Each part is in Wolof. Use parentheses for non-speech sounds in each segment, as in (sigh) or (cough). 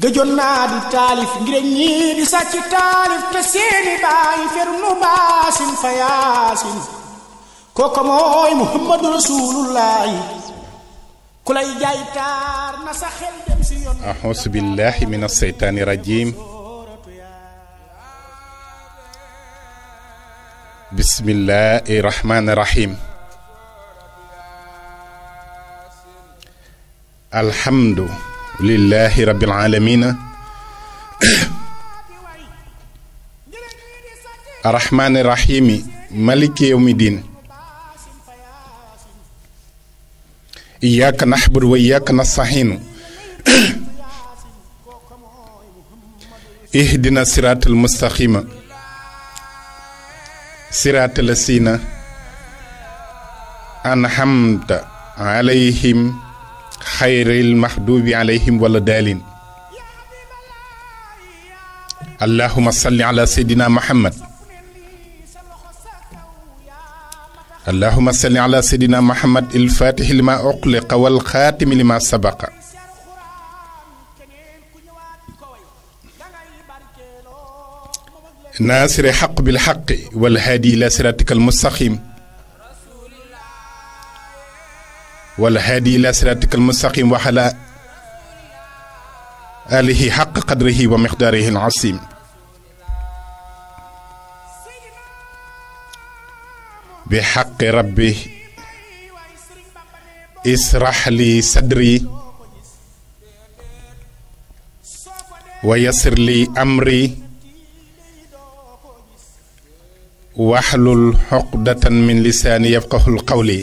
gëjoon naa di taalif ngir ñii di sàcc taalif te seeni bàyyi fernu baasin fa yaasin kooka mooy muhammadu rasulullahi ku lay jaay taar na sa xel dem si yoon أعوذ بالله من الشيطان الرجيم بسم الله الرحمن الرحيم الحمد لله رب العالمين الرحمن الرحيم ملك يوم الدين إياك نحبر وإياك نستعين اهدنا الصراط المستقيم صراط الذين أنعمت عليهم خير المحبوب عليهم ولا دالين اللهم صل على سيدنا محمد اللهم صل على سيدنا محمد الفاتح لما أقلق والخاتم لما سبق ناصر حق بالحق والهادي إلى صراطك المستقيم والهادي إلى صراطك المستقيم وعلى آله حق قدره ومقداره العظيم بحق ربي اسرح لي صدري ويسر لي أمري واحلل عقدة من لساني يفقه القول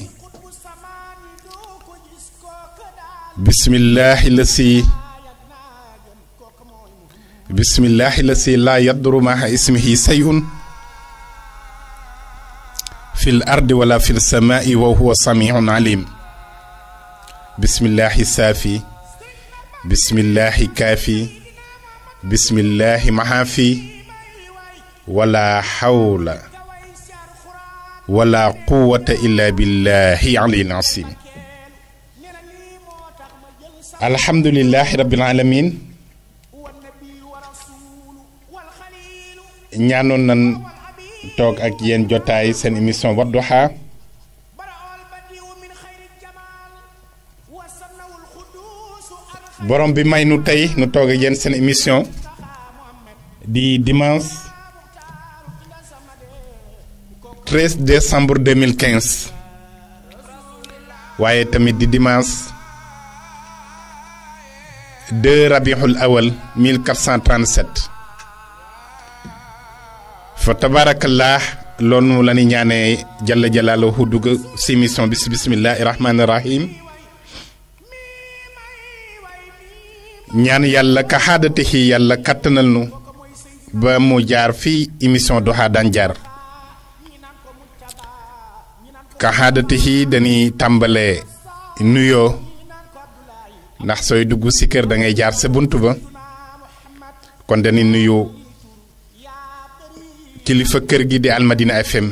بسم الله الذي بسم الله الذي لا يضر مع اسمه شيء في الأرض ولا في السماء وهو سميع عليم بسم الله السافي بسم الله كافي بسم الله معافي ولا حول ولا قوة إلا بالله علي العظيم الحمد لله رب العالمين ñaanoon nan toog ak yéen jotaay seen émission Wadduha borom bi may nu tey nu toog ak yéen seen émission di dimanche 13 décembre 2015 waaye tamit di dimanche 2 rabiul awal 1437 fa tabarakallah loolu la ñu ñaanee jalla dugg si émission bi si bismillahi rahmaani ñaan yàlla ka xaadatihi yàlla kàttanal nu ba mu jaar fi émission Duha daan jaar ka xaadatihi dañuy tàmbalee nuyoo ndax sooy dugg ci kër dangay jaar ca bunt ba kon dañuy nuyu kilifa kër gi di Almadina FM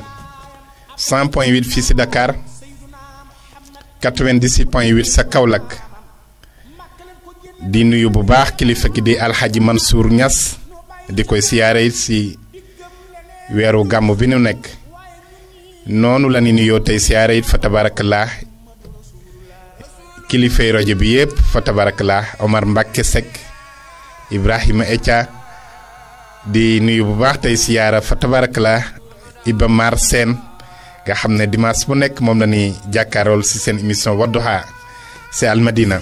100 point 8 fii si Dakar 96 point 8 sa Kaolack di nuyu bu baax kilifa ki di Alxaji suur ñas di koy siyaare si weeru gàmm bi nu nekk noonu la ñu nuyoo tey siyaare it fa tabarakallah kilifay rajo bi yëpp fa tabarakallah Omar Mbacke Seck Ibrahima Etia di nuyu bu baax tey siyaara fa tabarakallah Iba Mar nga xam ne dimanche bu nekk moom la ñuy jàkkaarool ci seen émission Wadduha ci Almadina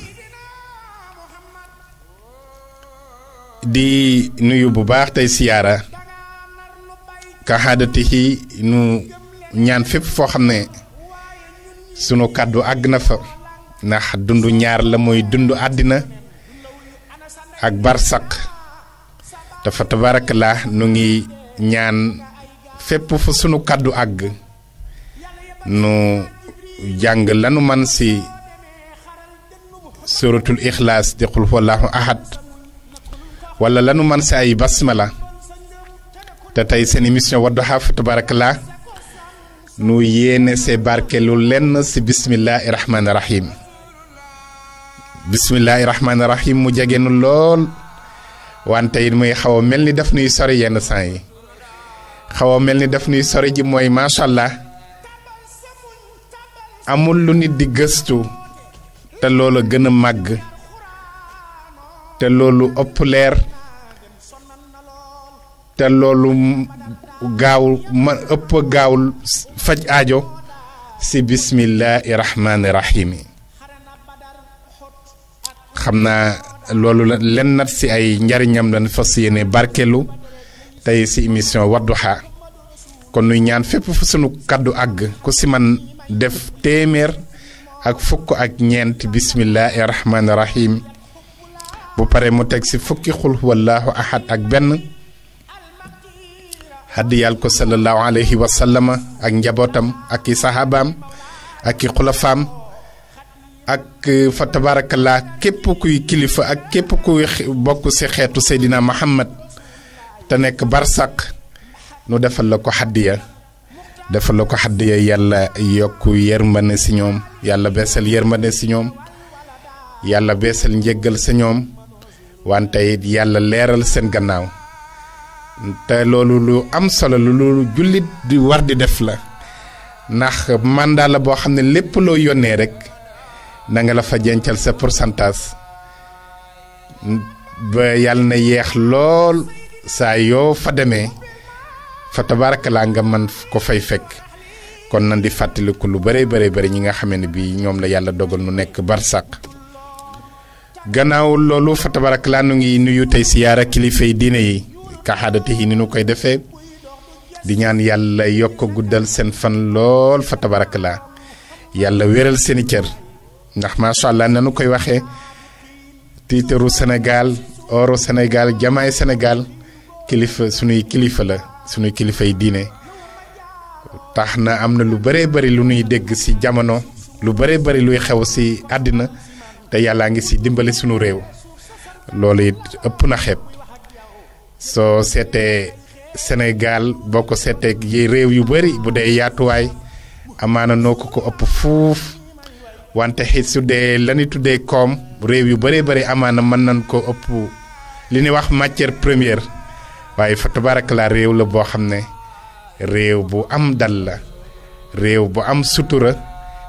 di nuyu bu baax tey siyaara ka xaadatihi nu ñaan fépp foo xam ne sunu kàddu àgg na fa ndax dundu ñaar la moy dundu adina ak barsak dafa la nu ngi ñaan fepp fu sunu kaddu ag nu jang lanu man si suratul ikhlas di qul huwallahu ahad wala lanu man si ay basmala te tey seen émission wadduha fa la nu yene se barkelu len si bismillahir rahmanir rahim bismillaahi rahmaani rahim mu jege nu lool wante it muy xaw a mel ni daf nuy sori yenn yi xaw a mel ni daf nuy sori ji mooy macha allah amul lu nit di gëstu te loolu gën a màgg te loolu ëpp leer te loolu gaaw ëpp gaawul faj aajo si bismillaahi rahmaani rahim. xamna naa len nat ci si ay njariñam nyamdan fas barkelu tay ci si émission Wadduha kon nuy ñaan fépp fu sunu kaddu ag ko ci man def témèr ak fukk ak ñent bismillahir rahmanir rahim bu pare mu tek si fukki khul wallahu ahad ak benn yal ko sallallahu alayhi wa sallama ak njabotam ak sahabam ak khulafam ak euh, fa tabaarakallaa képp kuy kilifa ak képp kuy bokk ci xeetu Seydina Muhammad te nekk barsak nu defal la ko xaddiya defal la ko xaddiya yàlla yokk yërmande ci ñoom yàlla beesal yërmande si ñoom yàlla beesal njëggal sa ñoom wante yàlla leeral seen gannaaw te loolu lu am solo lu loolu jullit di war di def la ndax mandat la boo xam ne lépp loo yónnee rek. na nga la fa jencal sa pourcentage ba yàlla na yeex lool saa yoo fa demee fa tabaraka laa nga mën ko fay fekk kon nan di fàttaliku lu bëree bëri bëri ñi nga xamee ne bii ñoom la yàlla dogal nu nekk barsàq gannaaw loolu fa tabaraka laa nu ngi nuyu tey siyaara kilifay diine yi kaxaadate yi ni nu koy defe di ñaan yàlla yokk guddal seen fan lool fa yàlla wéral seeni cër ndax macha allah nanu koy waxee tiitaru senegaal oru Sénégal jamaay senegaal kilifa sunuy kilifa la sunuy kilifay diine tax na am na lu bëree bari lu nuy dégg ci jamono lu bëree bari luy xew ci àddina te yàllaa ngi ci dimbali sunu réew loolu it ëpp na xeeb soo seetee Sénégal boo ko seetee yi réew yu bari bu dee yaatuwaay amaana noo ko ko ëpp fuuf. wante su dee la ñu tuddee koom réew yu bëree bëri amaana mën nañ koo ëpp li ñuy wax matière première waaye foto fa laa réew la boo xam ne réew bu am dal la réew bu am sutura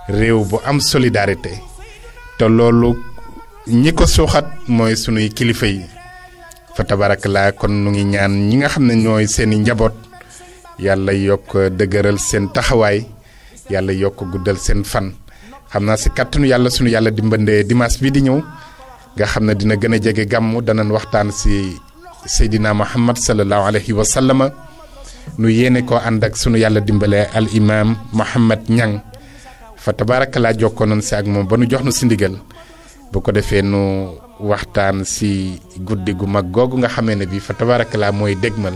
réew bu am solidarité te loolu ñi ko suuxat mooy sunuy kilifa yi fa laa kon nu ngi ñaan ñi nga xam ne ñooy seeni njaboot yàlla yokk dëgëral seen taxawaay yàlla yokk guddal seen fan. xam naa si kattanu yàlla sunu yàlla dimbande dimanche bii di ñëw nga xam ne dina gën a jege gàmm danañ waxtaan si Seydina Muhammad sallallahu alayhi wa sallama nu yéene ko ànd ak sunu yàlla dimbale al imam Muhammad Ñang fa tabaaraka laa jokkoonoon si ak moom ba nu jox nu si ndigal bu ko defee nu waxtaan si guddi gu mag googu nga xamee ne bii fa tabaaraka mooy dégmal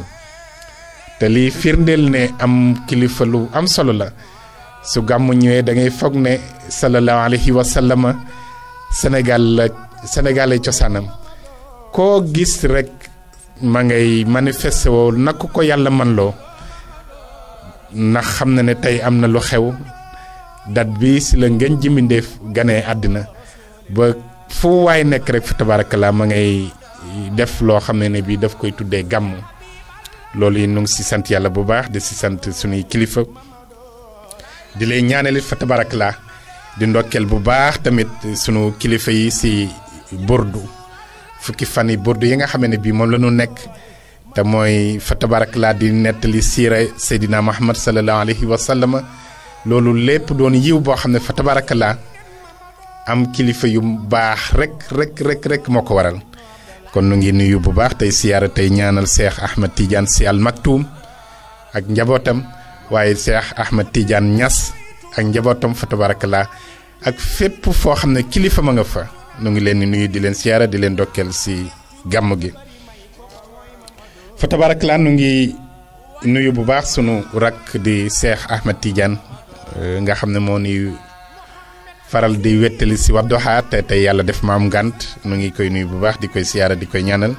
te lii firndeel ne am kilifa lu am solo la. su gàmmu ñëwee da ngay foog ne sallallahu alayhi wa sallam Sénégal la Sénégal cosaanam koo gis rekk ma ngay manifesté woo na ko ko yàlla man loo ndax xam na ne tey am na lu xew dat bi si la ngeen jimindeef ganee àddina ba fu waay nekk rek fa tabaarakallaa ma ngay def loo xam ne ne bii daf koy tuddee gàmmu loolu yi nu si sant yàlla bu baax di si sant suñuy kilifa di lay ñaanalit fa tabarakallah di ndokkeel bu baax tamit sunu kilifa yi si burdu fukki fan yi burdu yi nga xame ne bii moom la nekk te mooy fa tabarakallah di nettali siira Seydina Muhammad sallallahu alayhi wa sallam loolu lépp doon yiw boo xam ne fa tabarakallah am kilifa yu baax rek rekk rek moo ko waral kon nu ngi nuyu bu baax tey siyaara tey ñaanal seex Ahmed Tidiane si al ak njabootam. waaye Cheikh Ahmed Tidiane Niass ak njabootam fa tabarakallah ak fépp foo xam ne kilifa ma nga fa nu ngi leen nuyu di leen siyaara di leen dokkeel si gàmm gi fa nu ngi nuyu bu baax sunu rakk di Cheikh Ahmed Tidiane eh, nga xam ne moo nuyu faral di wettali si Wadduha te tey yàlla def maam nu ngi koy nuyu bu baax di koy siyaara di koy ñaanal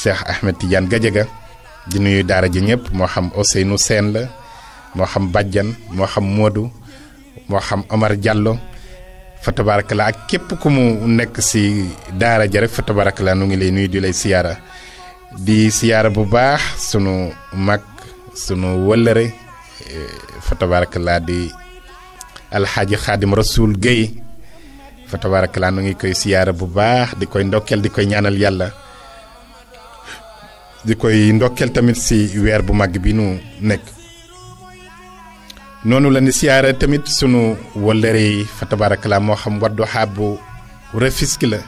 Cheikh Ahmed Tidiane Gadiaga di nuyu daara ji ñëpp moo xam la moo xam bàjjan moo xam Modou moo xam Omar Diallo fa ak képp ku mu nekk si daara ja rek fa tabaraka nu ngi lay nuyu di lay siyaara di siyaara bu baax sunu mag sunu wëllëre eh, fa tabaraka la di alxaaji xaadim rasul Guèye fa nu ngi koy siyaara bu baax di koy ndokkeel di koy ñaanal yàlla di koy ndokkeel tamit si weer bu mag bi nu nekk noonu la ni siyaara tamit sunu wëllëre yi moo xam Wadduha bu Rufisque la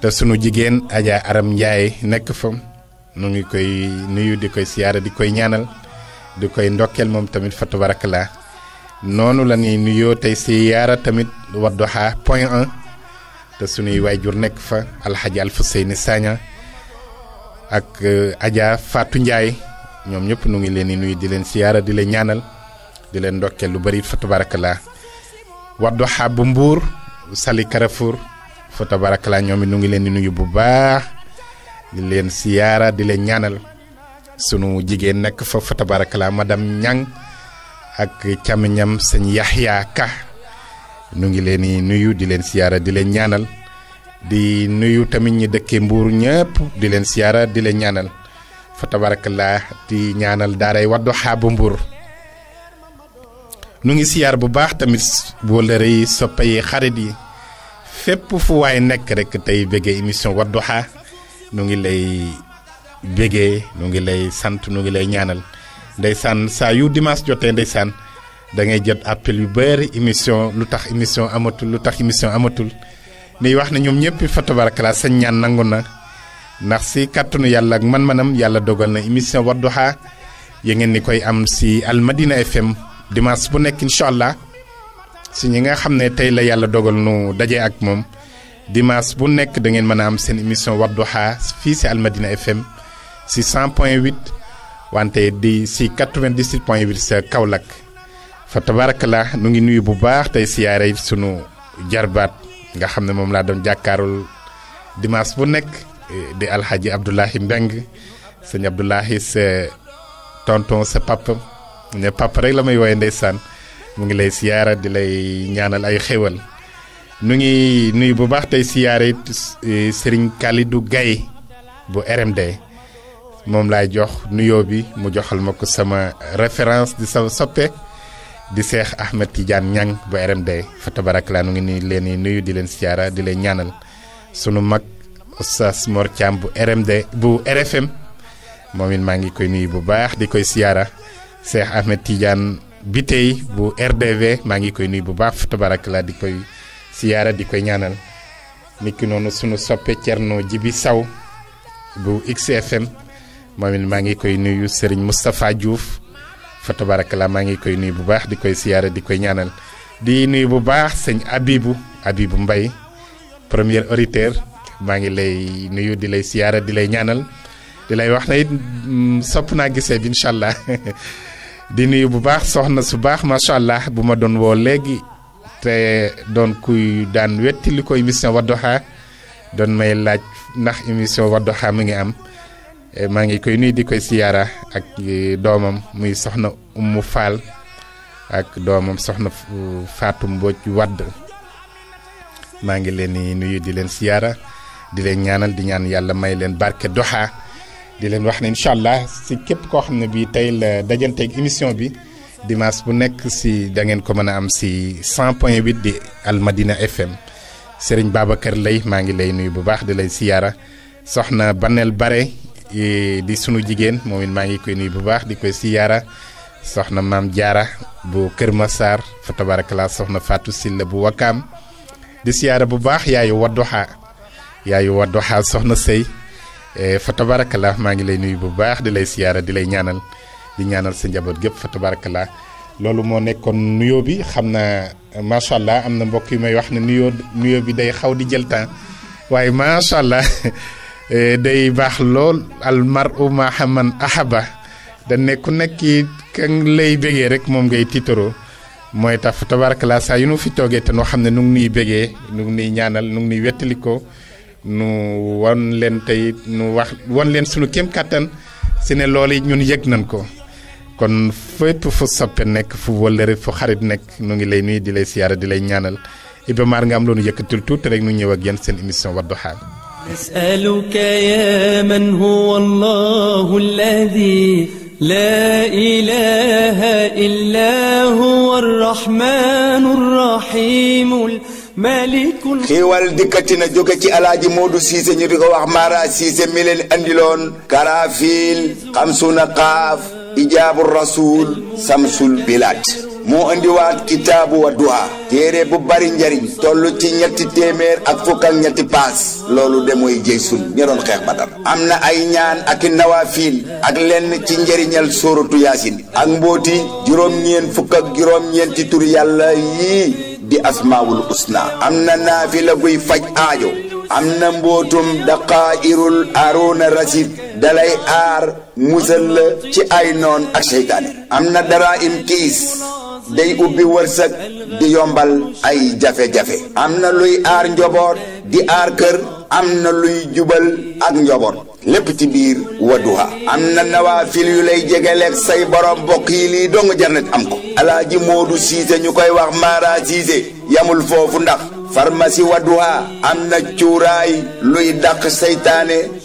te sunu jigéen Adja arab Ndiaye nekk fa nu ngi koy nuyu di koy siyaara di koy ñaanal di koy ndokkeel moom tamit fa noonu la ni nuyoo tey siyaara tamit Wadduha point 1 te sunuy waajur nekk fa alxaji Alfuseyni Sagna ak ajaa Fatou njaay ñoom ñëpp nu ngi leen di nuyu di leen siyaara di leen ñaanal. di leen ndokkeel lu bari fa tabarakalaa Wadduha bu Mbuur Sali Carrefour fa tabarakalaa ñoom nu ngi nuyu bu baax di di ñaanal sunu jigéen nekk fa fa tabarakalaa madame Ñang ak càmmiñam sëñ Yaxya Ka nu ngi di nuyu di leen siyaara di leen ñaanal di nuyu tamit ñi dëkkee Mbuur ñëpp di leen siyaara di leen ñaanal fa di ñaanal daaray nu ngi siyaar bu baax tamit wóllëre yi soppe yi xarit yi fépp fu waay nekk rek tey béggee émission Wadduha nu ngi lay béggee nu ngi lay sant nu ngi lay ñaanal ndeysaan saa yu dimanche jotee ndeysaan da ngay jot appel yu bëri émission lu tax émission amatul lu tax émission amatul mais wax na ñoom ñëpp fa tabarakala sañ ñaan nangu na ndax si kàttanu yàlla ak man-manam yàlla dogal na émission Wadduha ya ngeen ni koy am si Almadina FM dimas bu nek inshallah si ñi nga xamne ne la yalla dogal nu daje ak mom dimas bu nek da ngeen mëna am seen émission Wadduha ci al madina FM ci 100.8 wante di si 98 point sa Kaolack fa tabarakallah nu ngi nuyu bu baax sunu jarbat nga xamne mom la doon jakarul dimas bu nek di alhaji abdullah Mbeng seigne Abdoulahi se tonton se papa ne papa rek lamay woy woye mu ngi lay siyaara di lay ñaanal ay xewal nu ngi nuy bu baax tay siyaare e, serigne Kalidou gay bu RMD mom lay jox nuyo bi mu joxal mako sama reference di sama soppe di Cheikh Ahmed Tidiane nyang bu RMD fa tabarakala nu ngi ni leni nuyu di len siyaara di lay ñaanal sunu mak Oustaz Mor bu RMD bu RFM Momin mangi koy nuyu bu baax di koy siyaara Cheikh Ahmed Tidiane bi tey bu RDV maa ngi koy nuyu bu baax barak tabarakalaa di koy siyaara di koy ñaanal niki noonu soppee soppe Thierno Jibi Saw bu XFM maa ngi koy nuyu Serigne Moustapha Diouf fa tabarakalaa maa ngi koy nuyu bu baax di koy siyaara di koy ñaanal di nuyu bu baax sëñ Abibou Abibou mbay premier auditeur maa ngi lay nuyu di lay siyaara di lay ñaanal di lay wax na it mm, sopp naa gisee bi allah (laughs) di nuyu bu baax soxna su baax macha allah bu ma doon woo léegi te doon kuy daan wetti li ko émission Wadduha doon may laaj ndax émission waddoxa mi ngi am e, maa ngi koy nuyu di koy siyaara ak e, doomam muy soxna Umu Faal ak doomam soxna Faatu Mbooj Wadd maa ngi leen di nuyu di leen siyaara di leen ñaanal di ñaan yàlla may leen barke Duha. di leen wax ne incha allah si képp koo xam ne bii tey la dajanteeg émission bi dimanche bu nekk si da ngeen ko mën a am si 100.8 di Almadina FM Serigne kër Lay maa ngi lay nuyu bu baax di lay siyaara soxna Banel Bare di sunu jigéen moom it maa ngi koy nuyu bu baax di koy siyaara soxna maam jaara bu Kër Massar fa tabaarakala soxna Fatou Silla bu Wakaam di siyaara bu baax yaayu Wadduha yaayu Wadduha soxna sëy Eh, fa tabarakallah maa ngi lay nuyu bu baax di lay siyaara di lay ñaanal di ñaanal sa njaboot gépp fa tabarakallah loolu moo nekkoon nuyo bi xam na macha allah am na mbokk yu may wax na nuyoo nuyo bi day xaw di jël temps waaye macha allah (laughs) eh, day baax lool almaru mahaman ahaba da nekku nekk ka lay bégee rek moom ngay tiitaroo mooy tax fa tabarakallah saa yu nu fi toogee te noo xam ne nu ngi nuy bégee nu ngi nuy ñaanal nu ngi nuy wettalikoo nu wan leen tey nu wax wan leen sunu kéem kàttan si ne loolu ñun yëg nañ ko kon fépp fu soppe nekk fu wëllëre fu xarit nekk nu ngi lay nuyu di lay siyaara di lay ñaanal Iba Mar nga am loonu yëkkatul tuuti rek nu ñëw ak yéen seen émission Wadduha نسألك يا من هو الله الذي لا إله إلا هو الرحمن الرحيم xiiwal dikkati na jóge ci alaaji Moodu Siise ñu di ko wax Mara Siise mi leen andiloon karafiil xamsuna xaaf ijaabu rasul samsul bilaat moo indiwaat kitaabu Wadduha téere bu bari njariñ toll ci ñetti téeméer ak fukk ñetti paas loolu de mooy jëy sun ña doon xeex Badar am na ay ñaan ak nawafiil ak lenn ci njariñal sóoratu yaasin ak mbóoti juróom-ñeen fukk juróom-ñeenti tur yàlla yii di asmaawul usna am na naafila guy faj aajo am na mbootum daqaa'irul aruuna rasid dalay aar musal la ci ay noon ak seytaane am na dara im kiis day ubbi wërsëg di yombal ay jafe-jafe am na luy aar njaboot di aar kër am na luy jubal ak njaboot lépp ci biir Wadduha am na nawaafil yu lay jegeleeg say borom mbokk yi lii dong jarnet am ko alaaji Moodu Siise ñu koy wax Mara Siise yamul foofu ndax pharmacie Wadduha am na cuuraay luy dàq seytaane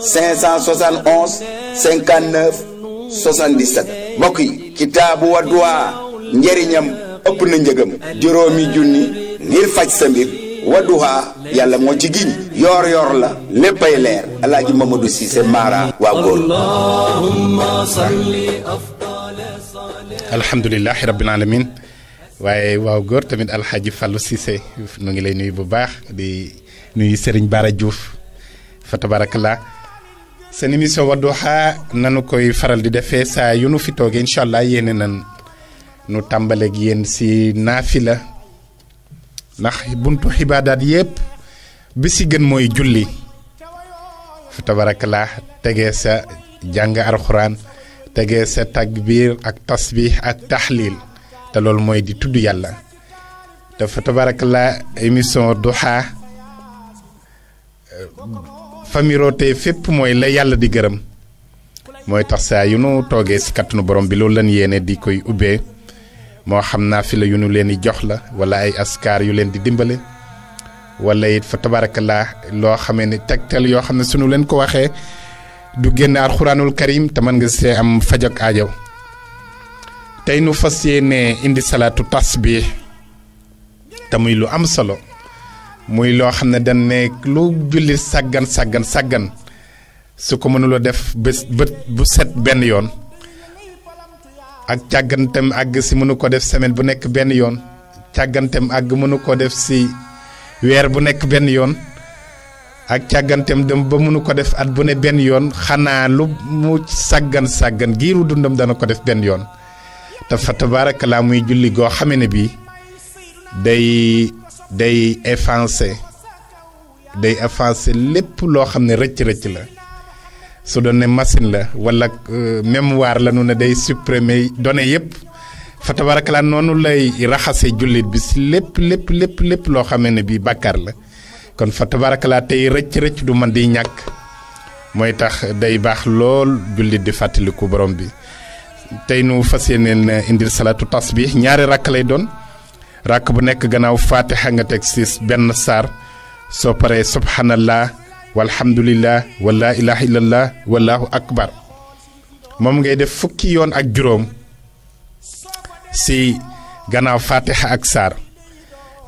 571 59 77 mbokk yi kitaabu Wadduha njëriñam ëpp na njëgam juróomi junni ngir faj sa mbir Wadduha yàlla moo ci giñ yoor yoor la léppay leer alaaji Mamadou Cissé Mara waa góor alhamdulilahi rabbil alamin waaye waaw góor tamit alxaaji Fallou Cissé nu ngi lay nuyu bu baax di nuyu Serigne Bara Diouf fa tabarakallah sen émission ha nanu koy faral di defee sa yu nu fi toogee inshallah allah yéene nan nu ak yéen si naafila ndax buntu xibaadaat yépp bi si gën mooy julli fa tabarakallah tegee sa jàng alxuraan tegee sa takbir ak tasbih ak tahlil te loolu mooy di tudd yàlla fa tabarakallah émission duha famiroote fépp mooy la yàlla di gërëm mooy tax saa yu nu toogee si kattanu borom bi loolu leen yéene di koy ubbee moo xam naa fi la yu nu leen di jox la wala ay askaar yu leen di dimbale wala it fa tabarakallah loo xam ni tegtal yoo xam ne sunu leen ko waxee du génn alxuraanul karim te mën nga see am fajog aajow tey nu fas yéene indi salaatu tasbih te muy lu am solo muy loo xam ne dañ ne lu jullit sagan su ko mënula def bët bu set benn yoon ak càgganteem àgg si mënu ko def semaine bu nekk benn yoon càgganteem àgg mënu ko def si weer bu nekk benn yoon ak dem ba mënu ko def at bu ne benn yoon xanaa lu mu sàggan sàggan giiru dundam dana ko def benn yoon te fa tabaarakalaa muy julli goo ne day day effacer day effacer lépp loo xam ne rëcc-rëcc la su doon ne machine la wala euh, mémoire la nu ne day supprimer données yëpp fa tabarakala noonu lay raxase jullit bi si lépp lépp lépp lépp loo xam ne bii bàkkaar la kon fa tabarakala tey rëcc-rëcc du man di ñàkk mooy tax day baax lool jullit di fàttaliku borom bi tey nu fas yéeneen euh, indil salaatu tasbih ñaari rakk lay doon rak bu nek gannaaw fatiha nga tek sis ben sar so pare subhanallah walhamdulillah wala ilaha illallah wallahu akbar mom ngay def fukki yon ak juróom si gannaaw fatiha ak sar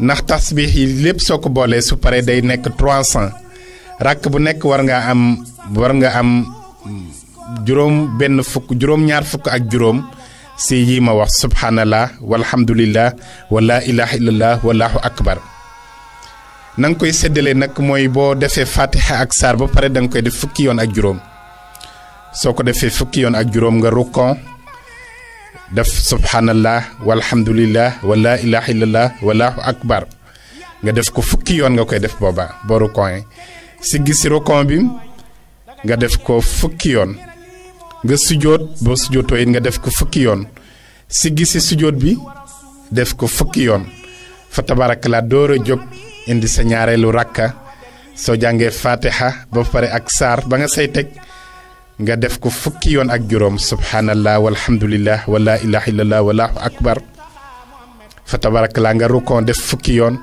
nax tasbih yi lepp soko bolé su pare day nek 300 rak bu nek war nga am war nga am juróom ben fuk juróom ñaar fuk ak si yii ma wax subhanallah walhamdulillah wa laa ilaha illallah wallahu akbar na koy séddale nag mooy boo defee fatiha ak saar ba pare danga koy def fukki yoon ak juróom soo ko defee fukki yoon ak juróom nga rukkon def subhanallah walhamdulillah wa laa ilaha illallah wallahu akbar nga def ko fukki yoon nga koy def booba boo rukkon si gis si rukkon bi nga def ko fukki yoon nga sujjóot boo sujjóotoo nga def ko fukki yoon siggi si sujjóot bi def ko fukki yoon fa tabaarakala door a jóg indi sa ñaareelu rakka soo jàngee fatiha ba ak saar ba nga say teg nga def ko fukki yoon ak juróom subhanallah walhamdulillah wala ilaha illallah wallahu akbar fa tabarakalaa nga rukon yoon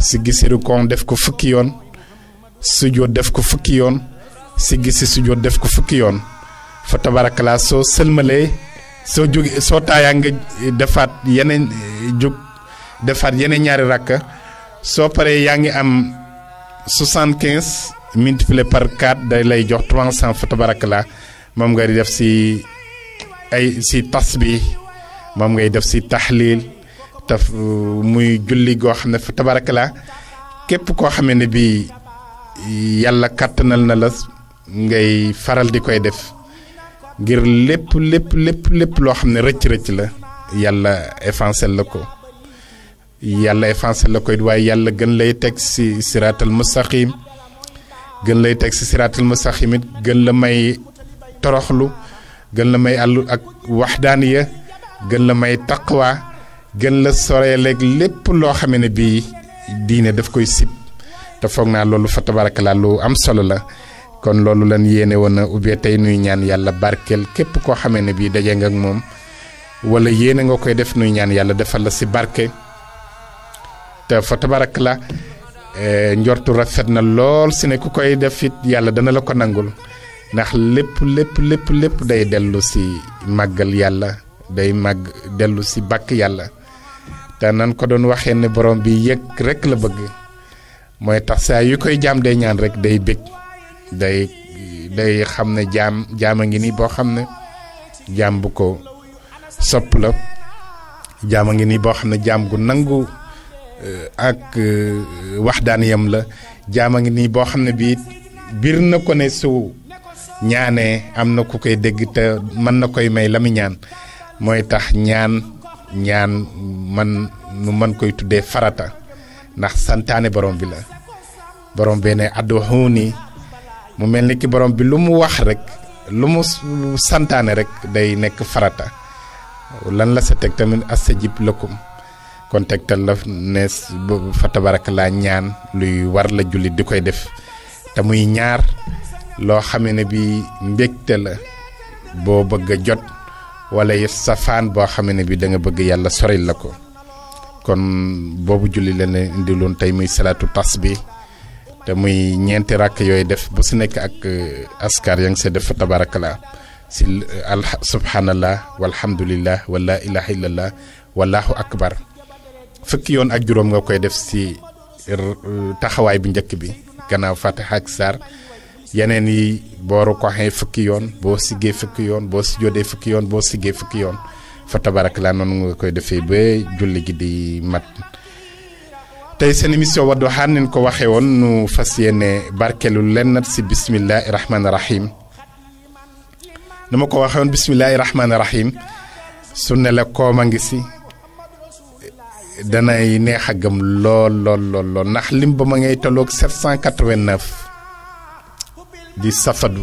si gisi def ko fukki yoon sujjóot def ko fukki yoon si gisi sujjóot def ko fukki yoon fa tabarakalaa soo sëlmalee soo jóge soo taayaa nga defaat yeneen eh, jóg defaat yeneen ñaari rakka soo paree yaa ngi am soixante-quinze multiplié par 4 day lay jox 300 fa tabarakalaa moom ngay def si ay si bi moom ngay def si taxliil taf uh, muy julli goo xam ne fa tabarakalaa képp koo xamee ne bii yàlla kàttanal na la ngay faral di koy def ngir lépp lépp lépp lépp loo xam ne rëcc rëcc la yàlla effacé la ko yàlla effacé la ko it waaye yàlla gën lay teg si siraatal mustaqim gën lay teg si siraatal mustaqim it gën la may toroxlu gën la may àllu ak waxdaaniya gën la may taqwa gën la soreeleeg lépp loo xam ne bii diine daf koy sib te foog naa loolu fa tabarakallaa lu am solo la kon loolu lan yéene woon a ubbee tey nuy ñaan yàlla barkel képp koo xamee ne bii daje nga wala yéene nga koy def nuy ñaan yàlla defal la si barke te fa tabarak la eh, njortu rafet na lool si ne ku koy def it yàlla dana la ko nangul ndax lépp lépp lépp lépp day dellu si màggal yàlla day màgg dellu si bàkk yàlla te nan ko doon waxee ne borom bi yëg rek la bëgg mooy tax saa yu koy jaam day ñaan rek day bég day day xam ne jaam jaama ngi nii boo xam ne jaam bu ko sopp la jaama ngi nii boo xam ne jaam gu nangu eh, ak eh, wax daan yam la a ngi nii boo xam ne bii biir na ko ne su ñaanee am na ku koy dégg te mën na koy may la ñaan mooy tax ñaan ñaan man nu mën koy tuddee farata ndax santaane borom bi la borom bee ne adduxuuni mu melni ki borom bi lu mu wax rek lu mu santaane rek day nek farata lan la sa tek tamit asajib lakum kon tal la nes fa tabarak la ñaan luy war la julli dikoy def ta muy ñaar lo xamene bi mbekte la bo bëgg jot wala yef safan bo xamene bi da nga bëgg yalla soril lako kon bobu julli la ne lon tay muy salatu tasbih te muy ñeenti rak yooyu def bu si nekk ak eh, askar yang se def tabarakallah si eh, al subhanallah walhamdulillah wala ilaha illallah wallahu akbar fukki yoon ak juróom nga koy def si eh, taxawaay bu njëkk bi gannaaw fatiha ak sar yeneen yi booru ko xee fukki yoon boo siggee fukki yoon boo si jodee fukki yoon boo siggee fukki yoon fa tabarakallah noonu nga koy defee ba julli gi di mat tey seen émission Wadduha nin ko waxe won nu fas yéene barkelu lenn si bisimilahi rahmaani rahim nu ma ko waxee woon bisimilahi rahmaani rahim su ne la kooma ngi si danay neex a gëm lool lool lool lool ndax lim ba ma ngay tolloog 789 di safadu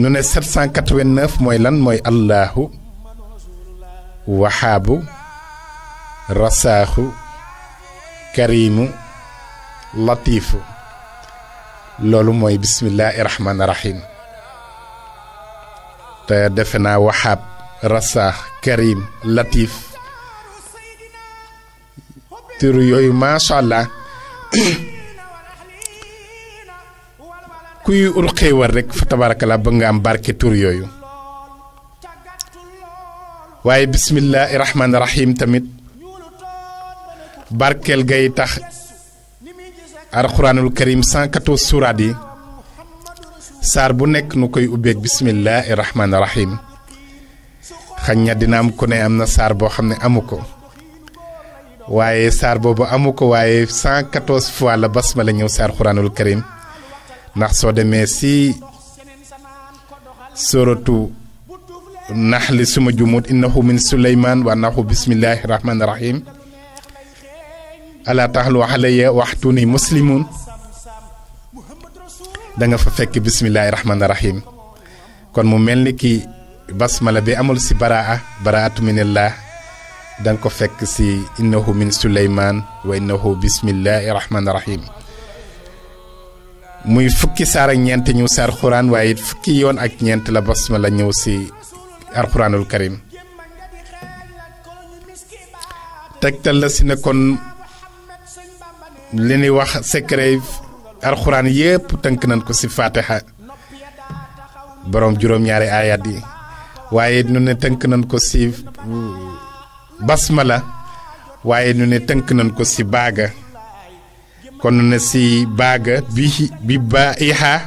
nu ne 789 mooy lan mooy allahu wahabu rasaaxu karimu latifu loolu mooy bismillahi rahmaani rahim te defe naa waxaab rasaax karim latif tur yooyu macha allah kuy ul xéewal rek fa tabarakallah ba nga am barke tur yooyu waaye bismillahi rahmaani rahim tamit barkeel gay tax alxuraanul karim 114 suuraat yi saar bu nekk nu koy ubbeeg bismillaahi rahmaani rahim xañ na dina am ku ne am na saar boo xam ne amu ko waaye saar boobu amu ko waaye 114 fois la basmala ñëw si alxuraanul karim ndax soo demee si sóoratu naxli suma jumut innahu min suleymaan wa annahu bismillaahi rahmaani rahim ala tahlu alayya wahtuni muslimun da nga fa fekk bismillahir rahmanir rahim kon mu melni ki basmala bi amul si baraa baraatu minillah da nga ko fekk si innahu min sulayman wa innahu bismillahir rahmanir rahim muy fukki sar ak ñent ñu sar qur'an waye fukki yon ak ñent la basmala ñëw si alxuraanul karim tektal la si ne kon li ñuy wax secret alxuraan yépp tënk nañ ko si faatiha boroom juróom-ñaari ayat yi waaye ñu ne tënk nañ ko ci basmala waaye ñu ne tënk nañ ko ci baaga kon ñu ne ci baaga bi bi ba ihaa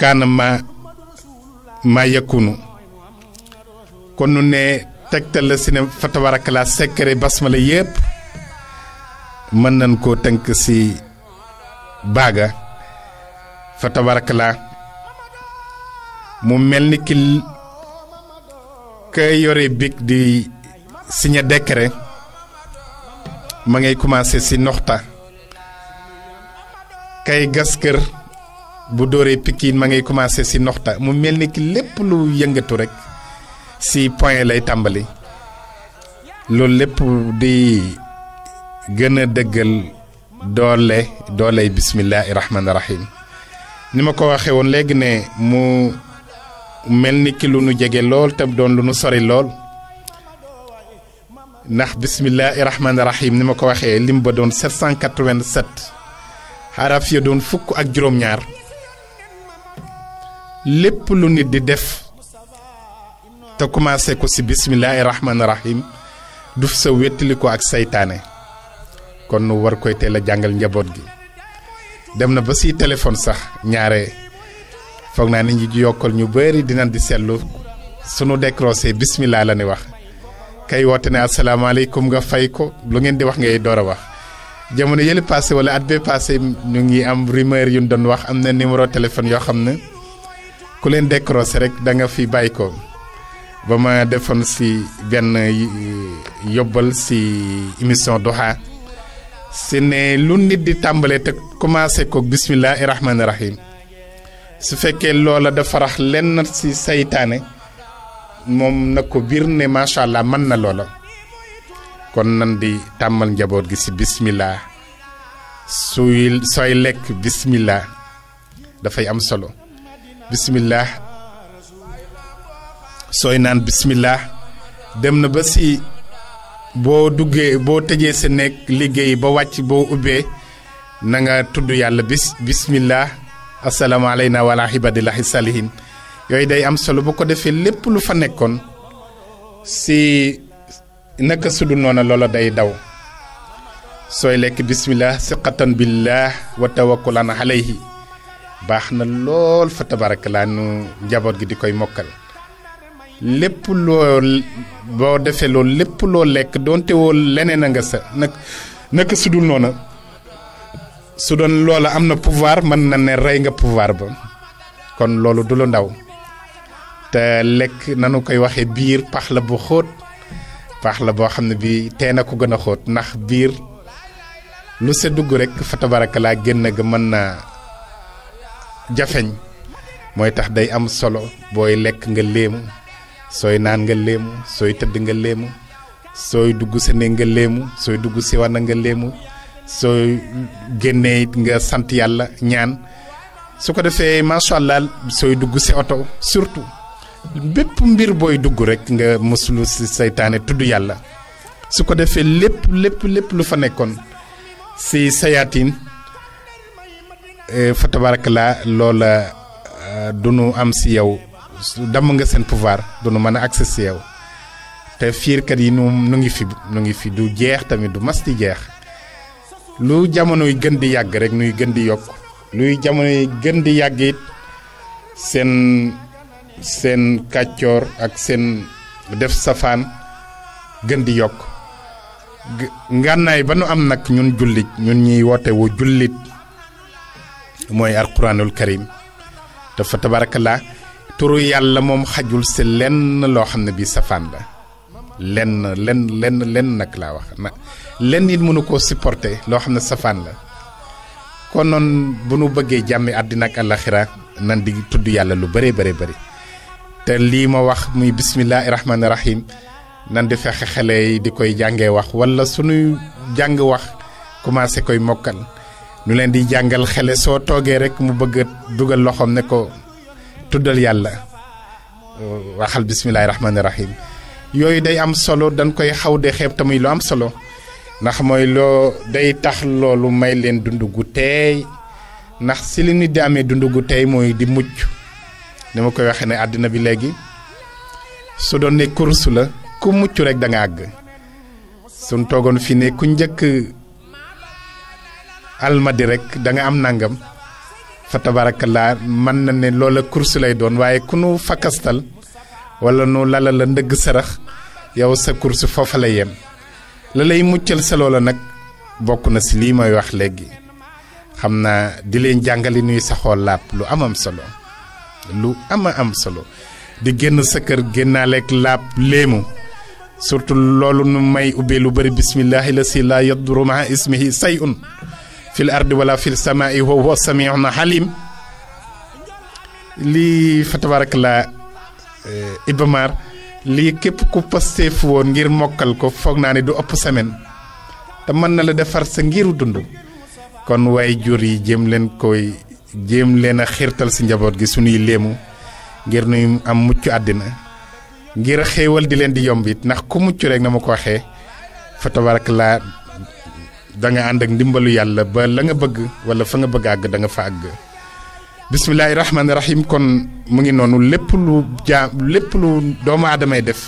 kaana ma ma yëkkunu kon nu ne tegtal la ci ne fatabarakala secret basmala yépp mën nañ koo tënk si baaga fa tabarakala mu mel ni ki kay yore big di signé décret ma ngay commencé si noxta kay bu doré pikin ma ngay commencé si noxta mu mel ni ki lepp lu yëngatu rek si point lay tambali loolu lepp di gën a dëggal doole doole bismillahi rahmaani rahim ni ma ko waxee woon léegi ne mu mel ni ki lu nu jege lool tam doon lu nu sori lool ndax bismillahi rahmaani rahim ni ma ko waxee lim ba doon 787 xaraf ya doon fukk ak juróom-ñaar lépp lu nit di def te commencé ko ci bismillahi rahmaani rahim du sa wéttali ak saytaane kon nu war koy teel a jàngal njaboot gi dem na ba si téléphone sax ñaare foog naa ni ñu yokkal ñu bëri dinañ di seetlu sunu décroché bismillah la ni wax kay woote ne asalaamaaleykum nga fay ko lu ngeen di wax ngay door a wax jamono yële passé wala at bee passé ñu ngi am rumeur yu ñu doon wax am na numéro téléphone yoo xam ne ku leen décroché rek da nga fi bàyyi ko ba ma defoon si benn yóbbal si émission Duha si ne lu nit di tàmbalee te commencé ko bismillaahi rahmaani rahim su fekkee loola dafa rax lenn si seytaane moom na ko biir ne macha allah mën na loola kon nan di tàmmal njaboot gi si bismillah suy sooy lekk bismillah dafay am solo bismillah sooy naan bismillah dem na ba si boo duggee boo tëjee sa nekk liggéey ba wàcc boo ubbee nanga tudd yàlla bis bismillah assalaamu aleyna wa alaa saalihin yooyu day am solo bu ko defee lépp lu fa nekkoon si naka sudul noona lolo day daw sooy lekk bismillah siqatan billah wa tawakkulan alayhi baax na lool fa tabarakalaa nu njaboot gi di koy mokkal lépp loo defee loolu lépp loo lekk doonte leneen a nga sa nag naka su noona su doon loola am na pouvoir mën na ne rey nga pouvoir ba kon loolu du la ndaw te lekk nanu koy waxee biir pax la bu xóot pax la boo xam ne bii tee na ko gën a xóot ndax biir lu sa dugg rek fa tabarakalaa génn ga mën naa jafeñ mooy tax day am solo booy lekk nga léemu sooy naan nga léemu sooy tëdd nga léemu sooy dugg sa néeg nga léemu sooy dugg si wana nga léemu sooy génnee nga sant yàlla ñaan su ko defee macha allah sooy dugg si oto surtout bépp mbir booy dugg rek nga mësulu si seytaane tudd yàlla su ko defee lépp lépp lépp lu fa nekkoon si sayaatin eh, fa tabarak la loola eh, du nu am si yow dam nga sen pouvoir du nu meuna access yow te kat yi nu nu ngi fi nu ngi fi du jeex tamit du masti jeex lu jamono yi gën di yàgg rek nuy gën di yokk luy jamono yi gën di yàgg it seen seen kàccoor ak seen def safaan gën di yokk ngànnaay ba nu am nag ñun jullit ñun ñuy woote wu jullit mooy alquranul karim dafa tabarakallah turu yàlla moom xajul si lenn loo xam ne bii safaan la lenn lenn lenn lenn nag laa wax na lenn yi mënu koo supporter loo xam ne safaan la kon noonu bu nu bëggee jàmmi àddina ak àllaxira nan di tudd yàlla lu bëree bëri bëri te lii ma wax muy bismillaahi rahmaani rahim nan di fexe xele yi di koy jànge wax wala suñuy jàng wax commencé koy mokkal nu leen di jàngal xele soo toogee rekk mu bëgg dugal loxoom ne ko. tuddal yàlla waxal bisimilahi rahmaani rahim yooyu day am solo dan koy xaw de xeeb tamuy am solo ndax mooy loo day tax loolu may leen dund gu teey ndax si li nit di amee dund gu teey mooy di mucc ni ma koy waxee ne àddina bi léegi su doon ne course la ku mucc rek da nga àgg sun toogoon fi ne ku njëkk almadi rek da nga am nangam fa tabarakallah mën na ne loola course lay doon waaye ku nu fakkastal wala nu lala la ndëgg sarax yow sa course foofa la yem la lay muccal sa loola nag bokk na si lii mooy wax léegi xam na di leen jàngali nuy saxoo laab lu amam solo lu ama am solo di génn sa kër génnaaleeg laab léemu surtout loolu nu may ubbi lu bari bismillahi la si laa yaduru maa ismihi say un fil ardi wala fil samai wa huwa samiun halim li fa tabarakallah ibmar li kep ku ku fu won ngir mokal ko foog naa du upp semaine te man na la defar sa ngiru dundu kon way jur yi jéem len koy jéem len a si njabot gi suñuy lemu ngir nuy am muccu adina ngir xewal di len di yombit it ku muccu rek na fa da nga ànd ak ndimbalu yàlla ba la nga bëgg wala fa nga bëgg àgg da nga fa àgg bismillahi kon mu ngi noonu lépp lu jaam lépp lu doomu aadamay def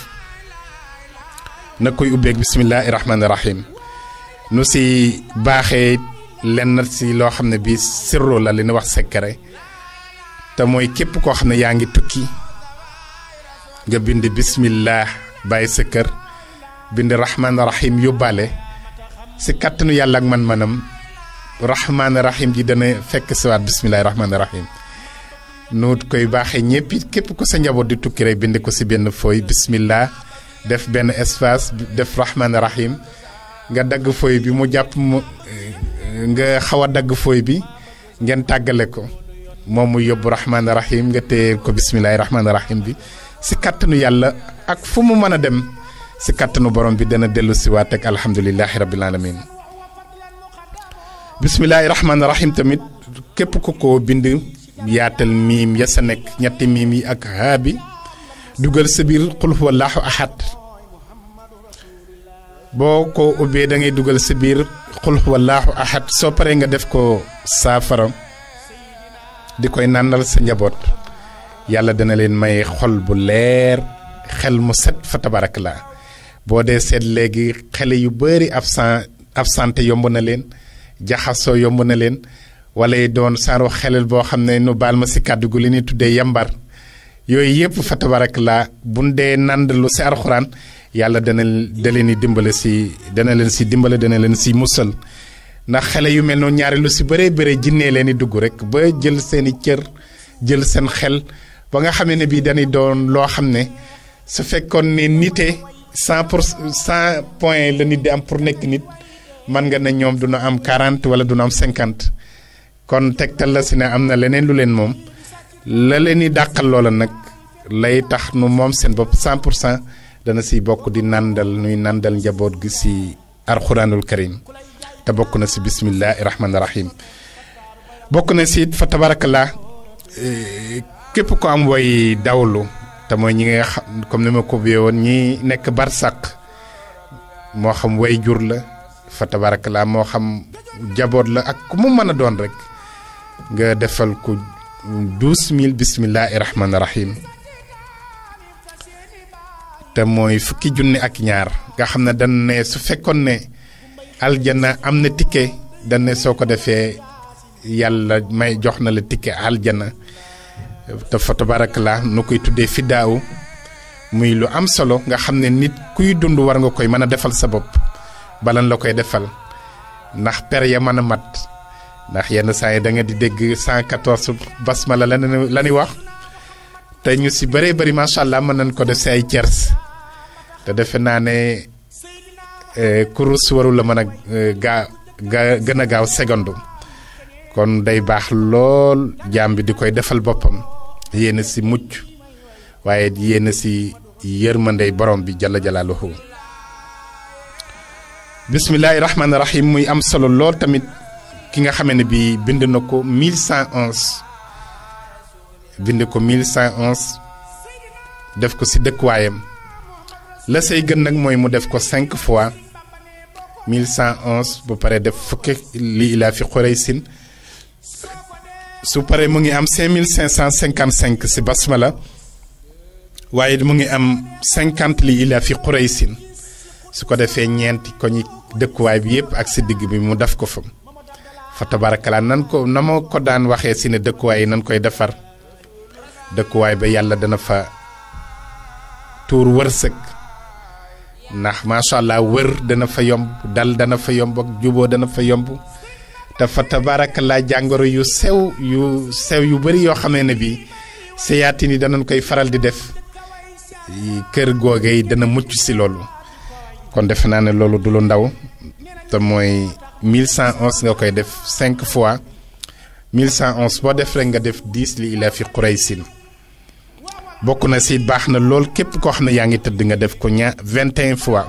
na koy ubbeeg bismillahi sirrola rahim nu si baaxee lenn si loo xam ne bii la li wax secret te mooy képp koo xam ne tukki nga bind bismillah bàyyi sa kër bind rahmaani rahim yóbbaale si kàttanu yàlla ak man-manam rahmaani rahim ji dana fekk si waat bisimilah rahmaani rahim. nuut koy baaxee ñëpp képp ku sa njaboot di tukki rek bind ko si benn fooy bisimilah def benn espace def rahmaani rahim nga dagg fooy bi mu jàpp mu nga xaw a dagg fooy bi ngeen tàggale ko moom mu yóbbu rahmaani rahim nga téye ko bisimilah rahmaani rahim bi si kàttanu yàlla ak fu mu mën a dem. si kattanu borom bi dana dellu si waat ak alhamdulilahi rabbil alamin bismillahi rahmaani rahim tamit képp ku ko bind yaatal miim ya sa nekk ñetti miim yi ak haabi dugal sa biir qul huwallahu ahad boo ko ubbee da ngay dugal sa biir qul huwallahu ahad soo paree nga def ko saafara di koy nàndal sa njaboot yàlla dana leen may xol bu leer xel mu set fa tabarak boo dee seet léegi xale yu bëri absent absenté yomb na leen jaxasoo yomb na leen wala yi doon saaru xelel boo xam ne nu baal ma si kàddu li ñuy tuddee yambar yooyu yëpp fa tabarak la buñ dee nand lu si alxuraan yàlla dana da leen di dimbale si dana leen si dimbale dana leen si musal ndax xale yu mel noonu ñaari lu si bëree bëri jinne leen di dugg rek ba jël seeni cër jël seen xel ba nga xamee ne bii dañuy doon loo xam ne su fekkoon ne nite cent pour cent point la nit di am pour nekk nit man nga ne ñoom duna am quarante wala du am cinquante kon tegtal la si ne am na leneen lu leen moom la leen di dàqal loola nag lay tax nu moom seen bopp cent pour cent dana si bokk di nandal nuy nandal njaboot gi si alxuraanul karim te bokk na si bismillahi rahmaani rahim bokk na si it fa tabarakallah eh, képp ko am way dawlu te mooy ñi nga comme ni ma ko biyee woon ñi nekk barsak moo xam jur la fa tabarak moo xam jaboot la ak ku mu mën a doon rek nga defal ko douze mille bismillahi rahmaani rahim te mooy fukki junni ak ñaar nga xam ne dan ne su fekkoon ne aljana am na ticket dan ne soo ko defee yàlla may jox na la ticket aljana te fa tabarakallah nu koy tuddee fiddaawu muy lu am solo nga xam ne nit kuy dund war nga koy mën a defal sa bopp balan la koy defal ndax per ya mën a mat ndax yenn saa yi da nga di dégg 114 basmala la la ni wax te ñu si bëree bëri macha allah mën nañ ko def si cers te defe naa ne eh, kurus warul la mën a eh, gaa gën a gaaw seconde kon day bax lol jambi di koy defal bopam yene si mucc waye yene si yermande borom bi jalla jalaluhu bismillahir rahmanir rahim muy am solo lol tamit ki nga xamene bi bind nako 1111 bind ko 1111 def ko si wayam la sey gën nak moy mu def ko 5 fois 1111 bu pare def fukki li ila fi quraysin su paree mu ngi am cinq mille cinq cent cinquante cinq si basmala waaye mu ngi am cinquante li ila fi Quraysin su ko defee ñeenti koñi dëkkuwaay bi yëpp ak si digg bi mu def ko fa fa tabarakalaa ko na ma ko daan waxee si ne dëkkuwaay yi nan koy defar dëkkuwaay ba yàlla dana fa tuur wërsëg ndax macha allah wër dana fa yomb dal dana fa yomb juboo dana fa yomb te fa tabaarakallaa jàngoro yu sew yu sew yu bëri yoo xamee ne bi seyaatin yi danañ koy faral di def kër googe yi dana mucc si loolu kon defe naa ne loolu du lu ndaw te mooy 1111 nga koy def 5 fois 1111 boo def rek nga def 10 li ila fi quraysin bokk na si baax na lool képp koo xam ne yaa ngi tëdd nga def ko ñaar 21 fois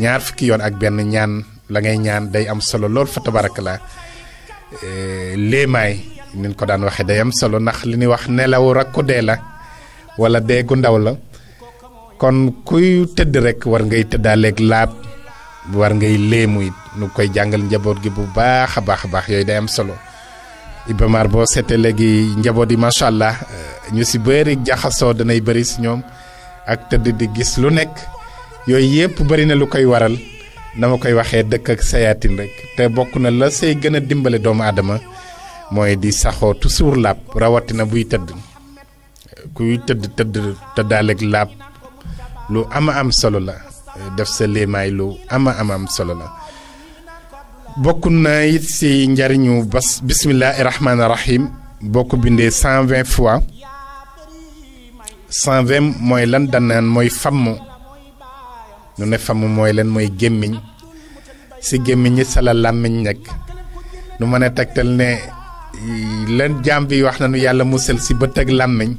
ñaar fukki yoon ak benn ñaan la ngay ñaan day am solo lool fa tabarakallah eh, léemaay nin ko daan waxe day am solo nax li ni wax nelaw rakku dee la wala de gu ndaw la kon kuy tedd rek war ngay tëddaaleeg laab war ngay léemu it nu koy jangal njabot gi bu baax baax day am solo ibamar marbo sete legi njabot yi macha allah eh, ñu ci bëri jaxaso danay bëri ci ñom ak tedd di gis lu nek yoy yépp bari na lu koy waral na koy waxee dëkk ak sayaatin rek te bokk na la say gën a dimbale doomu aadama mooy di saxoo toujours laab rawatina buy tëdd kuy tëdd tëdd tëddaaleeg laab lu ama am solo la def sa léemaay lu ama ama am solo la bokk na it si njariñu bas bismillahi rahmaani rahim boo ko bindee cent vingt fois cent mooy lan danaan mooy famm nu ne famm mooy leen mooy gémmiñ si gémmiñ yi sala làmmiñ nag nu mën a tegtal ne leen jaam bi wax na nu yàlla musal si bët ak làmmiñ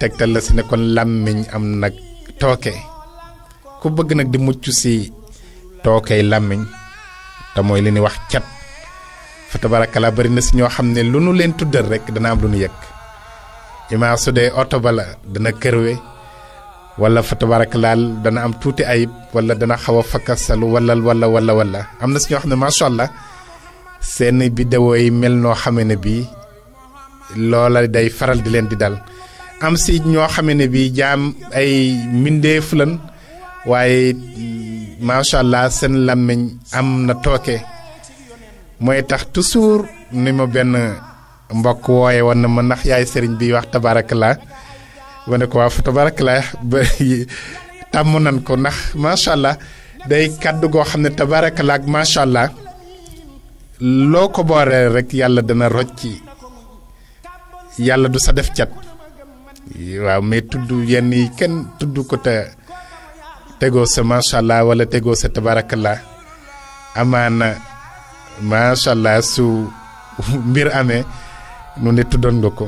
tegtal la si ne kon làmmiñ am nag tooke ku bëgg nag di mucc si tookey làmmiñ te mooy li ñuy wax cat fa tabarakala bari na si ñoo xam ne lu nu leen tuddal rek dana am lu nu yëg imaasu dee oto ba la dana kërwe wala fa tabarakallaal dana am tuuti ayib wala dana xaw a fakkasalu wala wala wala wala am na si ñoo xam ne macha allah seen vidéo yi mel noo xamee ne bii loola day faral di leen di dal am si ñoo xamee ne bii jaam ay mbindeef waaye macha seen làmmiñ am na tooke mooy tax toujours ni ma benn mbokk wooye woon na ma ndax yaay sëriñ bi wax tabarakallaa ma ne ko waa fa tabaarakalaay ba tàmm nan ko ndax macha day kàddu goo xam ne tabaarakalaay macha allah loo ko booree rek yàlla dana rocci yàlla du sa def cat waaw mais tudd yenn yi kenn tudd ko te tegoo sa macha allah wala tegoo sa tabaarakalaay amaana macha allah su mbir amee nu ne tuddoon nga ko.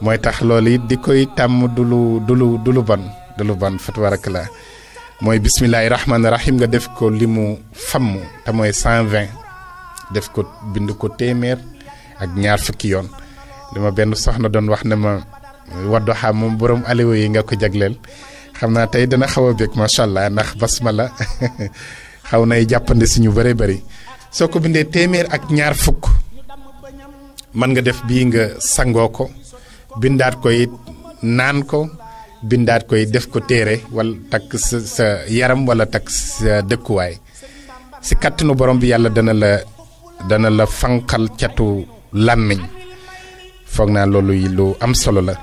moy tax loolu it di koy tàmm du lu du lu du lu ban du lu bon fa tabarakallah mooy bismillahi rahim nga def ko li mu famm te mooy def ko bind ko téeméer ak ñaar fukki yoon li ma benn soxna doon wax ne ma wadduha moom borom alewo yi nga ko jagleel xam naa tey dana xaw a bég macha allah ndax basmala (laughs) xaw nay jàppande si ñu bëree bëri soo ko bindee téeméer ak ñaar fukk man nga def bii nga sangoo bindaat ko it naan ko bindaat koy def ko téere wala takk sa sa yaram walla takk sa dëkkuwaay si kàttanu borom bi yàlla dana la dana la fanqal catu làmmiñ foog naa loolu lu am solo la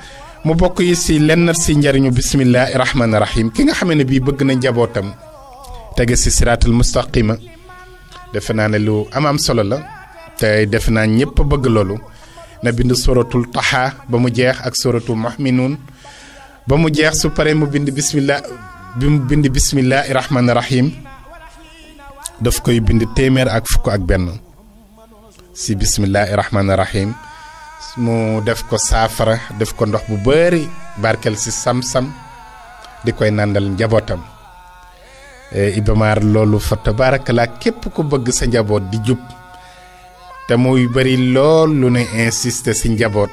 mu bokk yi si lenn si njariñu bisimillahi rahmaani rahim ki nga xame ne bii bëgg na njabootam tege si siraatal mustaqima defe naa ne lu am am solo la te defe naa ñëpp bëgg loolu na bind suratul taha ba mu jeex ak suratul mu'minun ba mu jeex su pare mu bind bismillah bi mu bind bismillahir rahmanir rahim daf koy bind temer ak fuk ak ben si bismillahir rahmanir rahim mu def ko safara def ko ndox bu beuri barkel si sam-sam di koy nandal e eh, ibamar lolou fa tabaarakalaa kep ku beug sa njabot di jup te muy bari lool lu ne insister si njaboot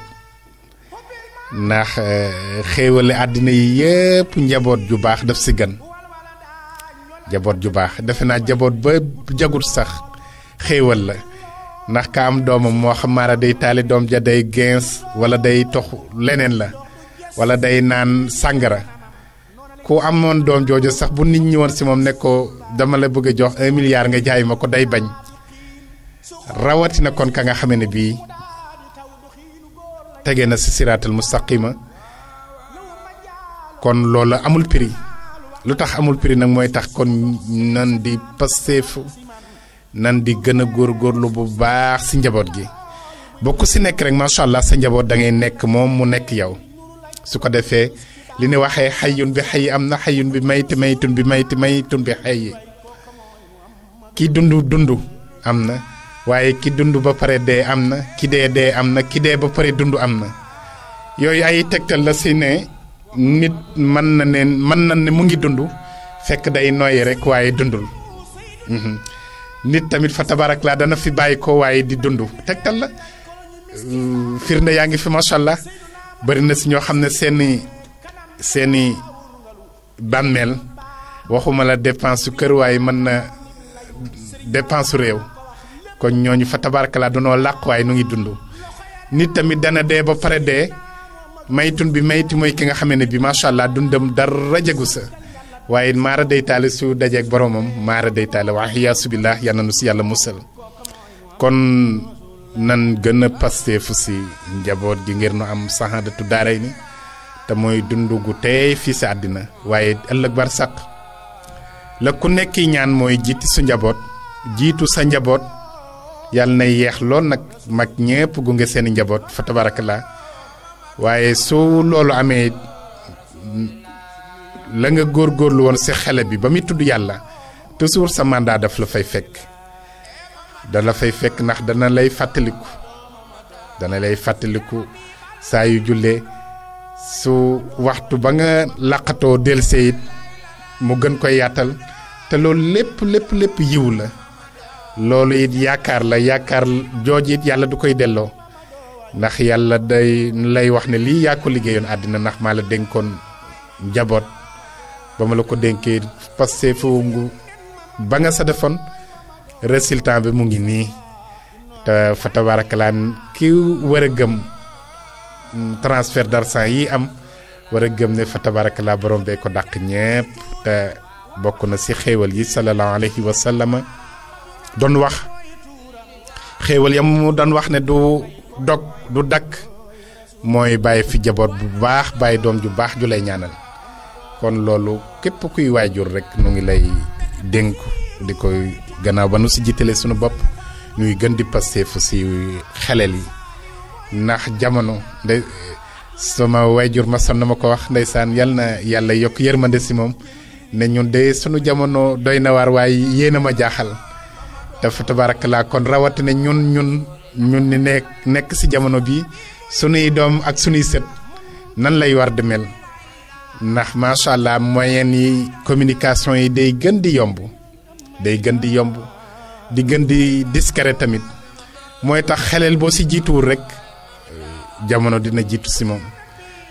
ndax xéewale eh, àddina yi yépp njaboot ju baax daf si gan njaboot ju baax defe naa njaboot ba jagut sax xéewal la ndax ka am doomam moo xam maara day taali doom ja day gens wala day tox leneen la wala day naan sàngara ku amoon doom jooju sax bu nit ñi si moom ne ko dama la bëgg a jox 1 milliard nga jaay ma day bañ rawatina kon ka nga xamee ne bii tege na si siraatal mustaqima kon loola amul prix lu tax amul prix nag mooy tax kon nan di pasteef nan di gëna góor góorgóorlu bu baax si njaboot gi ba ku si nekk rek macha allah sa njaboot dangay nekk moom mu nekk yow su ko defee li ne waxee xayun bi xay am na xayun bi mayti maytun bi mayti maytun bi xay kii dund dund am na. waaye ki dund ba pare dee am na ki dee dee am na ki dee ba pare dund am na yooyu ay tegtal la si ne nit mën na ne mën na ne mu ngi dund fekk day nooyi rek waaye dundul mhm. nit tamit fa tabarak laa dana fi bàyyi ko waaye di dund tegtal la euh, firnde yaa ngi fi macha bari na si ñoo xam ne seeni seeni bàmmeel waxuma la dépense su kër waaye mën na dépense su réew kon ñooñu fa tabarkala danoo làq waaye nu ngi dund nit tamit dana dee ba pare dee maytun bi mayti mooy ki nga xamee ne bi macha allah dundam dara jegu sa waaye maara day taale su dajeeg boromam maara day taale waa xiyaasu billah yàlla nu si yàlla musal kon nan gën a pasteefu si njaboot gi ngir nu am sahadatu daaray ni te mooy dund gu teey fii si àddina waaye ëllëg bar sàq la ku nekk ñaan mooy jiiti su njaboot jiitu sa njaboot yàlla na yeex lool nag mag ñëpp gunge seeni njaboot barak la waaye su loolu amee la nga góor góorlu woon si xale bi ba muy tudd yàlla toujours sa mandat daf la fay fekk dala fay fekk ndax dana lay fàttaliku dana lay fàttaliku saa yu jullee su waxtu ba nga làqatoo del seyit mu gën ko yaatal te loolu lépp lépp lépp yiw la loolu it yaakaar la yaakaar jooju it yàlla du koy delloo ndax yàlla day lay wax ne lii yaa ko liggéeyoon àddina ndax maa la dénkoon njaboot ba ma la ko dénkee passé foofu ba nga sa defoon résultat bi mu ngi nii te fa tabaarakalaam ki war a gëm transfert d'argent yi am war a gëm ne fa tabaarakalaam borom bee ko dàq ñépp te bokk na si xéewal yi sallallahu alayhi wa doon wax xéewal yam mu doon wax ne du dog du dakk mooy bàyyi fi jaboot bu baax bàyyi doom ju baax ju lay ñaanal kon loolu képp kuy waajur rek nu ngi lay dénk di koy gannaaw ba nu si jiitale sunu bopp ñuy gën di pasteefu si xeleel yi ndax jamono nde sama waajur ma sonn ma ko wax ndeysaan yal na yàlla yokk yërmande si moom ne ñun de sunu jamono doy na waar waaye yéen a ma jaaxal dafa tabaarakallaa kon rawatina ñun ñun ñun ni nekk nekk ci jamono bi sunuy doom ak sunuy sët nan lay war di mel ndax macha allah moyen yi communication yi day gën di yomb day gën di yomb di gën di discret tamit mooy tax xeleel boo ci jiituwul rek jamono dina jiitu ci moom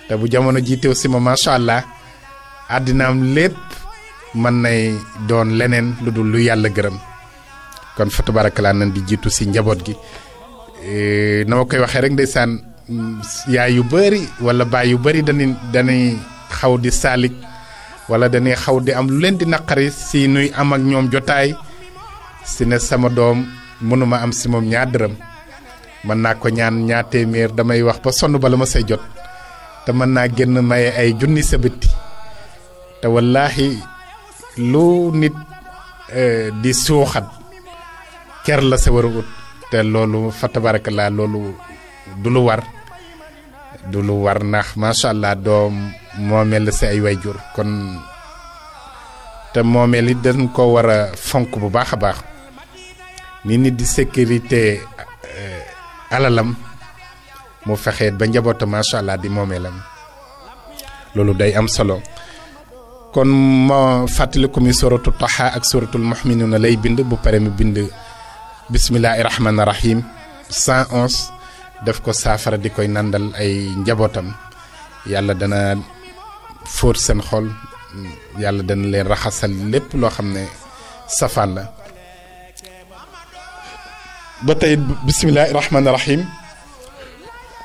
te bu jamono jiitew ci moom macha allah àddinaam lépp mën nay doon leneen lu dul lu yàlla gërëm. kon fa tabarakalaa nan di jitu si njabot gi euh nama koy waxe rek ndeysaan yaay yu bëri wala baay yu bëri dani dani xaw di salik wala dani xaw di am lu len di nakari si nuy am ak ñom jotay si ne sama dom munuma am si mom ñaar dërëm man na ko ñaan ñaar téeméer damay wax ba sonu bala ma say jot te man na genn maye ay junni sa te wallahi lu nit eh, di ker la sa war a ut te loolu fa tabarakallah loolu du lu war du lu war ndax macha allah doom moomeel la si ay wayjur kon te moomeel it dañ ko war a fonk bu baax a baax ni nit di sécurité eh, alalam mu fexee ba njabootam macha allah di moomeelam loolu day am solo kon ma fàttaliku mi suratu taha ak suratul muhminuna lay bind bu pare mu bind بسم الله الرحمن الرحيم 111 داف كو سافر دي ناندال اي نجابوتام يالا دانا فور سن خول يالا دانا لي راخاسال ليپ لو خامني سافال لا باتاي بسم الله الرحمن الرحيم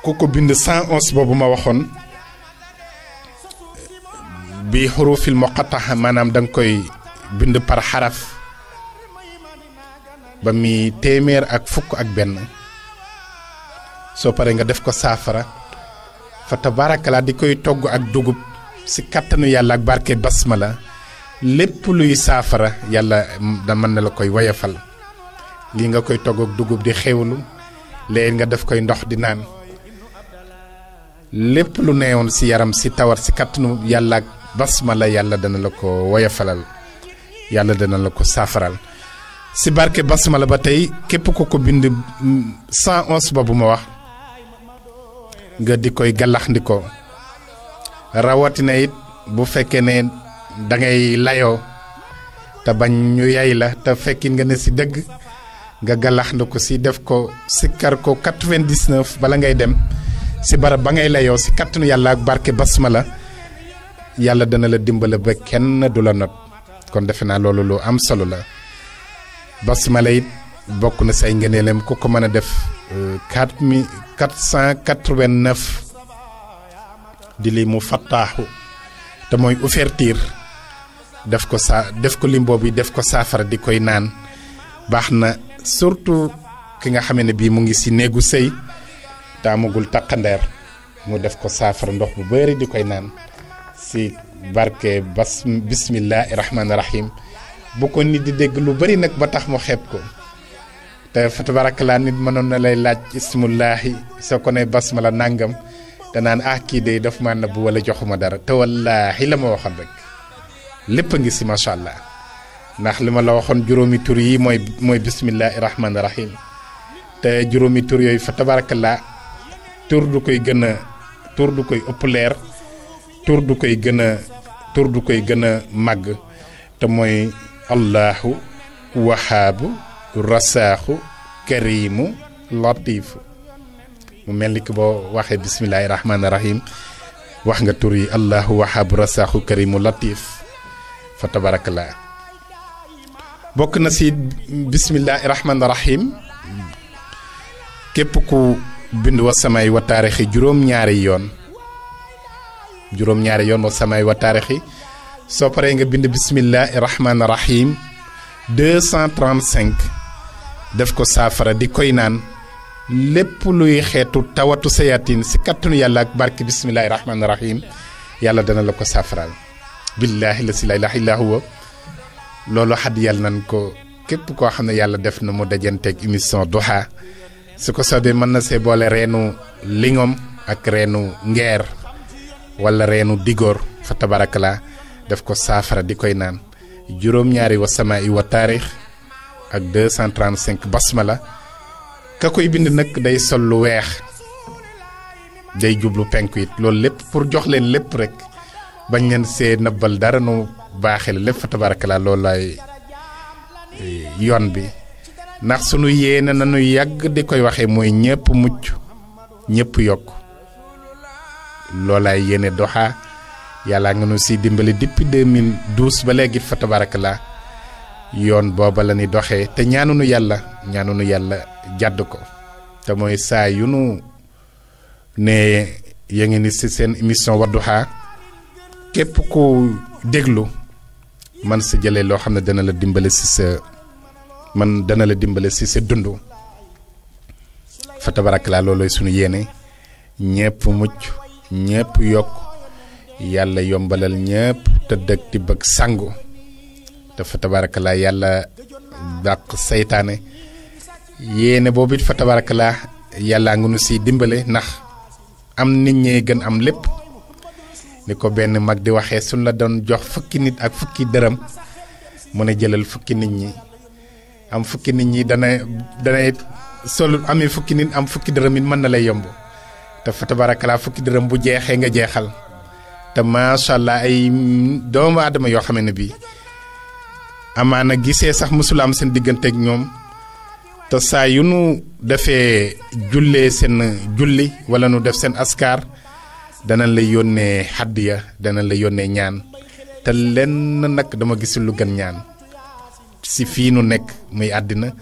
كوكو بيند 111 بوبو ما واخون بحروف المقطعه مانام دانكوي بند بار حرف ba muy téeméer ak fukk ak benn soo paree nga def ko saafara fa tabaarakala di koy togg ak dugub si kàttanu yàlla ak barke la lépp luy saafara yàlla da na la koy woyofal lii nga koy togg ak dugub di xewlu léegi nga def koy ndox di naan lépp lu woon si yaram si tawar si kàttanu yàlla ak la yàlla dana la ko woyofalal yàlla dana la ko saafaral si barke basma la batay kep ko ko bind 111 mm, babu ma wax nga di koy rawati ne it bu fekke ne da ngay layo ta bañ ñu yay la ta fekkin nga ne si dëgg nga ndiko si def ko kar ko 99 bala ngay dem si bara ba ngay layo si katnu yalla ak barke la yalla dana la dimbal ba kenn du la not kon defena lolu lu am solo la. basmala it bokk na say ngëneelam ku ko mën a def euh, quatre mille quatre cent vingt neuf di li mu fattaaxu te mooy ouverture def ko saa def ko limbo bi def ko saafara di koy naan baax na surtout ki nga xam ne bii mu ngi si néegu sëy taamagul taqandeer mu def ko saafara ndox bu bëri di koy naan si barke bas bismillahi rahmaani rahim bu ko nit di dégg lu bari nag ba tax mu xeeb ko te fa tabarakalaa nit mënoon na lay laaj ismullaahi soo ko ne la nàngam danaan ah kii de daf ma nëbb wala joxuma dara te wallaahi la ma waxoon rek lépp a ngi si macha allah ndax li ma la waxoon juróomi tur yi mooy mooy bismillaahi rahmaani rahim te juróomi tur yooyu fa tabarakalaa tur du koy gën a tur du koy ëpp leer tur du koy gën a tur du koy gën a màgg te mooy allahu wahaabu rasaaxu karimu latifu mu mel ni ki boo waxee bisimilahi rahmaani rahim wax nga tur yi allahu wahaabu rasaaxu karimu latif fa tabarakallah bokk na si bisimilahi rahmaani rahim képp ku bind wa samay wa taarixi juróom-ñaari yoon juróom-ñaari yoon wa samay wa taarixi soo paree nga bind bismillahi rahmaani rahim 235 def ko saafara di koy naan lépp luy xeetu tawatu sayatin si kattanu yàlla ak barki bismillahi rahmaani rahim yàlla dana la ko saafaraal billahi la si la ilaha illa huwa loolu xat yàlla nan ko képp koo xam ne yàlla def na mu dajanteeg émission Duha su ko soobee mën na see boole reenu lingom ak reenu ngeer wala reenu digor fa tabarakala def ko saafara di koy naan juróom-ñaari wa sama i wa taarix ak 235 la ka koy bind nag day sol lu weex day jublu penku it loolu lépp pour jox leen lépp rek bañ leen see nëbbal dara nu baaxee lépp fa tabarakalaa loolu laay eh, yoon bi ndax sunu yéene nanu yàgg di koy waxe mooy ñëpp mucc ñëpp yokk loolaay yéene doxaa yàlla nga nu si dimbali depuis 2012 ba léegi fa tabarakallah yoon booba la ni doxee te ñaanunu yàlla ñaanunu yàlla jàdd ko te mooy saa yu nu ne ya ngi ni si seen émission Wadduha képp ku déglu mën sa jëlee loo xam ne dana la dimbali si sa man dana la dimbali si sa dund foto fa tabarakallah loolooy sunu yéene ñépp mucc ñépp yokk Yalla, yombalal ñepp te dekk ti ak sangu te fa tabarakallah yalla saytaane yéene yene it fa tabarakallah yalla ngunu si dimbale am nit ñe gën am lepp ni ko benn mag di waxe sun la don jox fukki nit ak fukki dërëm mu ne jëlal fukki nit ñi am fukki nit ñi dana dana sol fukki nit am fukki dërëm min man na lay yomb te fa tabarakallah fukki bu jexé nga jexal te macha allah ay doomu adama yoo xam ne bii amaana gisee sax mosul am seen digganteeg ñoom te saa yu nu defee seen julli wala nu def seen askar dana la yónnee xaddiya layone la yónnee ñaan te lenn nag dama gisul lu gën ñaan si fii nu nekk muy àddina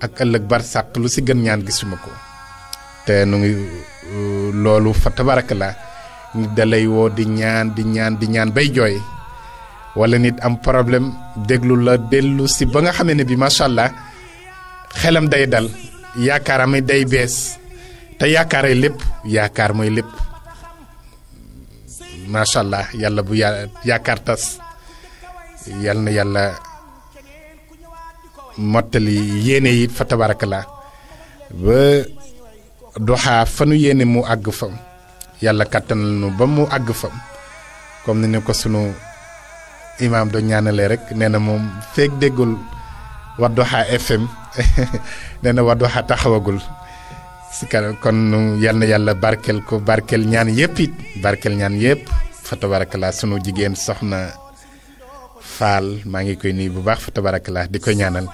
ak ëllëg bar sàq lu si gën ñaan gisuma ko te nu ngi loolu fa tabaraka da lay woo di ñaan di ñaan di ñaan bay jooy wala nit am problème déglu la dellu si ba nga xamee ne bi macha allah xelam day dal yaakaaram day bees te yaakaare lépp yaakaar mooy lépp macha yàlla bu ya yaakaar tas yal na yàlla mottali yéene yi fa tabaraka la ba doxaa fanu yéene mu àgg fa. yàlla kàttanal nu ba mu àgg fa comme ni ne ko sunu imam do ñaanalee rek nee na moom feeg déggul Wadduha FM (laughs) nee Wadduha taxawagul si kon yal na yàlla barkel ko barkel ñaan yëpp it barkel ñaan yëpp fa tabarakalaa sunu jigéen soxna Faal maa ngi koy nuyu bu baax fa tabarakalaa di ko ñaanal.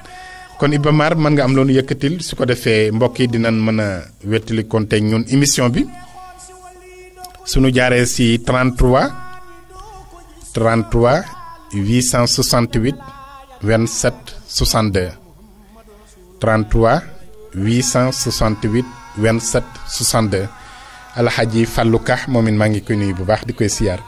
kon Iba Mar mën nga am loolu yëkkatil su ko defee mbokk yi dinañ mën a wettali ñun émission bi. suñu jaaree si 33 33 868 27 62 33 868 27 62 alxaji Fallou Ka moom it maa ngi koy nuyu bu baax di koy siyaar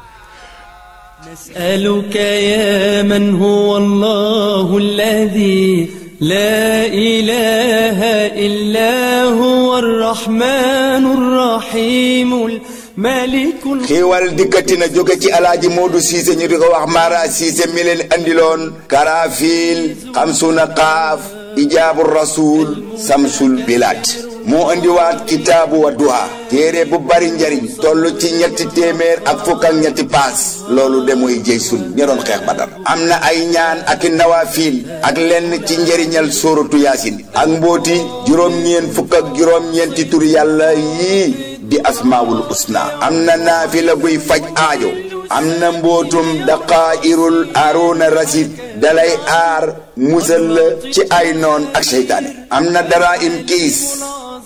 نسألك يا من هو الله الذي لا إله إلا هو الرحمن الرحيم xiiwal dikkati na jóge ci alaaji Moodu Siise ñu di ko wax Mara Siise mi leen andiloon karafiil xamsuna xaaf ijaabu rasul samsul bilaat moo andiwaat kitaabu Wadduha téere bu bari njariñ toll ci ñetti téeméer ak fukk ñetti paas loolu de mooy jëy sun ña doon xeex Badar am na ay ñaan ak nawafiil ak lenn ci njariñal sóoratu yaasin ak mbóoti juróom-ñeen fukk juróom-ñeenti tur yàlla yii di asmaawul usna am na naafila guy faj aajo am na mbootum daqaayirul aroona rasid dalay aar musal la ci ay noon ak seytaane am na daraa kiis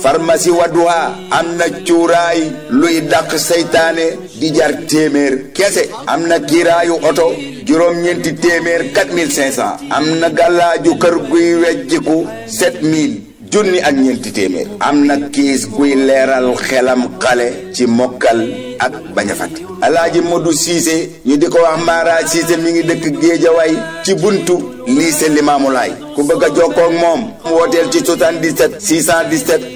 pharmacie Wadduha am na cuuraay luy dàq seytaane di jar téeméer kese am na kiiraayu oto juróom-ñeenti téeméer 4500 am na gàllaaju kër guy wejjiku 7000 junni ak ñeenti téeméer am na kiis guy leeral xelam xale ci mokkal ak bañ a fàtte alaaji Modou Cissé ñu di ko wax Mara Cissé mi ngi dëkk Géejawaay ci buntu lycée Limaamulaay ku bëgg a jokkoo ak moom wooteel ci 77 617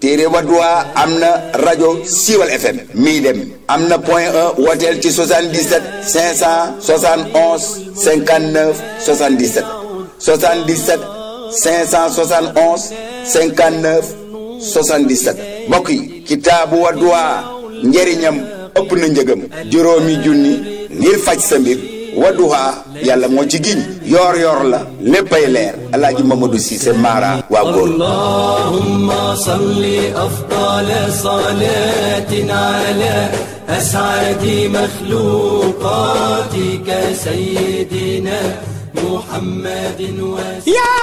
téere Wadduha am na rajo siiwal FM mii dem am na point 1 wooteel ci 77 571 59 77 77 571 59 77 mbokk yi kitaabu Wadduha njëriñam ëpp na njëgam juróomi junni ngir faj sa ودها يلا موجيجين يور يور لا لبا يلير الله محمدو سي سمارا وابور اللهم صل أفضل صلاة على أسعد مخلوقاتك سيدنا محمد يا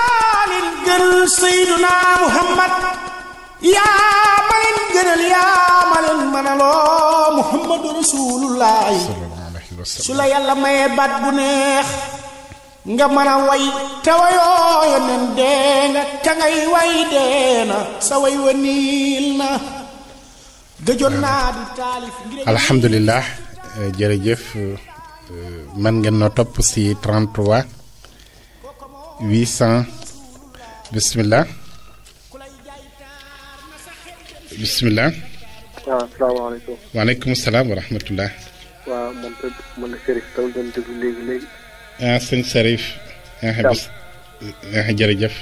للقرصين يا محمد يا من القرل يا من المنلو محمد رسول الله su la yàlla mayee baat bu neex nga mën a way te wayoo yeneen dee nga ka ngay way dee na sa way wa niil na gëjoon naa di taalif ngir alhamdulilah jërëjëf man ngeen no topp si 33 800 bismillah bismillah waaw asalaamaaleykum waaleykum salaam wa rahmatullah waaw man rek man la Serif dama doon déglu léegi léegi. ah sëñ Serif. jàmm ah jërëjëf.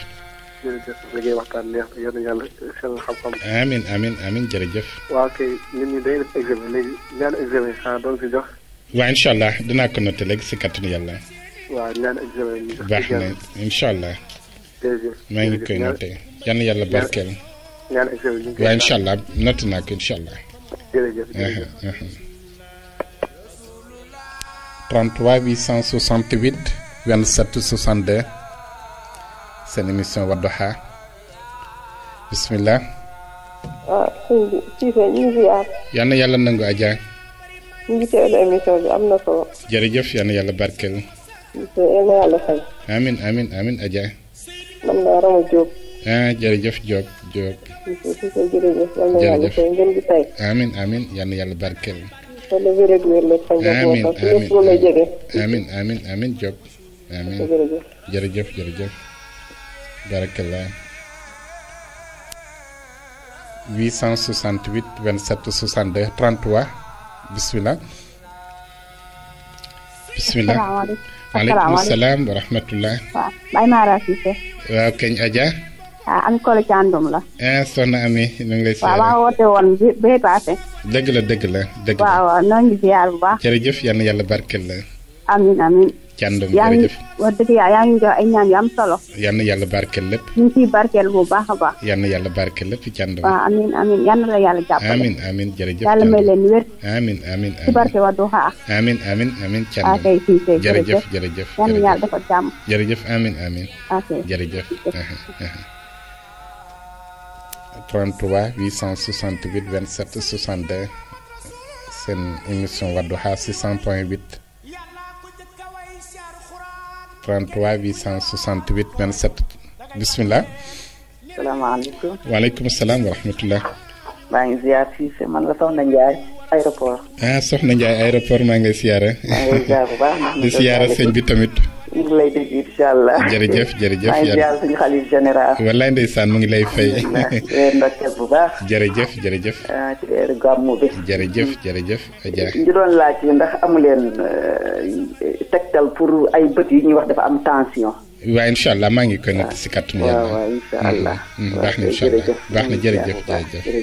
jërëjëf liggéey waxtaan neex na yéen yàlla seen xam-xam. amiin amiin amiin jërëjëf. waaw kay ñun ñu dañuy def examen léegi ñaan examen xanaa doon si jox. waaw incha allah dinaa ko noté léegi si kattanu yàlla. waaw ñaan examen ñu jox baax na incha allah. jërëjëf maa ngi koy noté yan yàlla barkeel. ñaan examen ñu ngi koy waaw incha allah noté naa ko incha allah. jërëjëf jërëjëf. 33 868 seen émission Wadduha bisimilah. waaw ah, sëñ bi Cissé ñu ngi ziar. yal na yàlla nangu Adja. ñu jërëjëf yal na yàlla barkeel. yal na yàlla fay. amiin amiin ah, yàlla barkeel. Amin, amin, amin amin amin job, amin jërëjëf jërëjëf barakallah 868 27 62 33 bismillah bismillah asalaamaaleykum salaam wa rahmatullah waaw Baye Mara Cissé waaw keñ Adja waaw ah, am kolo càndum la. Ah, soxna Ami ñu ngi lay. waaw maa woote woon bi bee paase. dëgg la dëgg la dëgg la waaw waaw noo ngi ziar bu baax. jërëjëf yal na yàlla barkeel la. amin amin càndum jërëjëf yaa ngi wax dëgg yàlla yaa ngi jox ay ñaan yu am solo. yal na yàlla barkeel lépp. ñu ngi ciy barkeel bu baax a baax. yal na yàlla barkeel lépp càndum. waaw amin amin yal na la yàlla jàppale. amin amin jërëjëf yàlla may leen wér. amin amin ci barke Wadduha. amin amin amin càndum. ok si si jërëjëf jërëjëf yal na yàlla dafa jàmm. jërëjëf amin amin. ok jërëjëf. (laughs) 33 868 27 62 seen émission Wadduha 600.8 33 868 27 bisimilah. salaamaaleykum. waaleykum salaam wa rahmatulah. maa ngi ziar fii man la Soxna Ndiaye aéroport. ah Soxna Ndiaye aéroport maa ngi lay ziar. maa ngi lay ziar bu baax di ziar sëñ bi tamit. ñu ngi lay dégg incha allah jërëjëf jërëjëf maa ngi ziar suñu xalif général wallaay ndeysaan mu ngi lay fay ndokkeel bu baax jërëjëf jërëjëf ci weeru gàmmu bi jërëjëf jërëjëf ñu doon laaj ndax amu leen euh, tegtal pour ay bët yi ñuy wax dafa am tension waaw incha allah maa ngi koy natt si mu yàlla waaw incha allah mm-hmm. mm-hmm. baax na incha allah baax na jërëjëf jërëjëf jërëjëf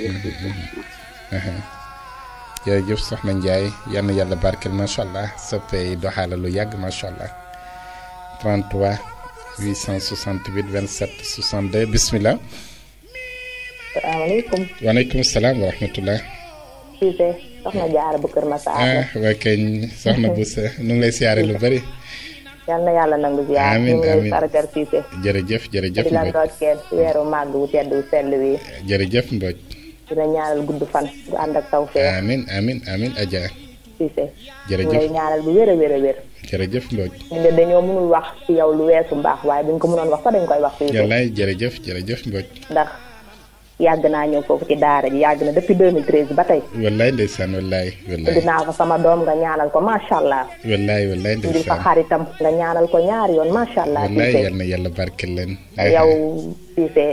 mm-hmm. (laughs) soxna Ndiaye yal na yàlla barkeel macha allah soppee doxaala lu yàgg macha allah 33 868 27 62 bisimilah. salaamaaleykum. waaleykum salaam wa soxna Diarra bu Kër Masar. ah waa nu lay siyaare lu bari. yal na yàlla nangu ziar. amiin jërëjëf jërëjëf Mbodj weeru màgg bu tedd bu sell wi. jërëjëf Mbodj. dina ñaanal gudd fan bu ànd taw feex. amiin amiin amiin Cissé. jërëjëf ngay ñaanal bu wér a wér a wér. jërëjëf Mbodj. nga dañoo mënul wax ci yow lu weesu mbaax waaye buñ ko mënoon wax sax dañ koy wax. fii yàllaay jërëjëf jërëjëf Mbodj. ndax yàgg naa ñëw foofu ci daara ji yàgg na depuis 2013 ba tey. wallaay ndeysaan wallaay wallaay. dinaa sama doom nga ñaanal ko macha allah. wallaay wallaay ndeysaan di fa xaritam nga ñaanal ko ñaari yoon macha allah. wallaay yal na yàlla barkeel leen. yow Cissé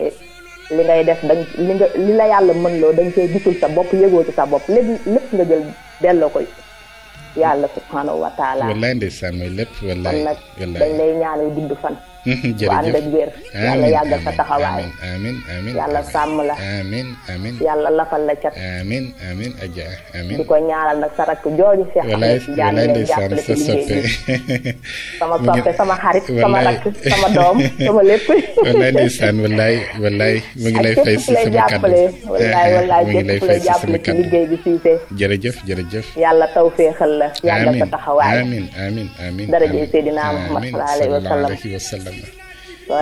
li ngay def dañ li nga li la yàlla mën loo dañ koy gisul sa bopp yëgoo ci sa bopp lépp lépp nga jël ko yàlla subhaanahu wa taala wallaay ndeysaan mooy lépp wallaay wallaay dañ lay ñaanal gudd fan jërëjëf yàlla yàggal fa taxawaay amin amin yàlla ya, sàmm amin amin yàlla ya, amin amin aja amin di ko ñaaral nag sa rakk si xam sa soppe sama sama xarit sama rakk sama doom sama lépp wallaay ndeysaan walai wallaay mu ngi lay fay si sama kàddu wallaay wallaay mu ngi sama kàddu liggéey bi siise jërëjëf jërëjëf amin amin amin dara jëy Muhammad sallallahu jàppandal la.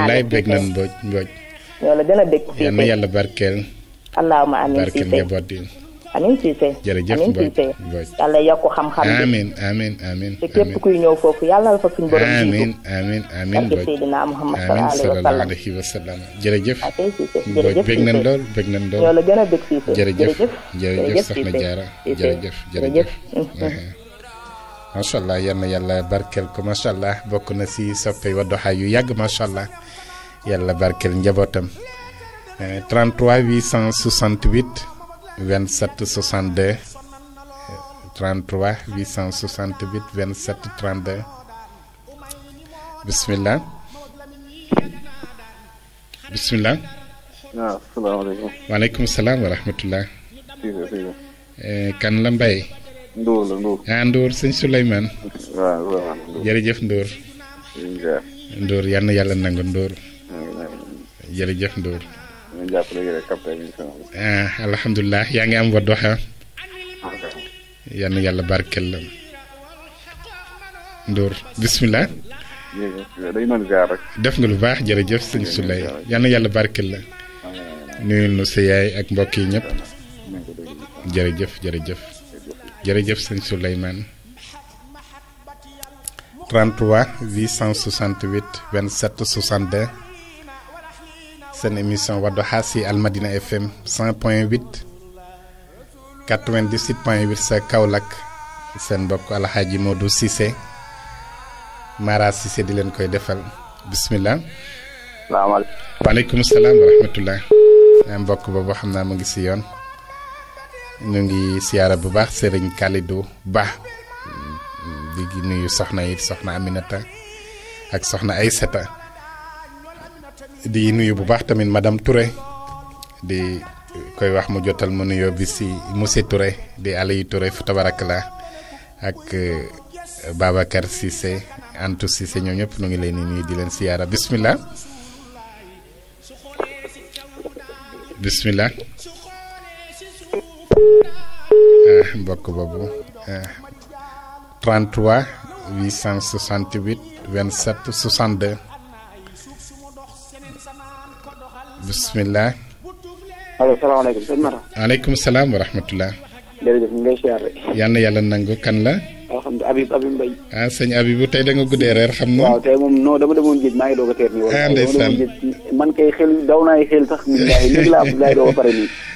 wallaay bég nañ mbooj mbooj. ñoo la gën a bég. yal na yàlla lool bég nañ lool. ñoo la gën a bég Cissé jërëjëf jërëjëf Jaara jërëjëf macha allah yal na yàlla barkeel ko macha allah bokk na si soppe Wadduha yu yàgg macha allah yàlla barkeel njabootam 33 868 27 62 33 868 27 waaleykum salaam wa eh, kan la Mbaye. Ndour la Ndour. ah Ndour sëñ Souleymane. yàlla nangu Ndour. jërëjëf Ndour. ñu jàppale ah, yaa ngi am Wadduha. yal na yàlla barkeel la. Ndour def nga lu baax jërëjëf sëñ Souley yal yàlla barkeel la. Ah, nu sa yaay ak mbokk yi ñëpp. jërëjëf jërëjëf. jërëjëf sëñ Souleymane 33 868 27 62 seen émission Wadduha si Almadina FM 100.8 97.8 sa Kaolack seen mbokk Alxaaji Modou Cissé Mara Cissé di leen koy defal bismillah salaamaaleykum. wa Rahmatullah, mbokk boobu xam naa mu ngi si yoon. ñu ngi siyaara bu baax sëriñ Kalidou Ba di nuyu soxna yi soxna Aminata ak soxna Aysata di nuyu bu baax tamit madame Touré di koy wax mu jotal mu nuyoo bi si monsieur Touré di Aliou Touré fu tabarakallah ak euh, Babacar Cissé Antou Cissé ñoom ñëpp nu ngi lay di nuyu di leen siyaara bismillah bismillah Eh, mbokk boobu 33 868 27 62 bisimilah. allo salaamaaleykum sëñ Mara. maaleykum salaam na yàlla nangu kan la. alhamdulilah Habib Habib Mbaye. ah tey da guddee reer xam nga. dama demoon géej maa ngi doog a teer nii. ah ndeysaan man kay xel doog a pare nii. (laughs)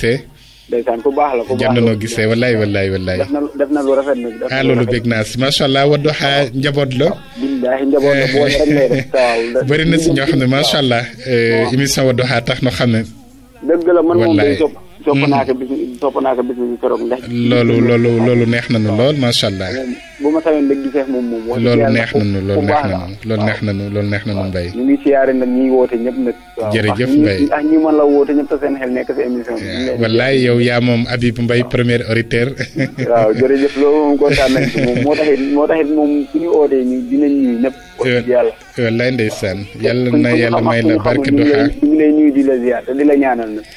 gisee. ndeysaan ku baax la ku baax la jànd noo gisee wallaay wallaay wallaay. def na def na ah, loolu bég naa si macha allah Wadduha njaboot la. billaahi (laughs) bëri na si ñoo xam ne macha allah. Eh, émission Wadduha tax na xam ne. la man moom day sopp. sopp hmm. naa loolu loolu loolu neex nañu lool macha allah. bu ma sañoon nag di feex moom loolu neex na nu loolu neex na nu loolu neex na nu Mbaye. ñu ngi siyaare woote ñëpp nag. jërëjëf Mbaye waaw ñi mën la woote ñëpp te seen xel nekk si émission bi. wallaay yaa moom Habib Mbaye premier auditeur. (laughs) waaw jërëjëf loolu moom kontaan nañ si moom moo taxit moo taxit moom suñu ootee ñu ñuy ñëpp. yàlla wallaay ndeysaan yàlla yàlla may la barke doxaa ñu ngi lay nuyu di la ziar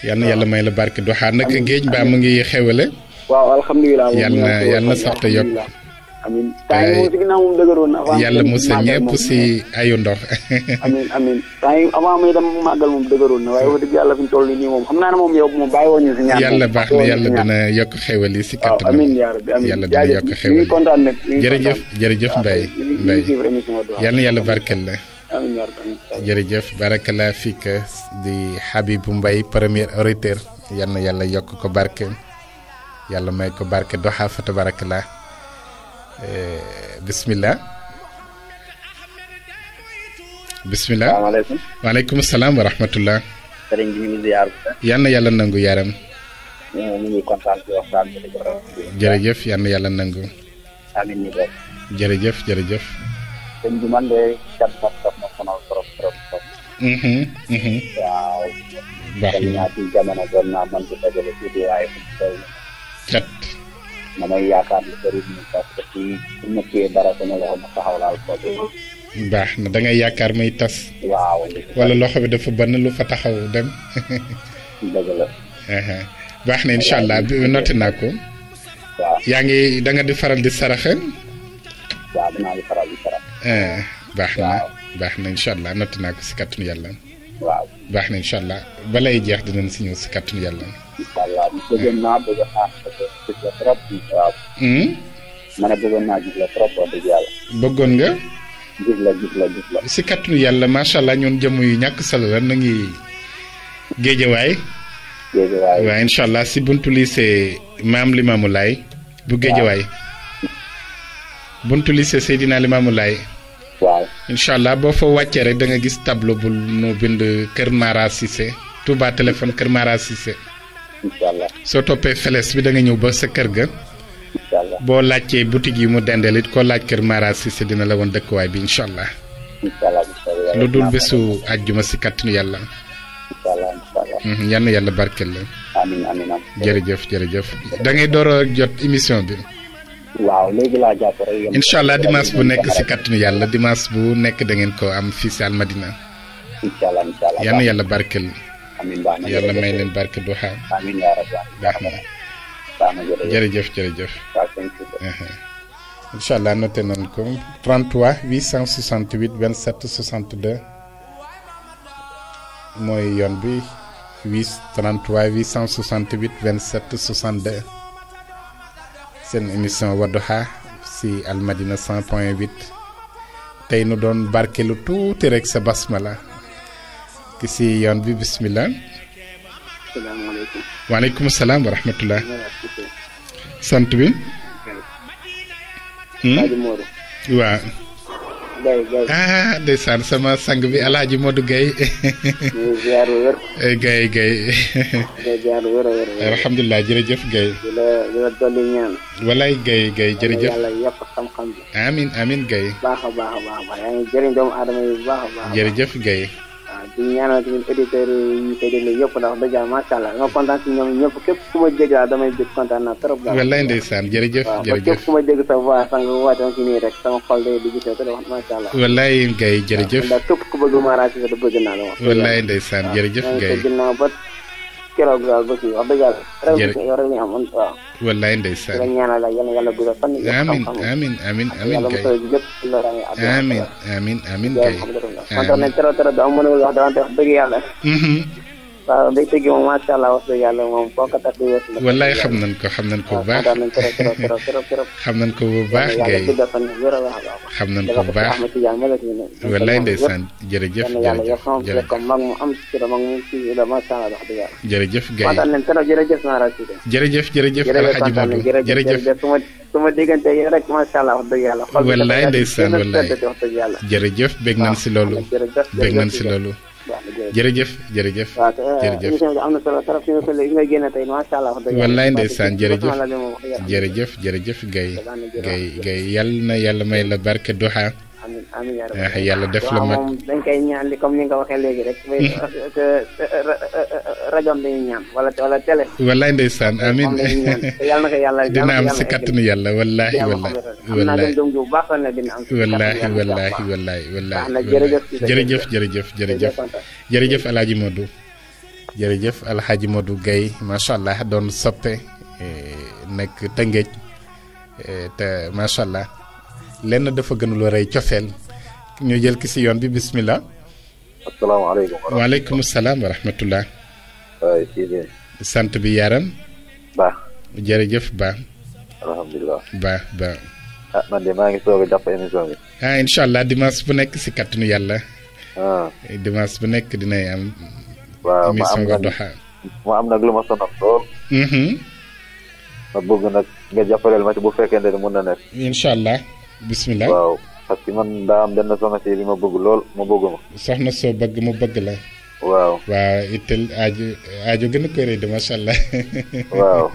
yàlla na yàlla may la barke doxaa nag géej baa mu ngi xewale waaw alhamdulilah yàlla na yàlla na sax yokk amiin temps yi eh, moom si ginnaaw moom dëgëroon na. avant yàlla musa ñëpp si ayu ndox. (laughs) amiin amiin temps yi avant baax na yàlla dina yokk xewal yi si kattan. waaw yàlla dina yokk xewal yi jërëjëf jërëjëf yàlla yàlla barkeel la. jërëjëf barakala fik di Habib Mbaye premier orateur yal yàlla yokk ko barke yàlla may ko barke doxa fa Eh, bisimilah. bisimilah salaamaaleykum. salaam wa rahmatullah. sëriñ yàlla nangu yaram. ñu ngi kontaan yàlla nangu. amiin ñu def. jërëjëf jërëjëf. sëñ bi man de mhm, mhm. na naa ci jamono doon naa damay yaakaar baax na da ngay yaakaar muy tas. waaw loxo bi dafa ban lu fa taxaw dem. dëgg la. (laughs) baax na incha allah naa ko. yaa ngi danga di faral di saraxe. waaw eh, baax na baax na incha allah naa ko si kàttanu yàlla. waaw baax na incha allah balay jeex dinañ si ñëw si kàttanu yàlla. bëggoon naa bëgg hmm? yàlla. nga. si kàttanu yàlla macha allah ñoon jëmm yu ñàkk solo la na ngi géejewaay. incha allah si buntu lycée maam Limaamu Laay bu géejewaay. buntu lycée Seydina Limaamu Laay. inshallah bo boo fa wàccee rek da nga gis tableau bu no bind keur Mara Cissé Touba téléphone keur Mara Cissé. inshallah so topé feles bi da nga ñew ba sa keur ga. incha allah boo boutique yi mu dendel it ko lacc keur Mara Cissé dina la dekk way bi inshallah inshallah lu dul besu aljuma ci katnu yalla inshallah inshallah mhm, yalla yalla barkel la. amiin amiin jërëjëf da ngay doro jot émission bi. waaw léegi laa bu nekk si kàttanu yàlla dimanche bu nekk da ngeen ko am fii si Almadina. incha allah incha allah yal na yàlla barkeel. amiin baax yàlla may leen barke Duha. amiin yaa rabbi baax na. baax na jërëjëf jërëjëf uh-huh. incha allah noté nañ ko 33 868 27 62 mooy yoon bi 8 33 868 27 seen émission wadoha si Almadina 100 point 8 tey nu doon barkelu tuuti rek sa basmala ki si yoon bi bismillah. salaamaaleykum. waaleykum salam wa rahmatullah. sant bi. ah ndeysaan sama sang bi El Hadj Modou Guèye. ñu ziar wér. Eh, Guèye Guèye. ñu ziar wér wér. alhamdulilah jërëjëf Guèye. di la di ñaanal tamit auditeurs yi koy déglu yëpp ndax dëgg yàlla macha allah nga kontaan si ñoom ñëpp képp ku ma dégg daal damay dégg kontaan naa trop. daal wallaay ndeysaan jërëjëf jërëjëf waaw képp ku ma sa voix sànq ma si nii rek sama xol day dugg te wax macha allah. wallaay Gaye jërëjëf ndax képp ku da ba kii wallaay ndeysaan di la ñaanal yal na yàlla guddal fan. amiin amiin amiin amiin kay amiin amiin amiin kay. amiin kontaan nañ trop trop dama mën a wax dama wax dëgg yàlla. Mm-hmm. waaw mbégte gi moom macha allah wax dëgg yàlla moom foo ko takk weesu la. wallaay xam nañ ko xam nañ ko bu baax (laughs) xam nañ ko bu baax kay xam nañ ko bu baax. wallaay ndeysaan jërëjëf jërëjëf jërëjëf jërëjëf Gaye jërëjëf jërëjëf Alxaji Modou jërëjëf suma diggante yi rek macha allah wax dëgg yàlla. wallaay ndeysaan wallaay jërëjëf bég nañ si ah, loolu bég nañ si loolu. jërëjëf jërëjëf euh, jërëjëf émission bi am na solo trop jërëjëf jërëjëf gay gay yal na yàlla may la barke duha amin amiin yaa rabbi eh, yàlla def la mag dañ koy ñaan li comme ni nga waxee léegi rek hmm. eh, eh, rajom dañuy ñaan wala wala télé wallaay ndeysaan amiin yàlla na ko dina am si kàttanu yàlla wallaahi wallaahi wallaahi doom bu baax na dina am wallaahi wallaahi wallaahi wallaahi jërëjëf jërëjëf jërëjëf Modou Modou allah soppe te allah lenn dafa gën lu rëy cofeel ñu jël ki si yoon bi bismillah. asalaamaaleykum. waaleykum salaam wa sant bi yaram. baax. jërëjëf baax. alhamdulilah. baax baax. ah man de maa ngi soog a ah, allah dimanche bu nekk si kàttanu yàlla. Ah. dimanche bu nekk dinay am. waaw ma am nag am nag lu ma sonal lool. Mhm. ma bëgg nag nga jàppaleel ma ci bu fekkente ne mun na nekk. incha allah. bismillah waaw parce que man daa am benn soxna si ma bëgg lool ma bëgg ma soxna soo bëgg mu bëgg la waaw waaw gën a de macha allah waaw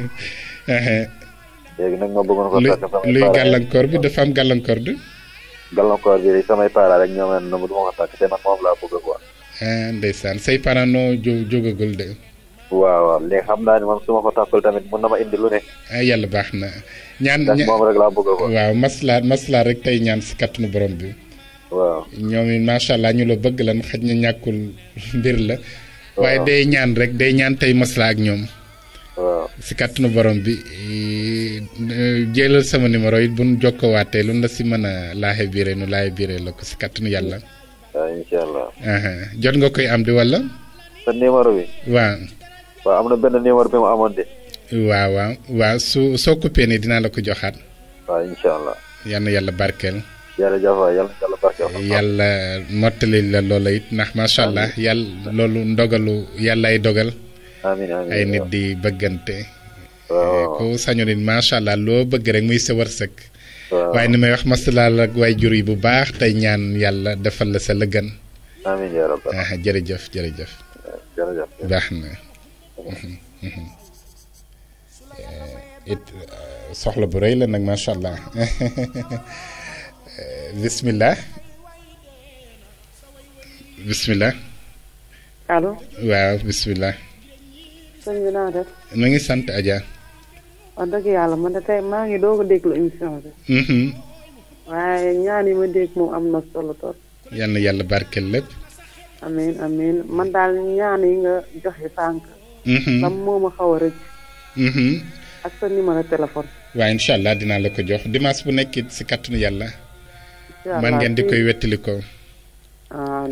léegi nag ma bëggoon ko takk sama luy gàllankoor bi dafa am gàllankoor du gàllankoor bi samay para rek ñoom ne ma du ko takk te man moom laa bëgg quoi ndeysaan say para noo jógagul de waaw waaw léegi xam naa ni man su ma ko tamit mun na ma indi lu ne yàlla baax na ñaan moom rek waaw maslaa maslaa rek tey ñaan si kattanu borom bi. waaw ñoom it macha allah ñu la bëgg lan xaj na ñàkkul (laughs) mbir la. waaye day ñaan rek day ñaan tey maslaa ak ñoom. waaw si kattanu borom bi jëlal sama numéro it bu nu jokkowaatee lu la si mën a laaxe biire nu laaxe biire la ko si kattanu yàlla. jot nga koy am di wala. sa numéro bi. waaw. waaw am na benn numéro bi mu amoon de. waaw waaw waaw su soo coupé ne dinaa la ko joxaat. waaw yal na yàlla barkeel. jërëjëf waay yal yàlla mottali la loola it ndax macha allah yàlla loolu ndogalu yàllaay dogal. ay nit di bëggante. Eh, waaw ku sañu nit macha allah loo bëgg rek muy sa wërsëg. waaye ni may wax masalaa la ak waay jur yi bu baax tey ñaan yàlla defal la sa lëggan. amiin yaa rabbi. jërëjëf baax na. soxla bu rëy la nag macha allah (laughs) bismillah bismillah. allo. waaw bismillah. sëñ naa def. ma ngi sant Adja. wax dëgg yàlla man maa ngi doog a déglu émission bi. Mm-hmm. waaye ñaan yi ma dégg moom am na solo trop. yal na yàlla barkeel lépp. amiin amiin man daal ñaan yi nga joxe sànq. ba mm-hmm. moom a xaw a rëcc. Mm-hmm. ak sa numéro téléphone. waaw incha allah dinaa la ko jox dimaas bu nekk ci kàttanu yàlla. man ngeen di koy wettali ko. ah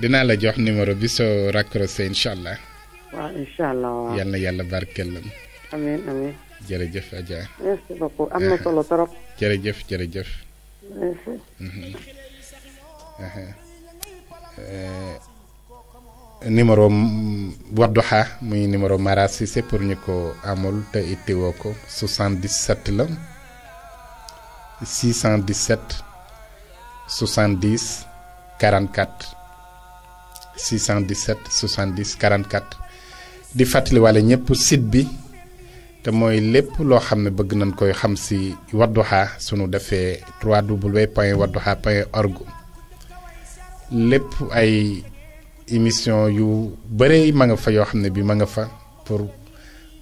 dinaa la jox numéro bi soo raccroché incha allah. waaw yàlla barkeel jërëjëf Adja. jërëjëf jërëjëf. numéro Wadduha muy numéro Mara Cissé pour ñu ko amul te itteewoo ko 77 la 617 70 44 617 70 44 di fàttaliwaale ñëpp site bi te mooy lépp loo xam ne bëgg nañ koy xam si Wadduha sunu defee www.wadduha.org lépp ay. émission yu bare ma nga fa yoo xam ne bi ma nga fa pour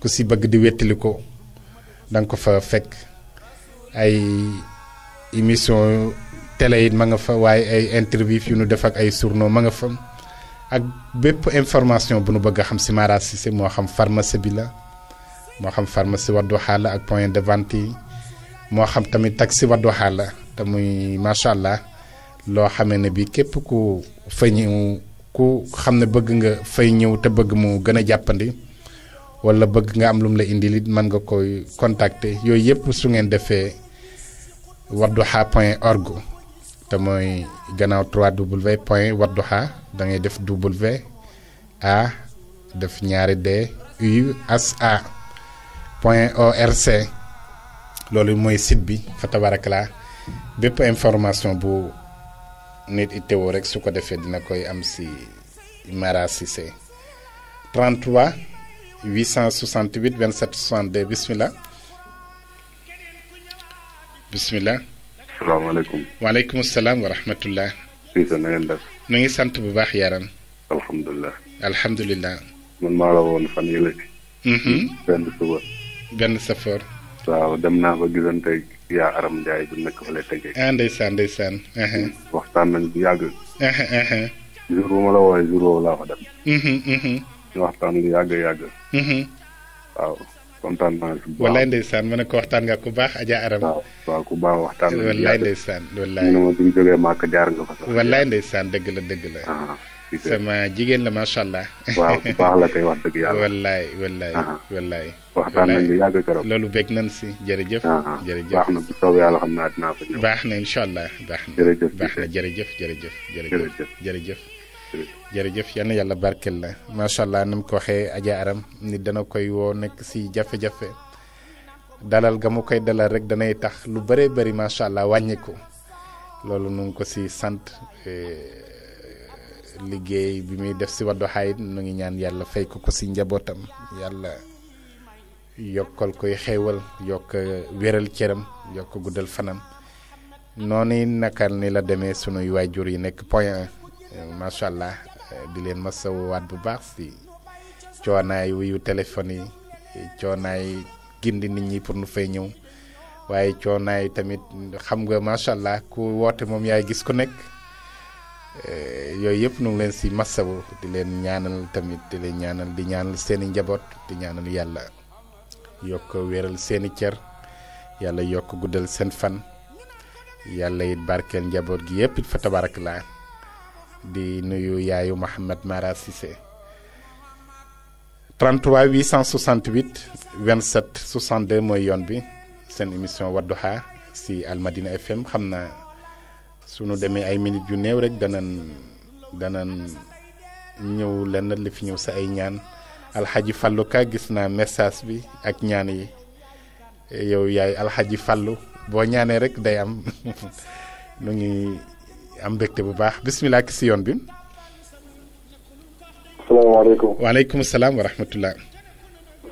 ku si bëgg di wettali ko danga ko fa fekk ay émission tele it ma nga fa waaye ay interview yu nu def ak ay journaux ma nga fa ak bépp information bu nu bëgg a xam si Mara Cissé moo xam pharmacie bi la moo xam pharmacie Wadduha la ak point de vente yi moo xam tamit taxi Wadduha la te muy macha allah loo xamee ne bi képp ku fa ku xam ne bëgg nga fay ñëw te bëgg mu gën a jàppandi wala bëgg nga am lu la indi lit mën nga koy contacter yooyu yëpp su ngeen defee wadduha point org te mooy gannaaw 3w point wadduha da ngay def w a def ñaari d u as a point org loolu mooy site bi fa tabarak bépp information bu nit ittewoo rek su ko defee dina koy am si Mara Cissé 33 868 27 62 bisimilah. bisimilah. salaamaaleykum. waaleykum salaam wa rahmatullah. Cissé na ngeen def. nu ngi sant bu baax yaram. alhamdulilah. alhamdulilah. man maa la woon fan yële. benn suba. benn safoor. waaw dem naa ba gisanteeg. yaa Aram Ndiaye bu nekk fële tënkee. ah ndeysaan ndeysaan. Uh-huh. waxtaan nañ bu yàgg. Uh-huh, uh-huh. jour bu ma la woowee fa dem. waxtaan lu yàgg yàgg. waaw kontaan naa si. wallaay ndeysaan ma ne ko waxtaan nga ku baax Adja Aram. waaw waaw baax waxtaan. wallaay ndeysaan wallaay ñu ne ma bi ñu jógee màkk jaar nga fa ndeysaan dëgg la dëgg la. Ah. recruteur sama jigéen la macha allah. wax dëgg yàlla. wallaay wallaay loolu bég nañ si jërëjëf. jërëjëf baax na bu soobee yàlla xam naa dinaa baax na incha allah baax na. jërëjëf baax na jërëjëf jërëjëf. jërëjëf na barkeel la macha allah ni ko waxee Adja Aram nit dana koy woo nekk si jafe-jafe dalal ga mu koy dalal rek danay tax lu bëree bari macha allah wàññi loolu nu ko si sant eh, liggéey bi muy def si Wadduha it nu ngi ñaan yàlla fay ko ko si njabootam yàlla yokkal koy xéewal yokk wéral cëram yokk guddal fanam noonu nakal ni la demee sunuy waajur yi nekk point 1 macha allah di leen ma masawuwaat bu baax si coonaay wuyu téléphone yi coonaay gindi nit ñi pour nu fay ñëw waaye coonaay tamit xam nga macha allah ku woote moom yaay gis ko nekk. Eh, yooyu yëpp nu ngi leen si massawu di leen ñaanal tamit di leen ñaanal di ñaanal seeni njaboot di ñaanal yàlla yokk wéeral seeni cër yàlla yokk guddal seen fan yàlla it barkeel njaboot gi yëpp it fa tabarak laa di nuyu yaayu Mouhamed Mara Cissé 33 868 27 62 mooy yoon bi seen émission Wadduha si Almadina FM xam naa. sunu demee ay minute yu néew rek danan danan ñew lenn li fi ñew sa ay ñaan alxaji fallu ka gis na message bi ak ñaan yi yow yaay alxaji fallu bo ñaané rek day am (laughs) nu ngi am bekté bu baax bismillah ki si yoon bi salaamaaleykum alaykum salaam wa rahmatullah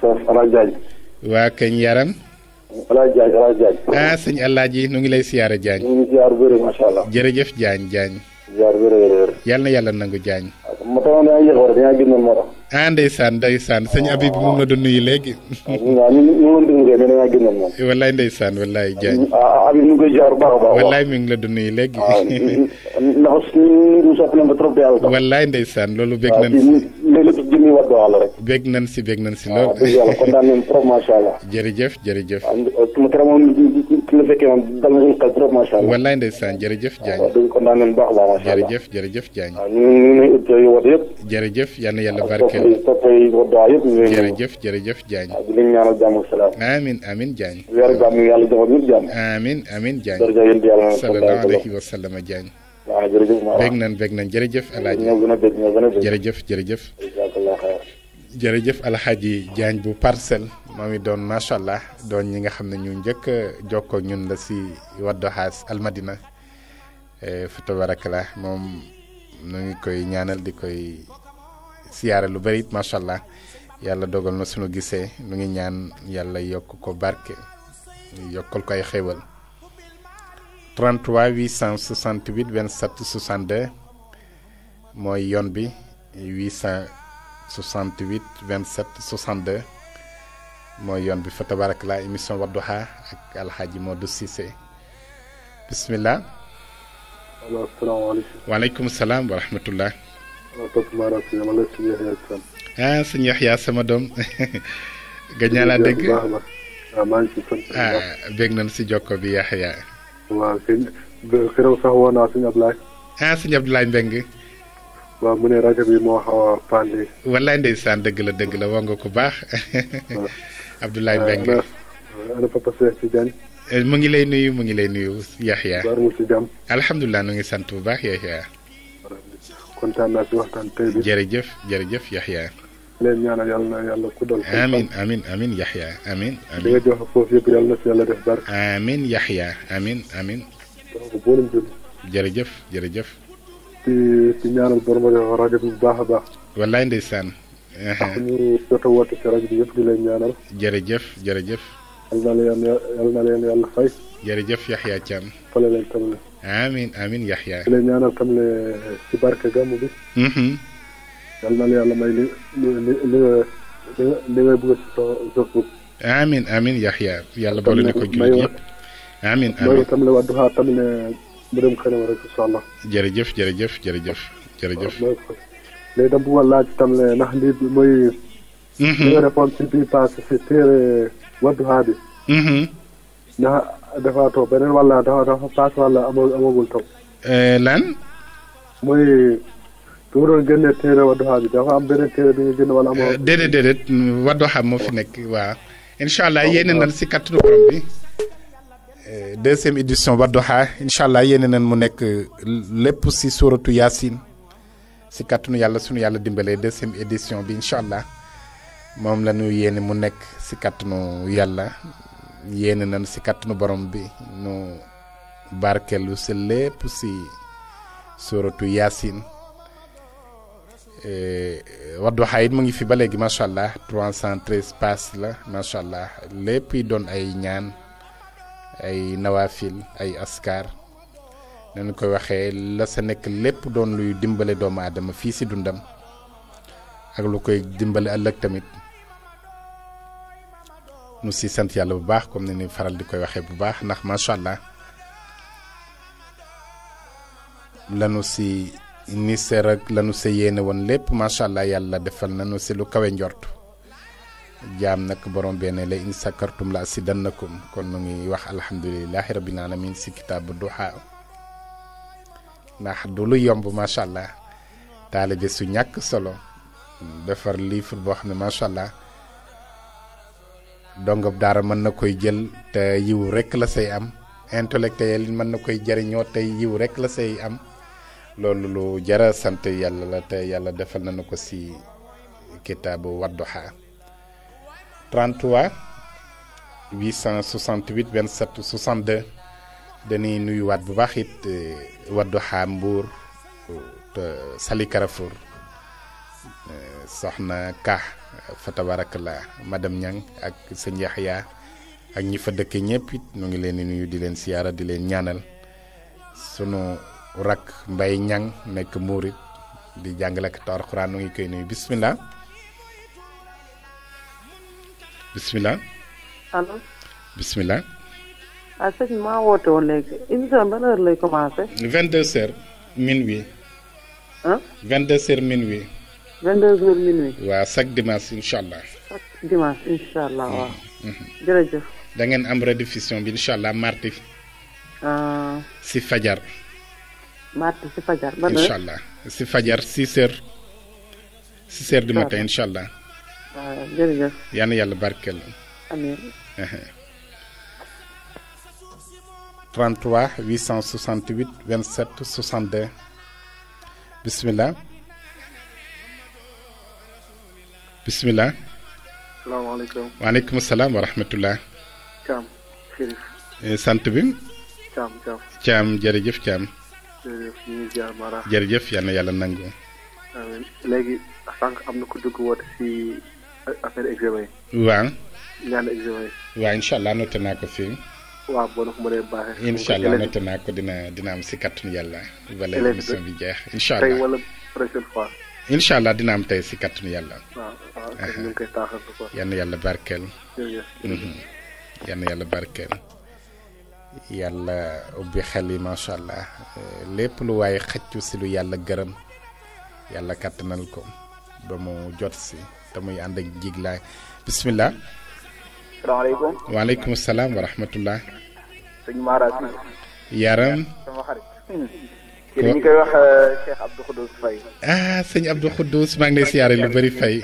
sa Fara kañ yaram Alaaji Diagne Alaaji Diagne. Ah, nu ngi lay siyaare Diagne. jërëjëf Diagne Diagne. yal na yàlla nangu Diagne. ah ndeysaan ndeysaan sëñ Habib mu ngi la doon nuyu léegi. da nga génnoon moom. wallaay ndeysaan wallaay Diagne. ah Habib ah, ah, ñu ngi koy jaar a baax. wallaay mi ngi la doon léegi. wallaay ndeysaan loolu bég nañ jëmmi Waddu Waalo bég nañ si bég nañ si lool. waaw dëgg yàlla kontaan nañ trop macha allah. jërëjëf jërëjëf. waaw euh, ma keroog moom ki la fekkee moom dal na suñu xel trop macha allah. wallaay ndeysaan jërëjëf Diagne. waaw dëgg kontaan nañ baax la macha allah jërëjëf jërëjëf Diagne. waaw ñu ngi nuyu auditeurs yu Waddu yëpp. jërëjëf yal na yàlla barkeel. waaw topp yi Waddu Waalo yëpp ñu ngi bég nañ jërëjëf a bég ñoo gën a bég jërëjëf jërëjëf alhaji jaañ bu parcel momi it doon macha doon ñi nga xam ne ñu njëkk jokkoo ñun la si waddoxaas almadina e, fa la moom nu ngi koy ñaanal di koy siyaare lu bari machallah allah yàlla dogal na suñu gisee nu ngi ñaan yàlla yokk ko barke yokkal ko ay xéewal 33 868 27 62 mooy yoon bi 800 68 27 62 mooy yoon bi fa tabarakalaa émission Wadduha Yaxya ah, sama doom. (laughs) gëj laa dégg ah, ah bég nañ si jokko bi Yaxya. waaw sëñ keroog waaw mu ne rajo bi moo xaw dëgg la dëgg la wax nga baax. (laughs) waaw Abdoulaye euh, Mbengue. Euh, euh, mu ngi lay nuyu mu ngi lay nuyu Yaxya. war mu nu ngi sant bu baax Yaxya. kontaan naa si waxtaan tey bi. jërëjëf Yaxya. leen ñaanal Yaxya amiin. amiin li nga ñaanal borom a rajo bi bu baax a baax. wallaay ndeysaan. ak ñu jot a woote si rajo bi yëpp di leen ñaanal. jërëjëf jërëjëf. yal na leen yal na leen yàlla fay. jërëjëf Yaxya Thiam. fale leen tam amin amin Yaxya. di leen ñaanal tam ne si barke gàmm bi. yal na la yàlla may li li li li ngay bëgg si sa jokkoo. amin amin Yaxya yàlla boole na ko jullit yëpp. amin amin loolu tam la wàddu xaar tam ne. mu dem kanam rek incha allah. jërëjëf jërëjëf jërëjëf. jërëjëf léegi dama bëggoon laaj tam le ndax lii mhm. bi mooy. li nga defoon ci biir passé si téere Wadduha bi. Mhm. ndax dafa toog beneen walla dafa dafa paas walla amagul amagul taw. Euh, lan. mooy. du ma doon génne téere Wadduha bi dafa am beneen téere bi nga génne walla amagul. Euh, déedéet déedéet Wadduha moo fi nekk waaw. incha allah yéene nañ si kàttanu borom bi. Euh, deuxième édition Wadduha incha allah yéene nañ mu nekk euh, lépp si suuratu Yaasin si kàttanu yàlla sunu yàlla dimbalee deuxième édition bi incha allah moom la ñu yéene mu nekk si kàttanu yàlla yéene nañ si kàttanu borom bi nu barkeelu si lépp si suuratu Yaasin euh, Wadduha it mu ngi fi ba léegi macha allah 313 pass la macha allah lépp yi doon ay ñaan. ay nawafil ay askar nañu koy waxee la sa nekk lépp doon luy dimbale doomu aadama fii si dundam ak lu koy dimbale ëllëg tamit nu si sant yàlla bu baax comme ni ni faral di koy waxee bu baax ndax macha allah lanu si ni seer ak lanu sa yéene woon lépp macha allah yàlla defal nañu si lu kawe njort. jaam nag borom benn la in sakartum la asidannakum kon mu ngi wax alhamdulilahi rabbil alamin si kitaabu duha ndax du lu yomb macha allah taalibe su ñàkk solo defar livre boo xam ne macha allah dongab daara mën na koy jël te yiw rekk la say am intellectuel mën na koy jariñoo tey yiw rekk la say am loolu lu jara sant yàlla la te yàlla defal nañu ko si kitaabu wadduha 33 868 27 62 dañuy nuyuwaat bu baax it eh, Wadduha Mbour eh, Sali Carrefour eh, soxna Ka la tabarakallah madame Niang ak sëñ Yaxya ak ñi fa dëkk ñëpp it ñu ngi leen di nuyu di leen siyaara di leen ñaanal sunu rakk Mbay ñaŋ nekk Murit di jàngale ak Alxuraan nu ngi koy nuyu bismillah Bismillah. allo Bismillah. waaw ah, sëñ bi maa woote woon léegi émission ban heure lay commencé. 22h minuit. Hein 22h minuit. 22 heures minuit. waaw chaque dimanche Inch'Allah. allah. chaque dimanche Inch'Allah, allah waaw. Mm-hmm. Mm-hmm. jërëjëf. da ngeen am rediffusion bi incha allah mardi. C'est ah. fajar. mardi c'est fajar ban C'est incha 6 heures. 6 heures du matin Inch'Allah. allah. waaw yàlla barkeel. amiin. 33 868 27 62 bisimilah. bisimilah. salaamaaleykum. waaleykum salaam wa rahmatulah. Thiam eh, sant bi. Thiam Thiam. yàlla nangu. na affaire examen yi. waaw. ñaan examen yi. waaw incha allah noté naa ko fii. waaw boo na ko mënee baaxee. incha allah noté naa ko dina dina am si kàttanu yàlla. wala émission bi jeex incha allah tey wala prochaine fois. incha allah dina am tey si kàttanu yàlla. waaw waaw ñu ngi koy taaxal ko. yann yàlla barkeel. jërëjëf. yann yàlla barkeel. yàlla ubbi xel yi macha allah lépp lu waaye xëccu si lu yàlla gërëm yàlla kàttanal ko ba mu jot si. تمي عندك جيجلا بسم الله السلام عليكم وعليكم السلام ورحمة الله سيد مارس يا رم كيف وخ شيخ عبد الخدوس فاي اه سيد عبد الخدوس ما نسي ياري لو بري فاي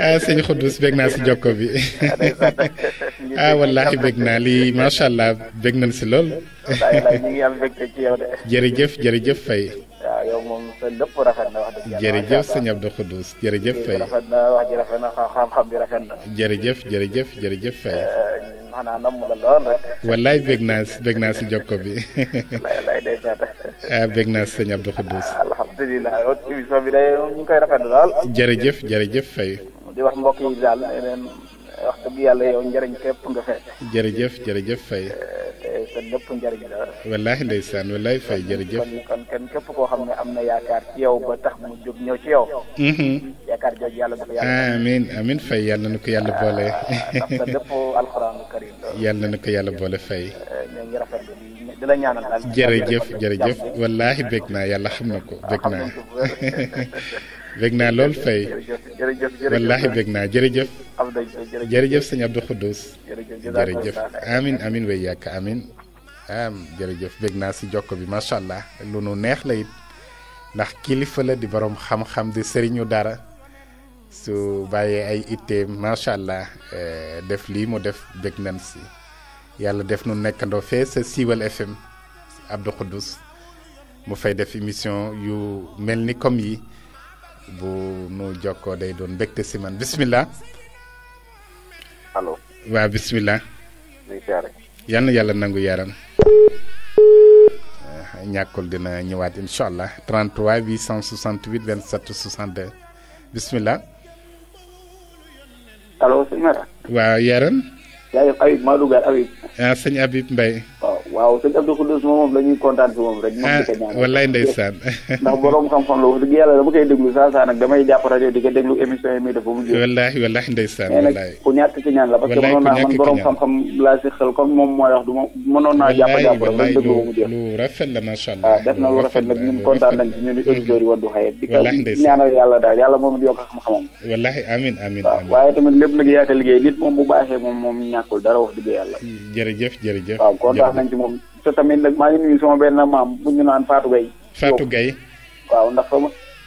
اه سيد خدوس بيغنا سي جوكو بي اه والله بيغنا لي ما شاء الله بيغنا سي لول جيري جيف جيري جيف فاي yow moom sa lépp rafet na wax dëgg yàlla jërëjëf sëñ Abdou Khoudous jërëjëf na wax bi rafet na jërëjëf jërëjëf jërëjëf Faye xanaa eh, namm si bég naa si jokko bi (laughs) lay lay day (laughs) ah, ah, koy rafetlu lool jërëjëf jërëjëf Faye di wax mbokk yi daal leen wax dëgg yàlla yow njëriñ képp nga fekk jërëjëf jërëjëf Faye eh, lépp njëriñ la. wallaahi ndeysaan wallaahi fay jërëjëf. kon kon kenn képp koo xam na yaakaar mm-hmm. yàlla na ko yàlla. amiin amiin na ko ah, ko yàlla boole fay. Eh, ñoo ngi rafetlu di naa yàlla xam na ko bég naa. (laughs) bég naa lool fay wallaahi bég naa jërëjëf jërëjëf sëñ Abdou Khoudous jërëjëf amin amin way yàkk amin am jërëjëf bég naa si jokko bi macha allah lu nu neex la it ndax kilifa la di borom xam-xam di sëriñu dara su bàyyee ay ittee macha allah eh, def lii mu def bég nan si yàlla def nu nekkandoo fee sa siiwal FM Abdou mu fay def émission yu mel ni comme yi bu nu jokkoo day doon mbégte si man Bismillah allo waaw bisimilah. yal na yàlla nangu yaram. Eh, ñàkkul dina ñëwaat incha allah 33 868 27 waaw Yaram. yaa ngi Habib waaw sëñ Abdou Khoudous moom moom la ñuy kontaan moom rek. moom di yàlla daal yàlla moom it yokk xam-xamam. wallaahi amiin amiin waaye tamit lépp nag yaa liggéey nit moom bu baaxee moom ñàkkul dara wax dëgg yàlla. Hmm, jërëjëf jërëjëf waaw kontaan nañ ci moom te tamit nag maa ngi nuyu sama benn maam bu ñu naan Fatou Gueye. Fatou Gueye. waaw ndax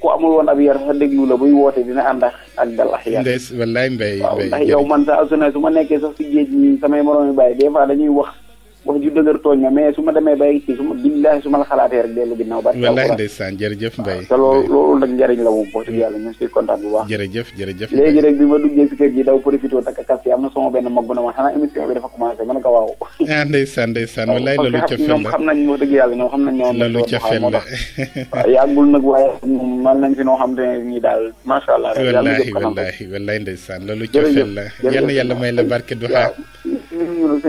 ku amul woon ab yar sax déglu la buy woote dina ànd ak ak dal ak yar ndees wallaay mbay yow man saa su ne su ma nekkee sax si géej ñi samay moroom yi bàyyi des fois dañuy wax wax ju dëgër tooñ ma mais su ma demee bay ci su ma billahi su ma la xalaatee rek dellu ginnaaw barke wallahi ndeysaan jërëjëf mbay te loolu loolu nag njariñ la moom wax dëgg yàlla ñu si kontaan bu baax jërëjëf jërëjëf léegi rek bi ma duggee si kër gi daw profité takk kas yi am na sama benn mag bu ne ma xanaa émission bi dafa commencé ma ne ko waaw ah ndeysaan ndeysaan wallahi loolu ca fel la ñoom xam nañ wax dëgg yàlla ñoom xam nañ ñoom loolu ca fel la yàggul nag waaye man nañ si noo xam te ñi daal macha allah wallahi wallahi wallahi ndeysaan loolu ca fel la yàlla yàlla may la barke du xaar ya. ñu ne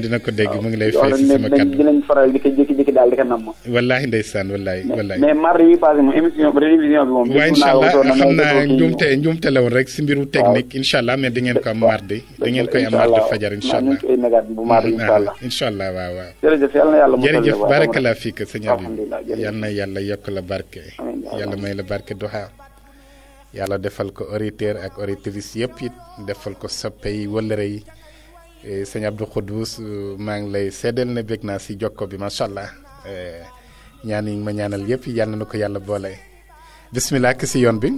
dina ko dégg mu ngi lay. fay si sama kaddu dinañ faral di ko jékki-jékki daal di ko namm. wallaahi ndeysaan wallaahi wallaahi. mais mardi bi passé moom émission révision bi rek si mbiru technique incha mais di ngeen ko am mardi. di fajar incha allah incha allah waaw waaw. jërëjëf yal na yàlla mu yal na yàlla yokk la barke yàlla may la barke duha yàlla defal ko auditeur ak auditrice yëpp it defal ko soppe yi wëllëre yi Eh, sëñ Abdou Khoudous eh, maa ngi lay seddal na bég naa si jokko bi macha allah eh, ñaan yi ma ñaanal yëpp yal na ko yàlla boole bisimilah ki si yoon bi.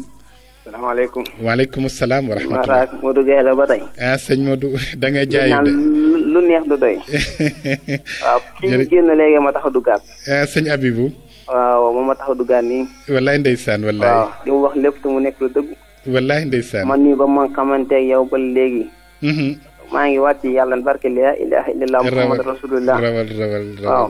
salaamaaleykum. waaleykum salaam wa rahmatulah. Ah, (laughs) waaw kii a duggaat. ah sëñ Abibou. waaw moom ma tax a duggaat nii. ndeysaan wallaay. waaw wax lépp te mu nekk lu dëgg. wallaay ndeysaan. man nii ba ma xamante yow ba léegi. Mm-hmm. maa ngi waat ci yàlla barke la ilaha illallah muhammad rasulullah rawal rawal waaw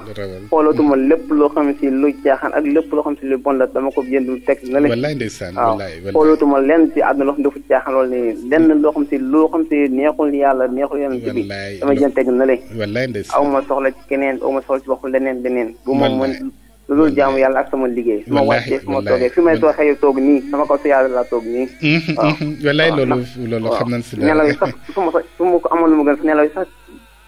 xoolatuma lépp loo xam si lu jaaxaan ak lépp loo xam si lu bon la dama ko jënd teg na la wallaay ndeysaan wallaay waaw xoolatuma lenn si àdduna loo xam dafa jaaxaan loolu nii lenn hmm. loo xam si loo xam si neexul yàlla neexul yàlla ci bi dama jënd teg na la wallaay ndeysaan aw ma soxla ci keneen aw ma soxla ci waxul leneen leneen bu moom lu dul jaamu yàlla ak sama liggéey. su ma wàccee su ma toogee fi may tooxee yow toog nii nelaw yi sax su ma ko amoon lu ma gën nelaw yi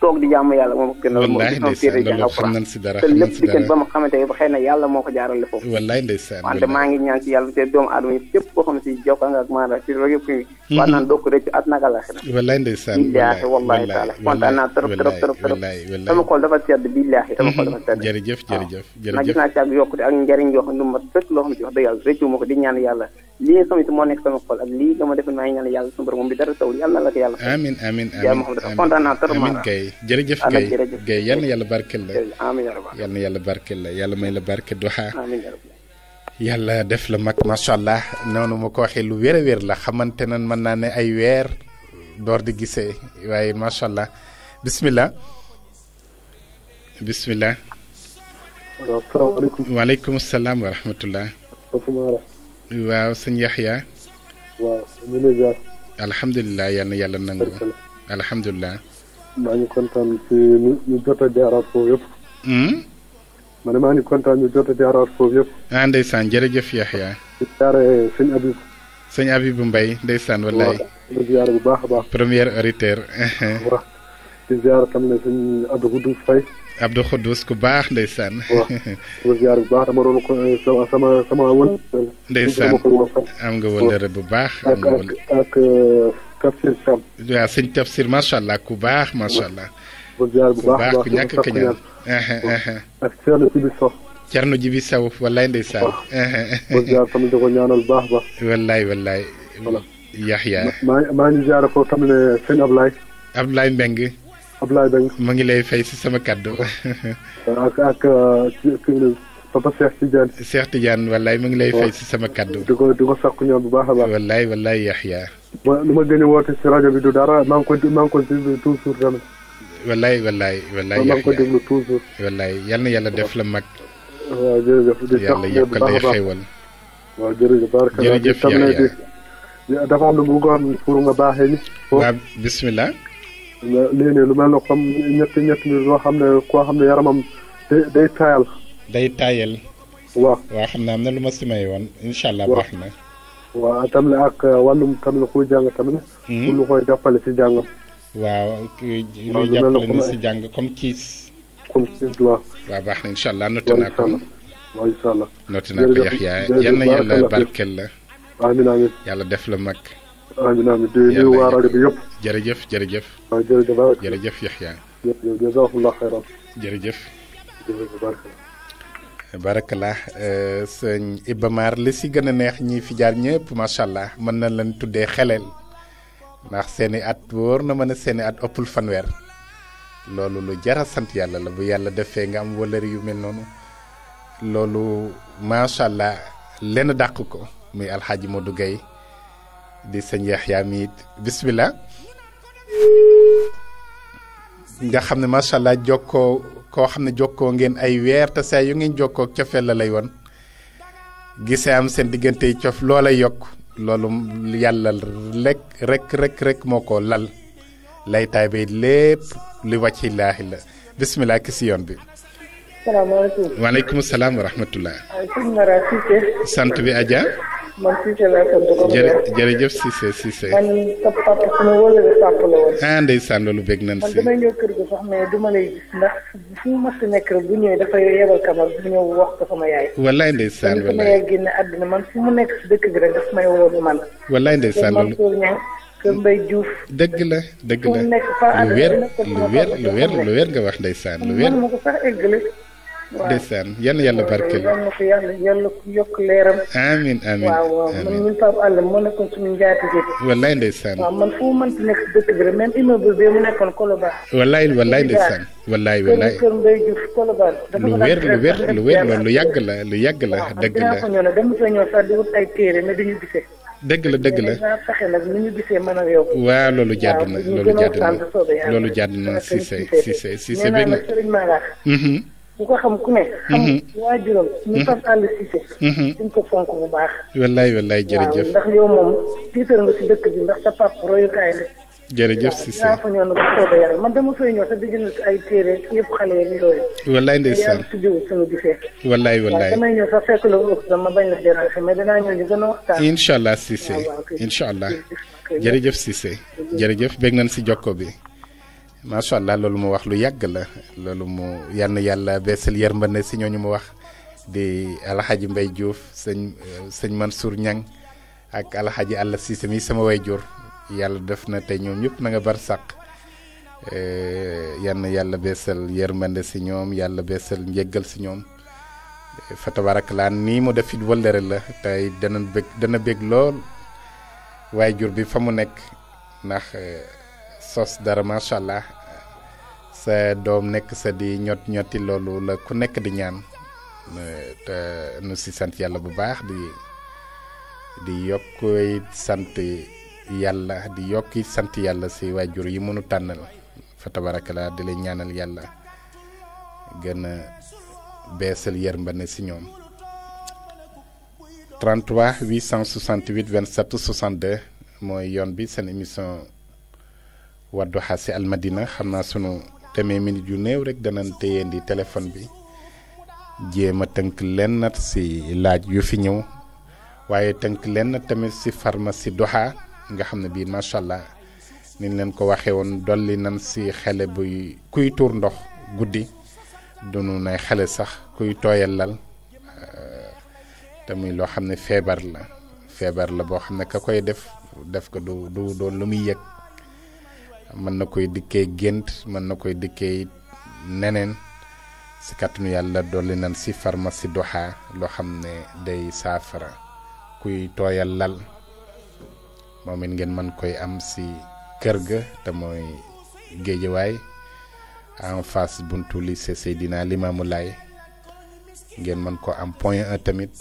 toog di jaamu yàlla moom gën a wallaay ndeysaan loolu xam nañ si dara te lépp si kenn ba ma xamante ne xëy na yàlla moo ko jaarale foofu wallaay ndeysaan wante maa ngi ñaan si yàlla te doomu aadama yi képp koo xam ne si jokka nga ak maanaam si loolu yëpp war naan doo ko rëcc at naka la xëy wallaay ndeysaan billaahi wallaay taala kontaan naa trop trop trop trop sama xol dafa sedd billaahi sama xol dafa sedd mhm, jërëjëf jërëjëf jërëjëf gis naa si ak yokkute ak njëriñ yoo xam ne lu ma fekk loo xam ne si wax dëgg yàlla rëccu ma ko di ñaan yàlla lii nga xam ne moo nekk sama xol ak lii nga ma defal maa ngi ñaan yàlla suñu borom moom bi dara tawul yàlla na la ko yàlla amiin amiin amiin kontaan naa trop amiin kay jërëjëf Gaye Gaye yal la yal na yàlla barkeel la yàlla may la barket Duha yàlla def la mag macha allah noonu ma ko waxee lu wér wér la xamante nan mën naa ne ay weer door di gisee waaye macha allah bismillah bismillah salaamaaleykum salaam wa rahmatullah. waaw sëñ Yaxya. waaw alhamdulilah yàlla nangu. alhamdulilah. maa ngi kontaan ci jot a jaaraat foofu yëpp. Hmm? ma ne maa ngi kontaan ñu jot a jaaraat foofu yëpp. ah ndeysaan jërëjëf Yaxya. di jaaree sëñ Abib. sëñ Abib Mbaye ndeysaan wallaay. di ziar bu baax a baax. premier auditeur. waaw di tam ne sëñ Abdou Khoudous Faye. Abdou Khoudous ku baax ndeysaan. waaw di ziar bu baax dama doon ko eh, sama sama wël. ndeysaan am nga wëllëre bu baax. Tafsir Thiam. waaw sëñ Tafsir macha allah ku baax macha allah. bu baax ku ñàkk ku ñaan. ak Thierno Jibi Sow. Thierno Jibi Sow wallaay ndeysaan. bu ziar tamit ko ñaanal baax baax. wallaay wallaay. voilà mu ngi lay fay si sama kàddu. papa Cheikh Tidiane. Cheikh Tidiane wallaay mu ngi lay fay si sama kaddu. di ko di ko bu baax a baax. wallaay wallaay Yaxya. ma lu ma gën a woote si rajo bi du dara maa ngi ko maa ngi ko déglu toujours tamit. wallaay wallaay wallaay ko déglu toujours. wallaay yal na yàlla def la mag. waaw jërëjëf di sakku yàlla yëpp lay xéwal. waaw jërëjëf barka jërëjëf Yaxya dafa am lu bëggoon pour nga baaxee ni. waaw bismillah. léeg lu ma ne comme ñetti ñetti loo xam ne koo xam ne yaramam day day taayal day tayel waaw waaw xam naa am na lu ma si may woon incha allah baax na waaw tam la ak wàllum tam la kuy jàng tamit pour lu koy jàppale si jàngam waaw luy jàppale ni si jàng comme kiis comme kiis waaw waaw baax na incha allah noté naa ko waaw incha allah noté naa ko yaxyaa yal na yàlla barkel la amin amin yàlla def la mag amin amin di nuyu waa rajo bi yëpp jërëjëf jërëjëf waaw jërëjëf jërëjëf yaxyaa jërëjëf jazakumullah xayran jërëjëf jërëjëf barkel barakallah euh, sëñ Iba Mar li si gën a neex ñi fi jaar ñëpp macha allah mën na leen tuddee xeleel ndax seeni at wóor na mën a seeni at ëppul fanweer loolu lu jara sant yàlla la bu yàlla defee nga am wëllëri yu mel noonu loolu macha allah lenn dàq ko muy alxaaji Modou Gueye di sëñ Yaxya mi bismillah nga xam ne macha allah jokkoo koo xam ne jokkoo ngeen ay weer te saa yu ngeen jokkoo cofeel la lay woon gisee am seen diggante yi cof loola yokk loolu yàlla rek rek rek rek moo ko lal lay taay bay lépp li wàcc illaahi la bisimilah ki si yoon bi. salaamaaleykum waaleykum salaam wa sant bi Adja. man Cissé laa sant ko. jërëjëf jërëjëf ah ndeysaan loolu bég nañ si. man damay ñëw kër lay gis ndax fu mu mës a nekk rek bu ñëwee dafa yebal kamar bu ñëw wax ko sama yaay. wallaay ndeysaan wallaay man fu mu nekk si dëkk bi rek daf may wóor man. wallaay ndeysaan loolu kër Mbaye Diouf. dëgg la dëgg la lu wér lu wér lu wér lu wér nga wax ndeysaan lu wér. ndeysaan yan yàlla barkeel yàlla ko yàlla yàlla yokk leeram wallaay ndeysaan waaw wallaay wallaay lu wér lu wér lu wér lu yàgg la lu yàgg la dëgg la dëgg la waaw loolu jàdd na loolu jàdd na loolu jàdd na Cissé Cissé Cissé bëgg na bu ko xam ku ne. xam mhm. waajuram. Mhm. ñu fas ànd Cissé. Mhm. duñ ko fonk bu baax. wallaay wallaay jërëjëf si dëkk bi sa pap royukaay la. wallaay ndeysaan te si suñu gisee. wallaay wallaay damay a waxtaan. incha incha allah jërëjëf jërëjëf bég nañ si jokko bi macha allah loolu ma wax lu yàgg la loolu mu yann yàlla beesal yërmande si ñooñu mu wax di alxaji Mbay Diouf sëñ euh, sëñ suur Ñang ak alxaji àlla si mi sama way jur yàlla def na te ñoom ñëpp nanga nga bar euh, yann yàlla beesal yërmande si ñoom yàlla beesal njëggal si ñoom euh, fa tabarakalaa nii mu def it wëllëre la tey dana bég dana bég lool waay bi fa mu nekk ndax sos dara macha allah sa doom nekk sa di ñot ñoti loolu la ku nekk di ñaan nu si sant yàlla bu baax di di yokk sant yàlla di yokki sant yàlla si waajur yi mënu tànnal fa tabarakalaa di lay ñaanal yàlla gën a beesal yërmande si ñoom 33 868 27 62 mooy yoon bi seen émission Wadduha si almadina xam naa sunu demee minute yu néew rek dana téyeen di téléphone bi jéem a tënk lenn si laaj yu fi ñëw waaye tënk lenn tamit si farmasi Duha nga xam ne bii macha allah niñ leen ko waxee woon dolli nan si xale buy kuy tuur ndox guddi dunu nay xale sax kuy tooyal lal te loo xam ne feebar la feebar la boo xam ne ka koy def def ko du du doon lu muy yëg. mën na koy dikkee gént mën na koy dikkee neneen si kàttanu yàlla dolli nan si pharmacie Duha loo xam ne day saafara kuy tooyal lal moom it ngeen mën koy am si kër ga te mooy géejawaay en fas buntu lycée Seydina Limamou Laye ngeen mën ko am point en tamit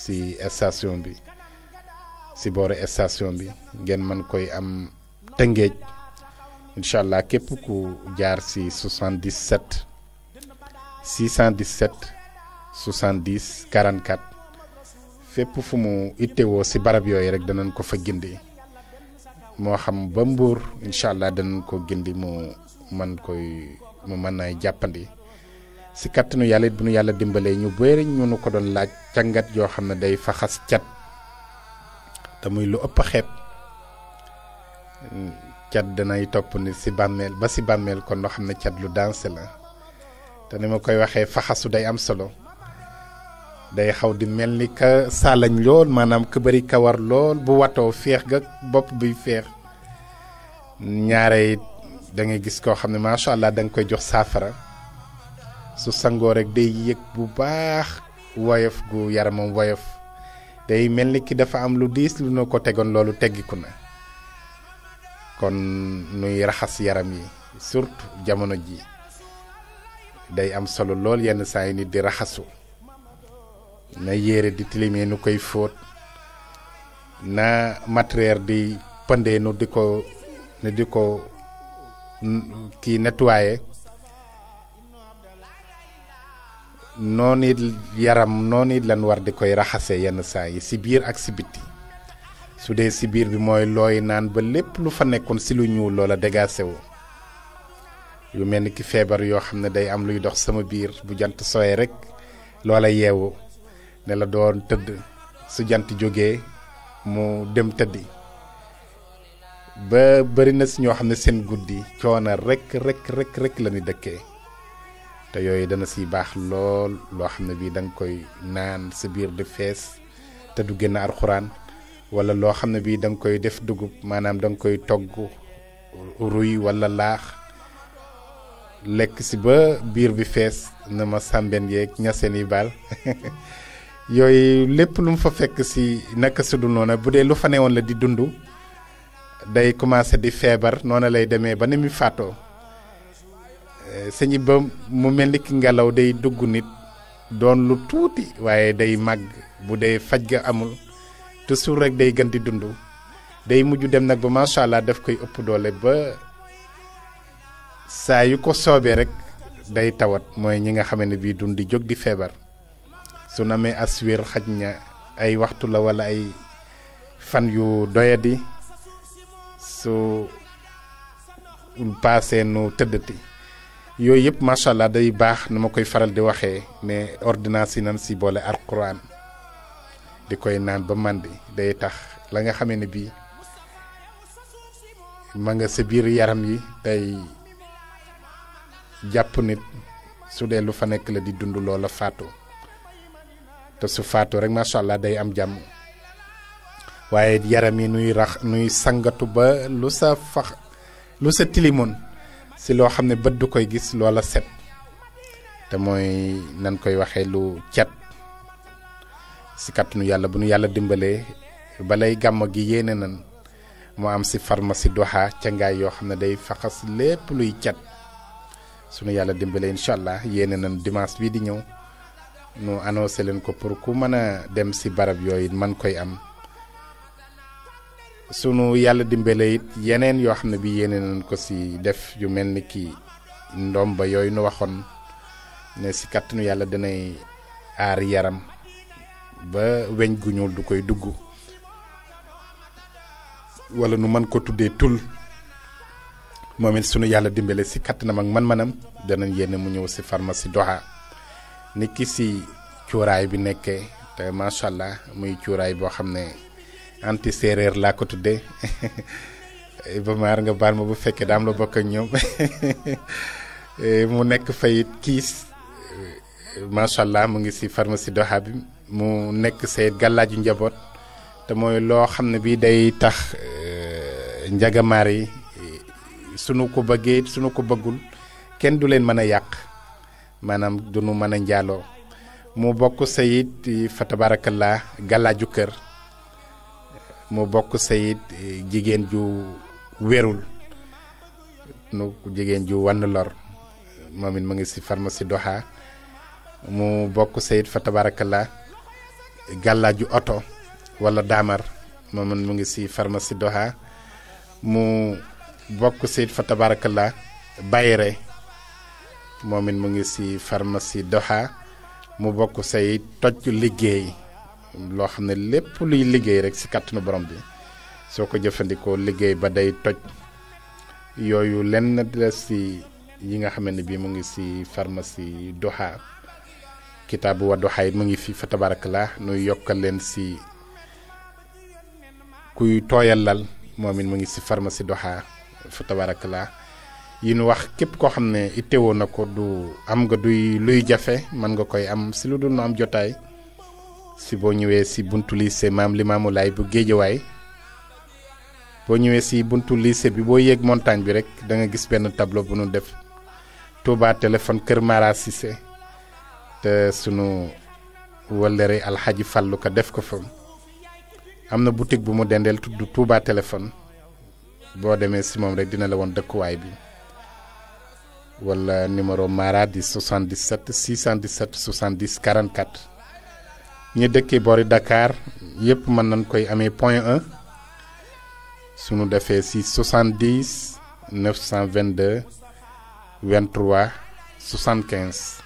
si station bi si booru station bi ngeen mën koy am tengej inshallah allah ku jaar si 77 617 70 44 fep fu mu ittewoo si barab yooyu rek danañ ko fa gindi xam ba mbour inshallah allah ko gindi mu man koy mu man na jappandi ci katnu yalla it bu nu yàlla dimbalee ñu bëré ñu nu ko doon laaj cangat yoo xam day faxas cat te muy lu upp xeet cat danay topp ni si bàmmeel ba si bàmmeel kon loo xam ne cat lu dansé la te ni ma koy waxee faxasu day am solo day xaw di mel ni ka saalañ lool maanaam ka bëri kawar lool bu watoo feex ga bopp buy feex ñaare da gis koo xam ne macha allah danga koy jox saafara su sangoo rek day yëg bu baax woyof gu yaramam woyof day mel ni ki dafa am lu diis lu na ko tegoon loolu teggiku na kon nuy raxas yaram yi surtout jamono ji day am solo lool yenn saa yi nit di raxasu na yére di tilimee nu koy fóot na matériel di pëndee nu di ko nu di ko kii nettoyé noonu it yaram noonu it lan war di koy raxase yenn saa yi si biir ak si bitti su dee si biir bi mooy looy naan ba lépp lu fa nekkoon si lu ñuul loola wu yu mel ki feebar yoo xam day am luy dox sama biir bu jant sooyee rek loola yeewu ne la doon tëdd su jant jógee mu dem tëddi ba bari na si ñoo xam ne seen guddi coona rek rek rek rek la ni dëkkee te yooyu dana si baax lool loo xam ne bii da nga koy naan sa biir di fees te du wala loo xam ne bii da koy def dugub maanaam da koy togg ruy wala laax lekk si ba biir bi fees na ma sàmben yeeg ñaseen bal baal (laughs) yooyu lépp lu mu fa fekk si naka su du noona bu lu fa newoon la di dund day commencé di feebar nona lay demee ba ne mi fàttoo eh, sëñ ba mu mel ki ngalaw day dugg nit doon lu tuuti waaye day màgg bu dee ga amul toujours rek day gën di dund day mujj dem nag ba macha allah daf koy ëpp doole ba saa yu ko soobee rek day tawat mooy ñi nga jog ne dund di jóg di feebar su aswir xaj ay waxtu la wala ay fan yu doyadi su paasee nu tëddati yooyu yëpp macha allah day baax nu koy faral di waxee ne ordonnance yi nan si boole alquran di koy naan ba mandi day tax la nga xamee ne bii ma nga sa biir yaram yi day jàpp nit su dee lu fa nekk la di dund loola faatu te su faatu rek allah day am jàmm waaye yaram yi nuy rax nuy sangatu ba lu sa fax lu sa tilimoon si loo xam ne bët du koy gis loola set te mooy nan koy waxee lu cet si kàttanu yàlla bu nu yàlla dimbalee balay gàmm gi yéene na moo am si pharmacie Doxa cangaay yoo xam ne day faxas lépp luy cat sunu yàlla dimbalee incha allah yéene na dimanche bii di ñëw nu annoncé leen ko pour ku mën a dem si barab yooyu man koy am sunu yàlla dimbale it yeneen yoo xam ne bi yéene nañ ko si def yu mel ni ki ba yooyu nu waxoon ne si kàttanu yàlla dinay aar yaram ba weñ gu ñuul du koy dugg wala nu man ko tuddee tul moom it sunu yàlla dimbale si kattanam ak man-manam danañ yenn mu ñëw si pharmacie doxa ni ki si cuuraay bi nekkee te allah muy cuuraay boo xam anti séeréer laa ko tuddee (laughs) ba maar nga baal ma bu fekkee daam la bokk ak ñoom (laughs) eh, mu nekk fayit kiis eh, macha allah mu ngi si pharmacie doxa bi mu nekk say gàllaaju njaboot te mooy loo xam ne bii day tax euh, njagamaar yi sunu ko bëggee sunu ko bëggul kenn du leen mën a yàq maanaam du nu mën a njaaloo mu bokk sayit fa tabaarakallaa gàllaaju kër mu bokk sayit jigéen ju wérul nu jigéen ju wann lor moom mu ngi si pharmacie Doha mu bokk sayit fa tabaarakallaa gàllaaju oto walla daamar moom mu ngi si farmasi Doha mu bokk si fa tabarakallah Bayre moom it mu ngi si pharmacie Doha mu bokk say toj liggéey loo xam ne lépp luy liggéey rek ci kàttanu borom bi soo ko jëfandikoo liggéey ba dey toj yooyu lenn la si yi nga xam ne bii mu ngi ci pharmacie Doha. kitaabu Wadduha mu ngi fi fa tabarakallah nuy yokkal leen si kuy tooyalal moom it mu ngi si pharmacie Wadduha fa tabarakallah yi nu wax képp koo xam ne itteewoo na ko du am nga duy luy jafe mën nga koy am si lu dul nu am jotaay si boo ñëwee si buntu lycée maam Limaamu Laay bu Géejawaay boo ñëwee si buntu lycée bi boo yéeg montagne bi rek danga gis benn tablo bu nu def Touba téléphone Kër Mara te sunu wëllëre alxaji fàllu ko def ko fa am na boutique bu mu dendeel tudd Touba téléphone boo demee si moom rek dina la woon dëkkuwaay bi wala numéro Mara di 77 617 70 44 ñi dëkkee boori Dakar yëpp mën nañ koy amee point 1 sunu defee si 70 922 23 75.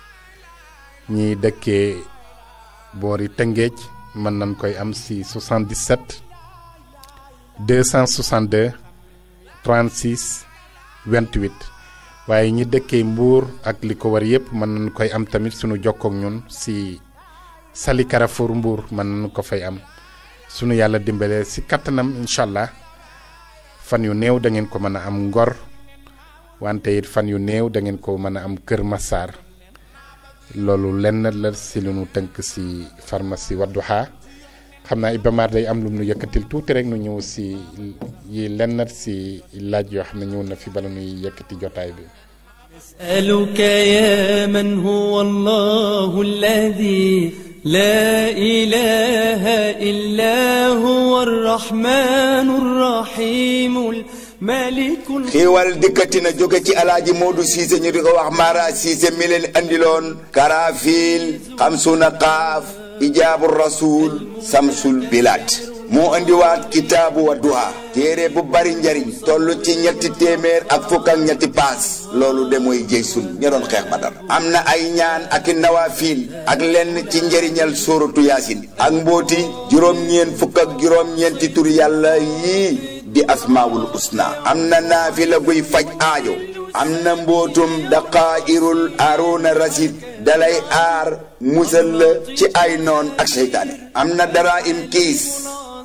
ñiy dëkkee boori Tëngéej mën nañ koy am si 77 262 36 28 waaye ñi dëkkee Mbuur ak li ko war yëpp mën nañ koy am tamit sunu jokkook ñun si Sali Mbuur mën nañ ko fay am sunu yàlla dimbale si kattanam incha allah fan yu néew da ngeen ko mën a am Ngor wante it fan yu néew da ngeen ko mën a am Kër Massar loolu lenn la si lu nu tënk si pharmacie Wadduha xam naa Iba day am lu nu yëkkatil tuuti rek nu ñëw si yi lenn si laaj yoo xam ne ñëw na fi bala nuy yëkkati jotaay bi. أسألك يا من هو الله الذي لا إله إلا هو الرحمن الرحيم xiiwal dikkati na jóge ci alaaji Modou Cissé ñu di ko wax Mara Cissé mi leen andiloon karafiil xamsuna xaaf ijaabu rasul samsul bilaat moo andiwaat kitaabu Wadduha téere bu bari njariñ toll ci ñetti téeméer ak fukk ñetti paas loolu de mooy jëy sun ña doon xeex Badar am na ay ñaan ak i nawafiil ak lenn ci njariñal sóoratu yaasin ak mbóoti juróom-ñeen fukk juróom-ñeenti tur yàlla yii di asmaawul usna am na naafila guy faj aajo am na mbootum daqaa'irul aaroona rasid dalay aar musal la ci ay noon ak seytaane am na dara im kiis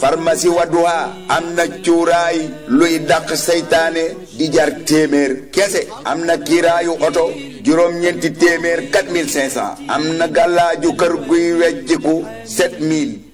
pharmacie Wadduha am na cuuraay luy dàq seytaane di jar téeméer kese am na kiiraayu oto juróom-ñeenti téeméer 4500 am na gàllaaju kër guy wejjiku 7000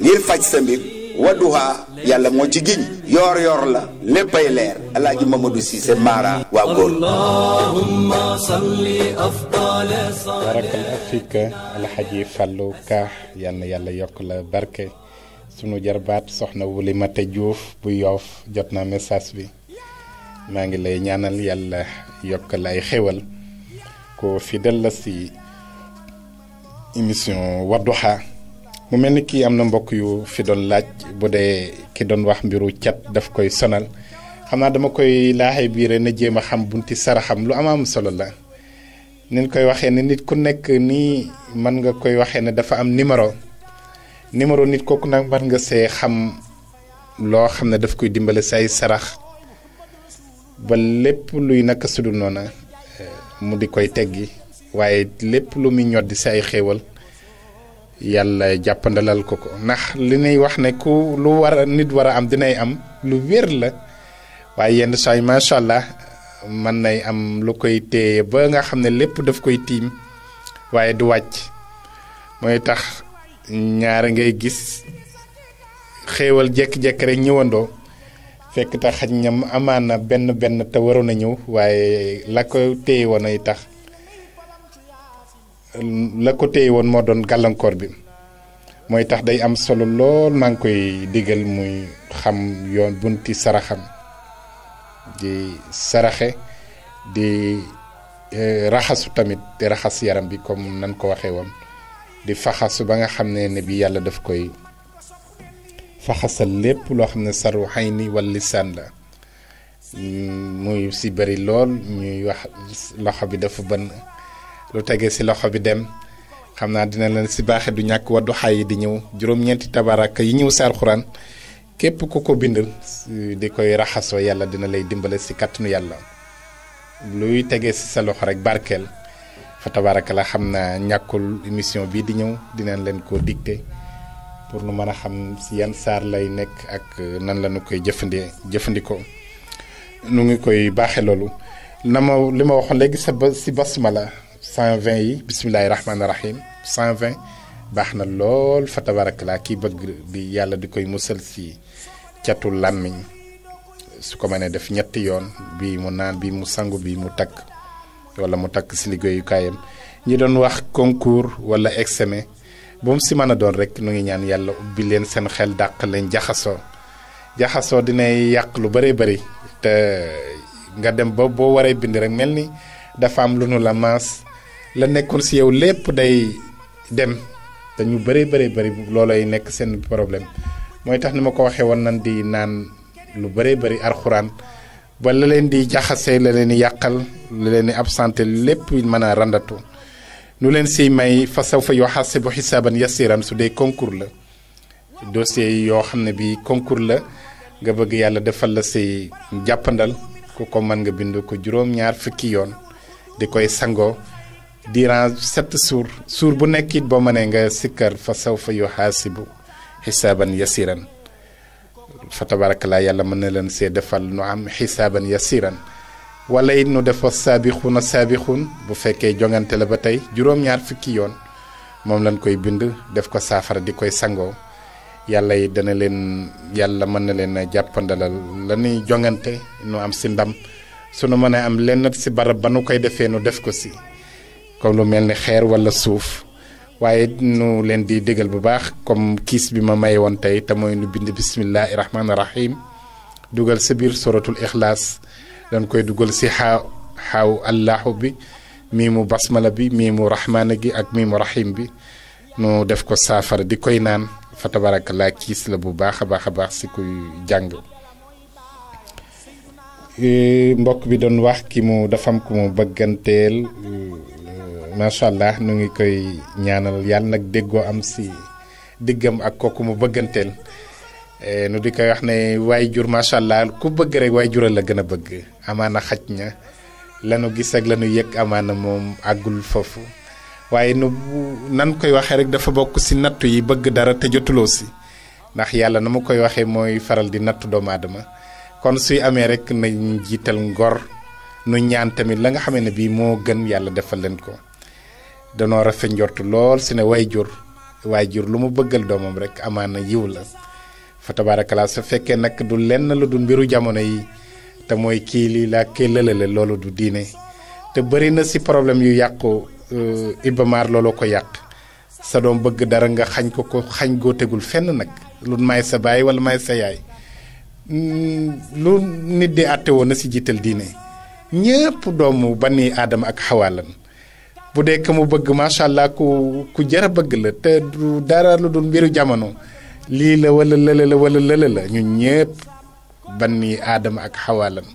ngir faj sa mbir Wadduha yàlla moo ci giñ yoor yoor la léppay leer alaaji Mamadou Cissé Mara waa góor barakal alxaji Fallou Ka yàlla yokk la barke sunu jarbaat soxna wuli mate Diouf bu yoof jot na message bi maa ngi lay ñaanal yàlla yokk la ay xéwal ko fidèle la si émission Wadduha mu mel ni kii am na mbokk yu fi doon laaj bu dee ki doon wax mbiru cat daf koy sonal xam naa dama koy laaxee biire na jéem a xam bunti saraxam lu am am solo la nin koy waxee ne nit ku nekk nii mën nga koy waxee ne dafa am numéro numéro nit kooku nag mën nga see xam loo xam ne daf koy dimbale say sarax ba lépp luy naka sudul noona eh, mu di koy teggi waaye lépp lu muy ñoddi si ay xéewal yalla jappandalal ko ko ndax li ni wax ne ku lu war nit wara am dinay am lu wer la waye yenn ma sha allah man nay am lu koy téye ba nga xamne ne daf koy tim waye du wacc moy tax ñaar ngay gis xewal jek jek rek ñewando fekk tax xaj amana ben ben te waru a ñëw la ko wonay tax la ko téye woon moo doon gàllankoor bi mooy tax day am solo lool maa ngi koy digal muy xam yoon bunti saraxam di saraxe di eh, raxasu tamit di raxas yaram bi comme nan ko waxee woon di faxasu ba nga xam ne ne bi yàlla daf koy faxasal lépp loo xam ne saru xay ni wala lisaan la mm, muy si bëri lool ñuy wax loxo bi dafa bënn lu tege ci loxo bi dem xam naa dina leen ci baaxe du ñàkk waddu xay di ñëw juróom-ñeenti tabaraka yi ñëw ci alxuraan képp ku ko bind di koy raxasoo yàlla dina lay dimbale si ci kàttanu yàlla luy tege ci sa loxo rek barkeel fa tabaraka la xam naa ñàkkul émission bii di ñëw dinañ leen ko dicté pour nu mën a xam ci yan saar lay nekk ak nan la ñu koy jëfandi jëfandikoo nu ngi koy baaxe loolu na ma li ma waxoon léegi sa ba ci basmala 120 yi bisimilahi rahmaani rahim 120 baax na lool fa tabarakalaa kii bëgg bi yàlla di koy musal si catul làmmiñ su ko nee def ñetti yoon bii mu naan bii mu sangu bii mu takk wala mu takk si liggéeyukaayam ñi doon wax concours wala examen bu si mën a doon rek nu ngi ñaan yàlla ubbi leen seen xel dàq leen jaxasoo jaxasoo dinay yàq lu bëree bëri te nga dem ba boo waree bind rek mel ni dafa am lu nu la maas la nekkoon si yow lépp day dem dañu ñu bëree bëri bëri loolay nekk seen problème mooy tax ni ma ko waxee woon nan di naan lu bëree bari alxuraan ba la leen di jaxasee la leen di yàqal la leen di absenté lépp mën a randatu nu leen siy may fa saw fa yoo xaase bu xisaaban yasiran su dee concours la dossier yoo xam ne bi concours la nga bëgg yàlla defal la si jàppandal ku ko mën nga bind ko juróom-ñaar fukki yoon di koy sangoo durant sept suur suur bu nekk it boo mënee nga sikkar fa saw fa yu xaasibu xisaaban yasiran fa tabarakalaa yàlla mën na leen see defal nu am xisaaban yasiran wala it nu def fa saabixuuna saabixuun bu fekkee jongante la ba tey juróom-ñaar fukki yoon moom lañ koy bind def ko saafara di koy sangoo yàlla yi dana leen yàlla mën na leen jàppandalal la ñuy jongante nu am si ndam su nu mën a am lenn si barab ba nu koy defee nu def ko si comme lu mel ni xeer wala suuf waaye nu leen di déggal bu baax comme kiis bi ma may woon tey te mooy nu bind bismillahi rahmaani rahim dugal sa biir suratul ikhlas dañ koy dugal si xaaw xaaw allahu bi miimu basmala bi miimu rahmaana gi ak miimu rahim bi nu def ko saafara di koy naan fa tabarakallah kiis la bu baax a baax a baax si kuy jàng mbokk bi doon wax ki mu dafam ko mu bëgganteel macha allah nu ngi koy ñaanal yàlla nag déggoo am si diggam ak kooku mu bëgganteel eh, nu di koy wax ne waaye jur macha allah ku bëgg rek waaye jural la gën a bëgg amaana xaj na lanu gis ak lanu yëg amaana moom àggul foofu waaye nu nan koy waxee rek dafa bokk si nattu yi bëgg dara te jotuloo si ndax yàlla na ma koy waxee mooy faral di nattu doomu aadama kon suy amee rek nañ jiital ngor nu ñaan tamit la nga xamee ne bii moo gën yàlla defal leen ko danoo rafet njort lool si ne way jur waay jur lu mu bëggal doomam rek amaana yiw la fa tabaarakala su fekkee nag du lenn lu du mbiru jamono yi te mooy kii lii laa kii lëlale loolu du diine te bëri na si problème yu yàqu euh, Ibamaar looloo ko yàq sa doom bëgg dara nga xañ ko ko xañ goo tegul fenn nag lu may sa baay walla may sa yaay mm, lu nit di àtte na si jiital diine ñépp doomu bani aadama ak xawaalan bu dee ka mu bëgg macha allah ku ku jar a bëgg la te du dara lu dul mbiru jamono lii la wala lële la wala lële la ñun ñëpp banni aadama ak xawaalan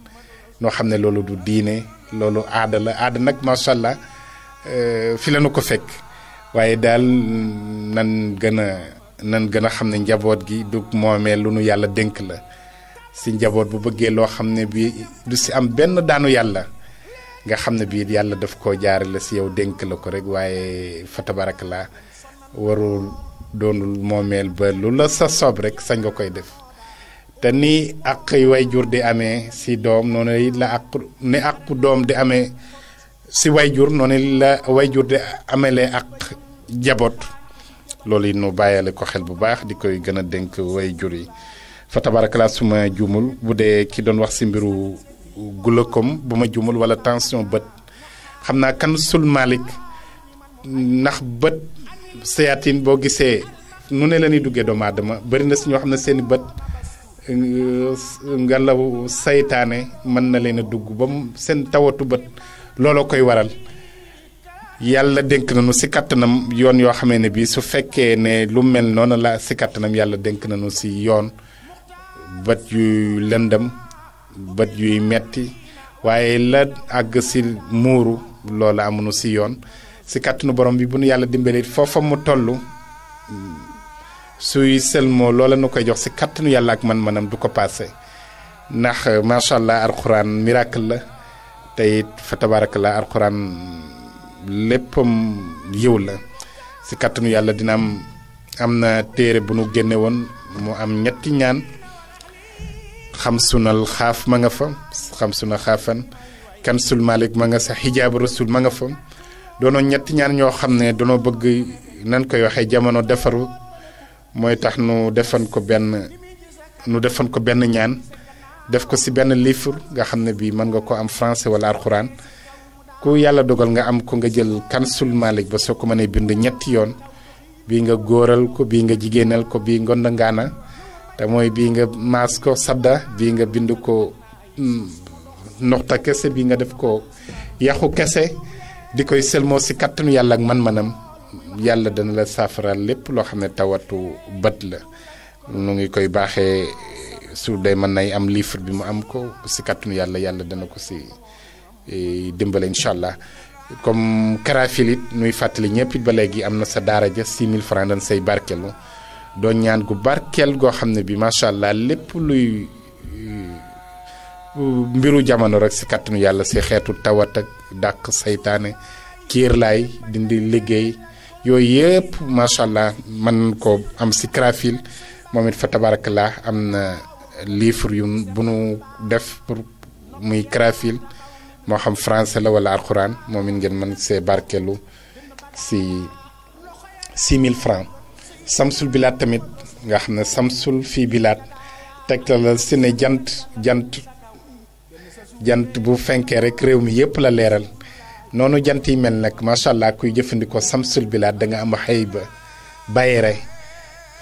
noo xam ne loolu du diine loolu aada la aada nag macha allah euh, fi la ko fekk waaye daal nan gën nan gën a xam ne njaboot gi du moomee lu nu yàlla dénk la si njaboot bu bëggee loo xam ne bi du si am benn daanu yàlla nga xam ne bii yàlla daf ko jaare la si yow denk la ko rek waaye fa tabaraka la warul doonul moomeel ba lu la sa soob rek sañ nga koy def te ni àq way jur di amee si doom noonu la àq ni doom di amee si way jur noonu la way jur di amelee àq jaboot loolu it nu bàyyale ko xel bu baax di koy gën a dénk way jur yi fa suma juumul bu dee ki doon wax si mbiru gula glaucome bu ma jumul wala tension bët xam naa kan sul malik ndax bët sayaatin boo gisee nu ne la ñuy duggee doomu aadama bëri na si ñoo xam ne seen i bët ngelaw seytaane mën na leen a dugg ba seen tawatu bët looloo koy waral yàlla dénk nañu si kattanam yoon yoo xamee ne bii su fekkee ne lu mel noonu la si kattanam yàlla dénk nañu si yoon bët yu lëndam bët yuy metti waaye la àgg si muuru loolu amuñu si yoon si kàttanu borom bi bu nu yàlla dimbalee foofa mu tollu suy sëlmoo loola nu koy jox si kàttanu yàlla ak man-manam du ko paase ndax macha allah alxuraan miracle la te it fa tabaaraka la alxuraan léppam yiw la si kàttanu yàlla dina am am na téere bu nu génnewoon woon mu am ñetti ñaan. xam sunal xaaf ma nga fa xam suna xaafan kansul malik ma nga sa xijaab rasul ma nga fa doonoo ñetti ñaan ñoo xam ne doonoo bëgg nan koy waxee jamono defaru mooy tax nu defan ko benn nu defan ko benn ñaan def ko si benn livre nga xam ne bii mën nga ko am français wala alxuraan ku yàlla dogal nga am ko nga jël kansul malik ba soo ko mënee bind ñetti yoon bii nga góoral ko bii nga jigéenal ko bii ngonda ngaana te mooy bii nga maas ko sadda bii nga bind ko mm, noxta kese bii nga def ko yaxu kese di koy selmoo si kattanu yàlla ak man-manam yàlla dana la saafaral lépp loo xam ne tawatu bët la nu ngi koy baaxee su dee mën nay am livre bi mu am ko si kattanu yàlla yàlla dana ko si e, dimbale incha allah comme karaafilit nuy fàttali ñëpp ba léegi am na sa daara ja 6000 francs dañ say barkelu doon ñaan gu barkeel goo xam ne bi macha allah lépp luy mbiru jamono rek si kàttanu yàlla si xeetu tawat ak dàq saytaane kiirlaay dindi liggéey yooyu yëpp macha allah man ko am si Crafil moom it fa tabarakallah am na livre yu bu nu def pour muy Crafil moo xam français la wala alxuraan moom it ngeen mën see barkeelu si 6000 francs samsul bilaat tamit nga xam ne samsul fii bilaat tegtalal si ne jant jant jant bu fenkee rek réew mi yëpp la leeral noonu jant yi mel nag macha allah kuy jëfandikoo samsul bilaat da nga am xëy ba bayere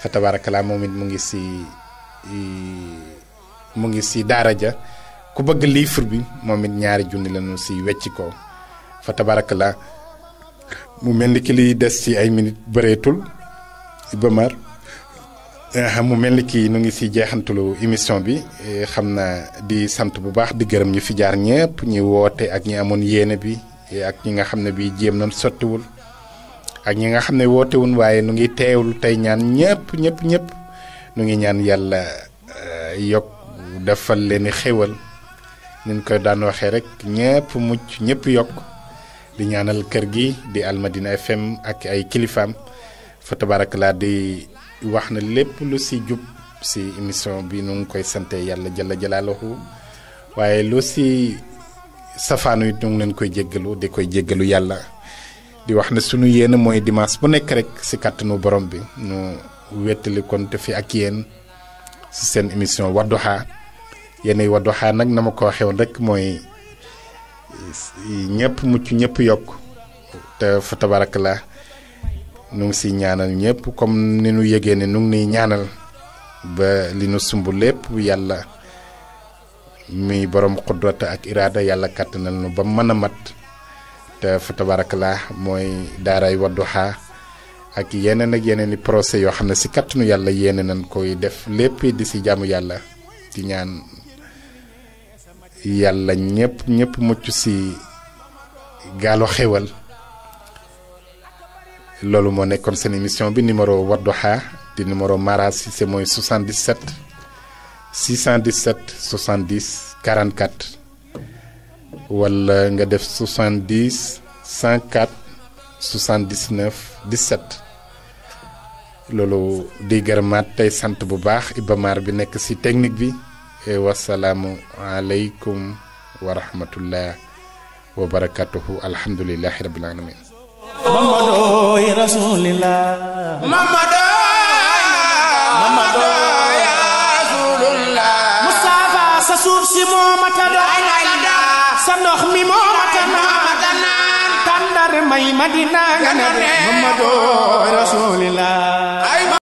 fa tabaarakala moom it mu ngi si mu ngi si daara ja ku bëgg livre bi moom it ñaari junni lañu si weccikoo ko fa mu mel ni ki liy des ci ay minit bëreetul. bamar Mar eh, mu mel ki kii nu ngi ci jeexantalu émission bi eh, xam di sant bu baax di gërëm ñu fi jaar ñëpp ñi woote ak ñi amoon yéene bi eh, ak ñi nga xam ne bii jéem nañ sottiwul ak ñi nga xam ne wun waaye nu ngi teewlu tey ñaan ñëpp ñëpp ñëpp nu ngi ñaan yàlla yokk defal leen xewal ñu koy daan waxee rek ñëpp mucc ñëpp yokk di ñaanal kër gi di almadina fm ak ay kilifaam fa laa di wax na lépp lu si jub si émission bi nu ngi koy sante yàlla jalla jalaalahu waaye lu si safaanu wi nu ngi leen koy jéggalu di koy jéggalu yàlla di wax ne sunu yéen mooy dimanche bu nekk rek si kàttanu borom bi nu wettali kon te fi ak yéen si seen émission Wadduha yéenay Wadduha nag na ma ko waxee woon rek mooy ñëpp mucc ñëpp yokk te fa tabarakalaa nu ngi si ñaanal ñëpp comme ni nu yëgee ne nu ngi nuy ñaanal ba li nu sumb lépp yàlla mi borom xudrata ak iraada yàlla kàttanal nu ba mën a mat te fa tabarakalaa mooy daaray Wadduha ak yeneen ak yeneen i yoo xam ne si kàttanu yàlla yéene nañ koy def lépp di si jaamu yàlla di ñaan yàlla ñëpp ñëpp mucc ci gaalu xéwal loolu moo nekkoon seen émission bi numéro Wadduha di numéro Mara Cissé mooy 77 nga def 70 104 79 17. loolu di gërëmaat tey sant bu baax Iba bi nekk ci technique bi e wasalaamu aleykum wa rahmatullah wa barakatuhu alamin Mamadou ya Rasulillah Mamadou sa suuf si moo mata doon sa ndox mi moo mata naan tàndar may madina nga ne Mamadou Rasulillah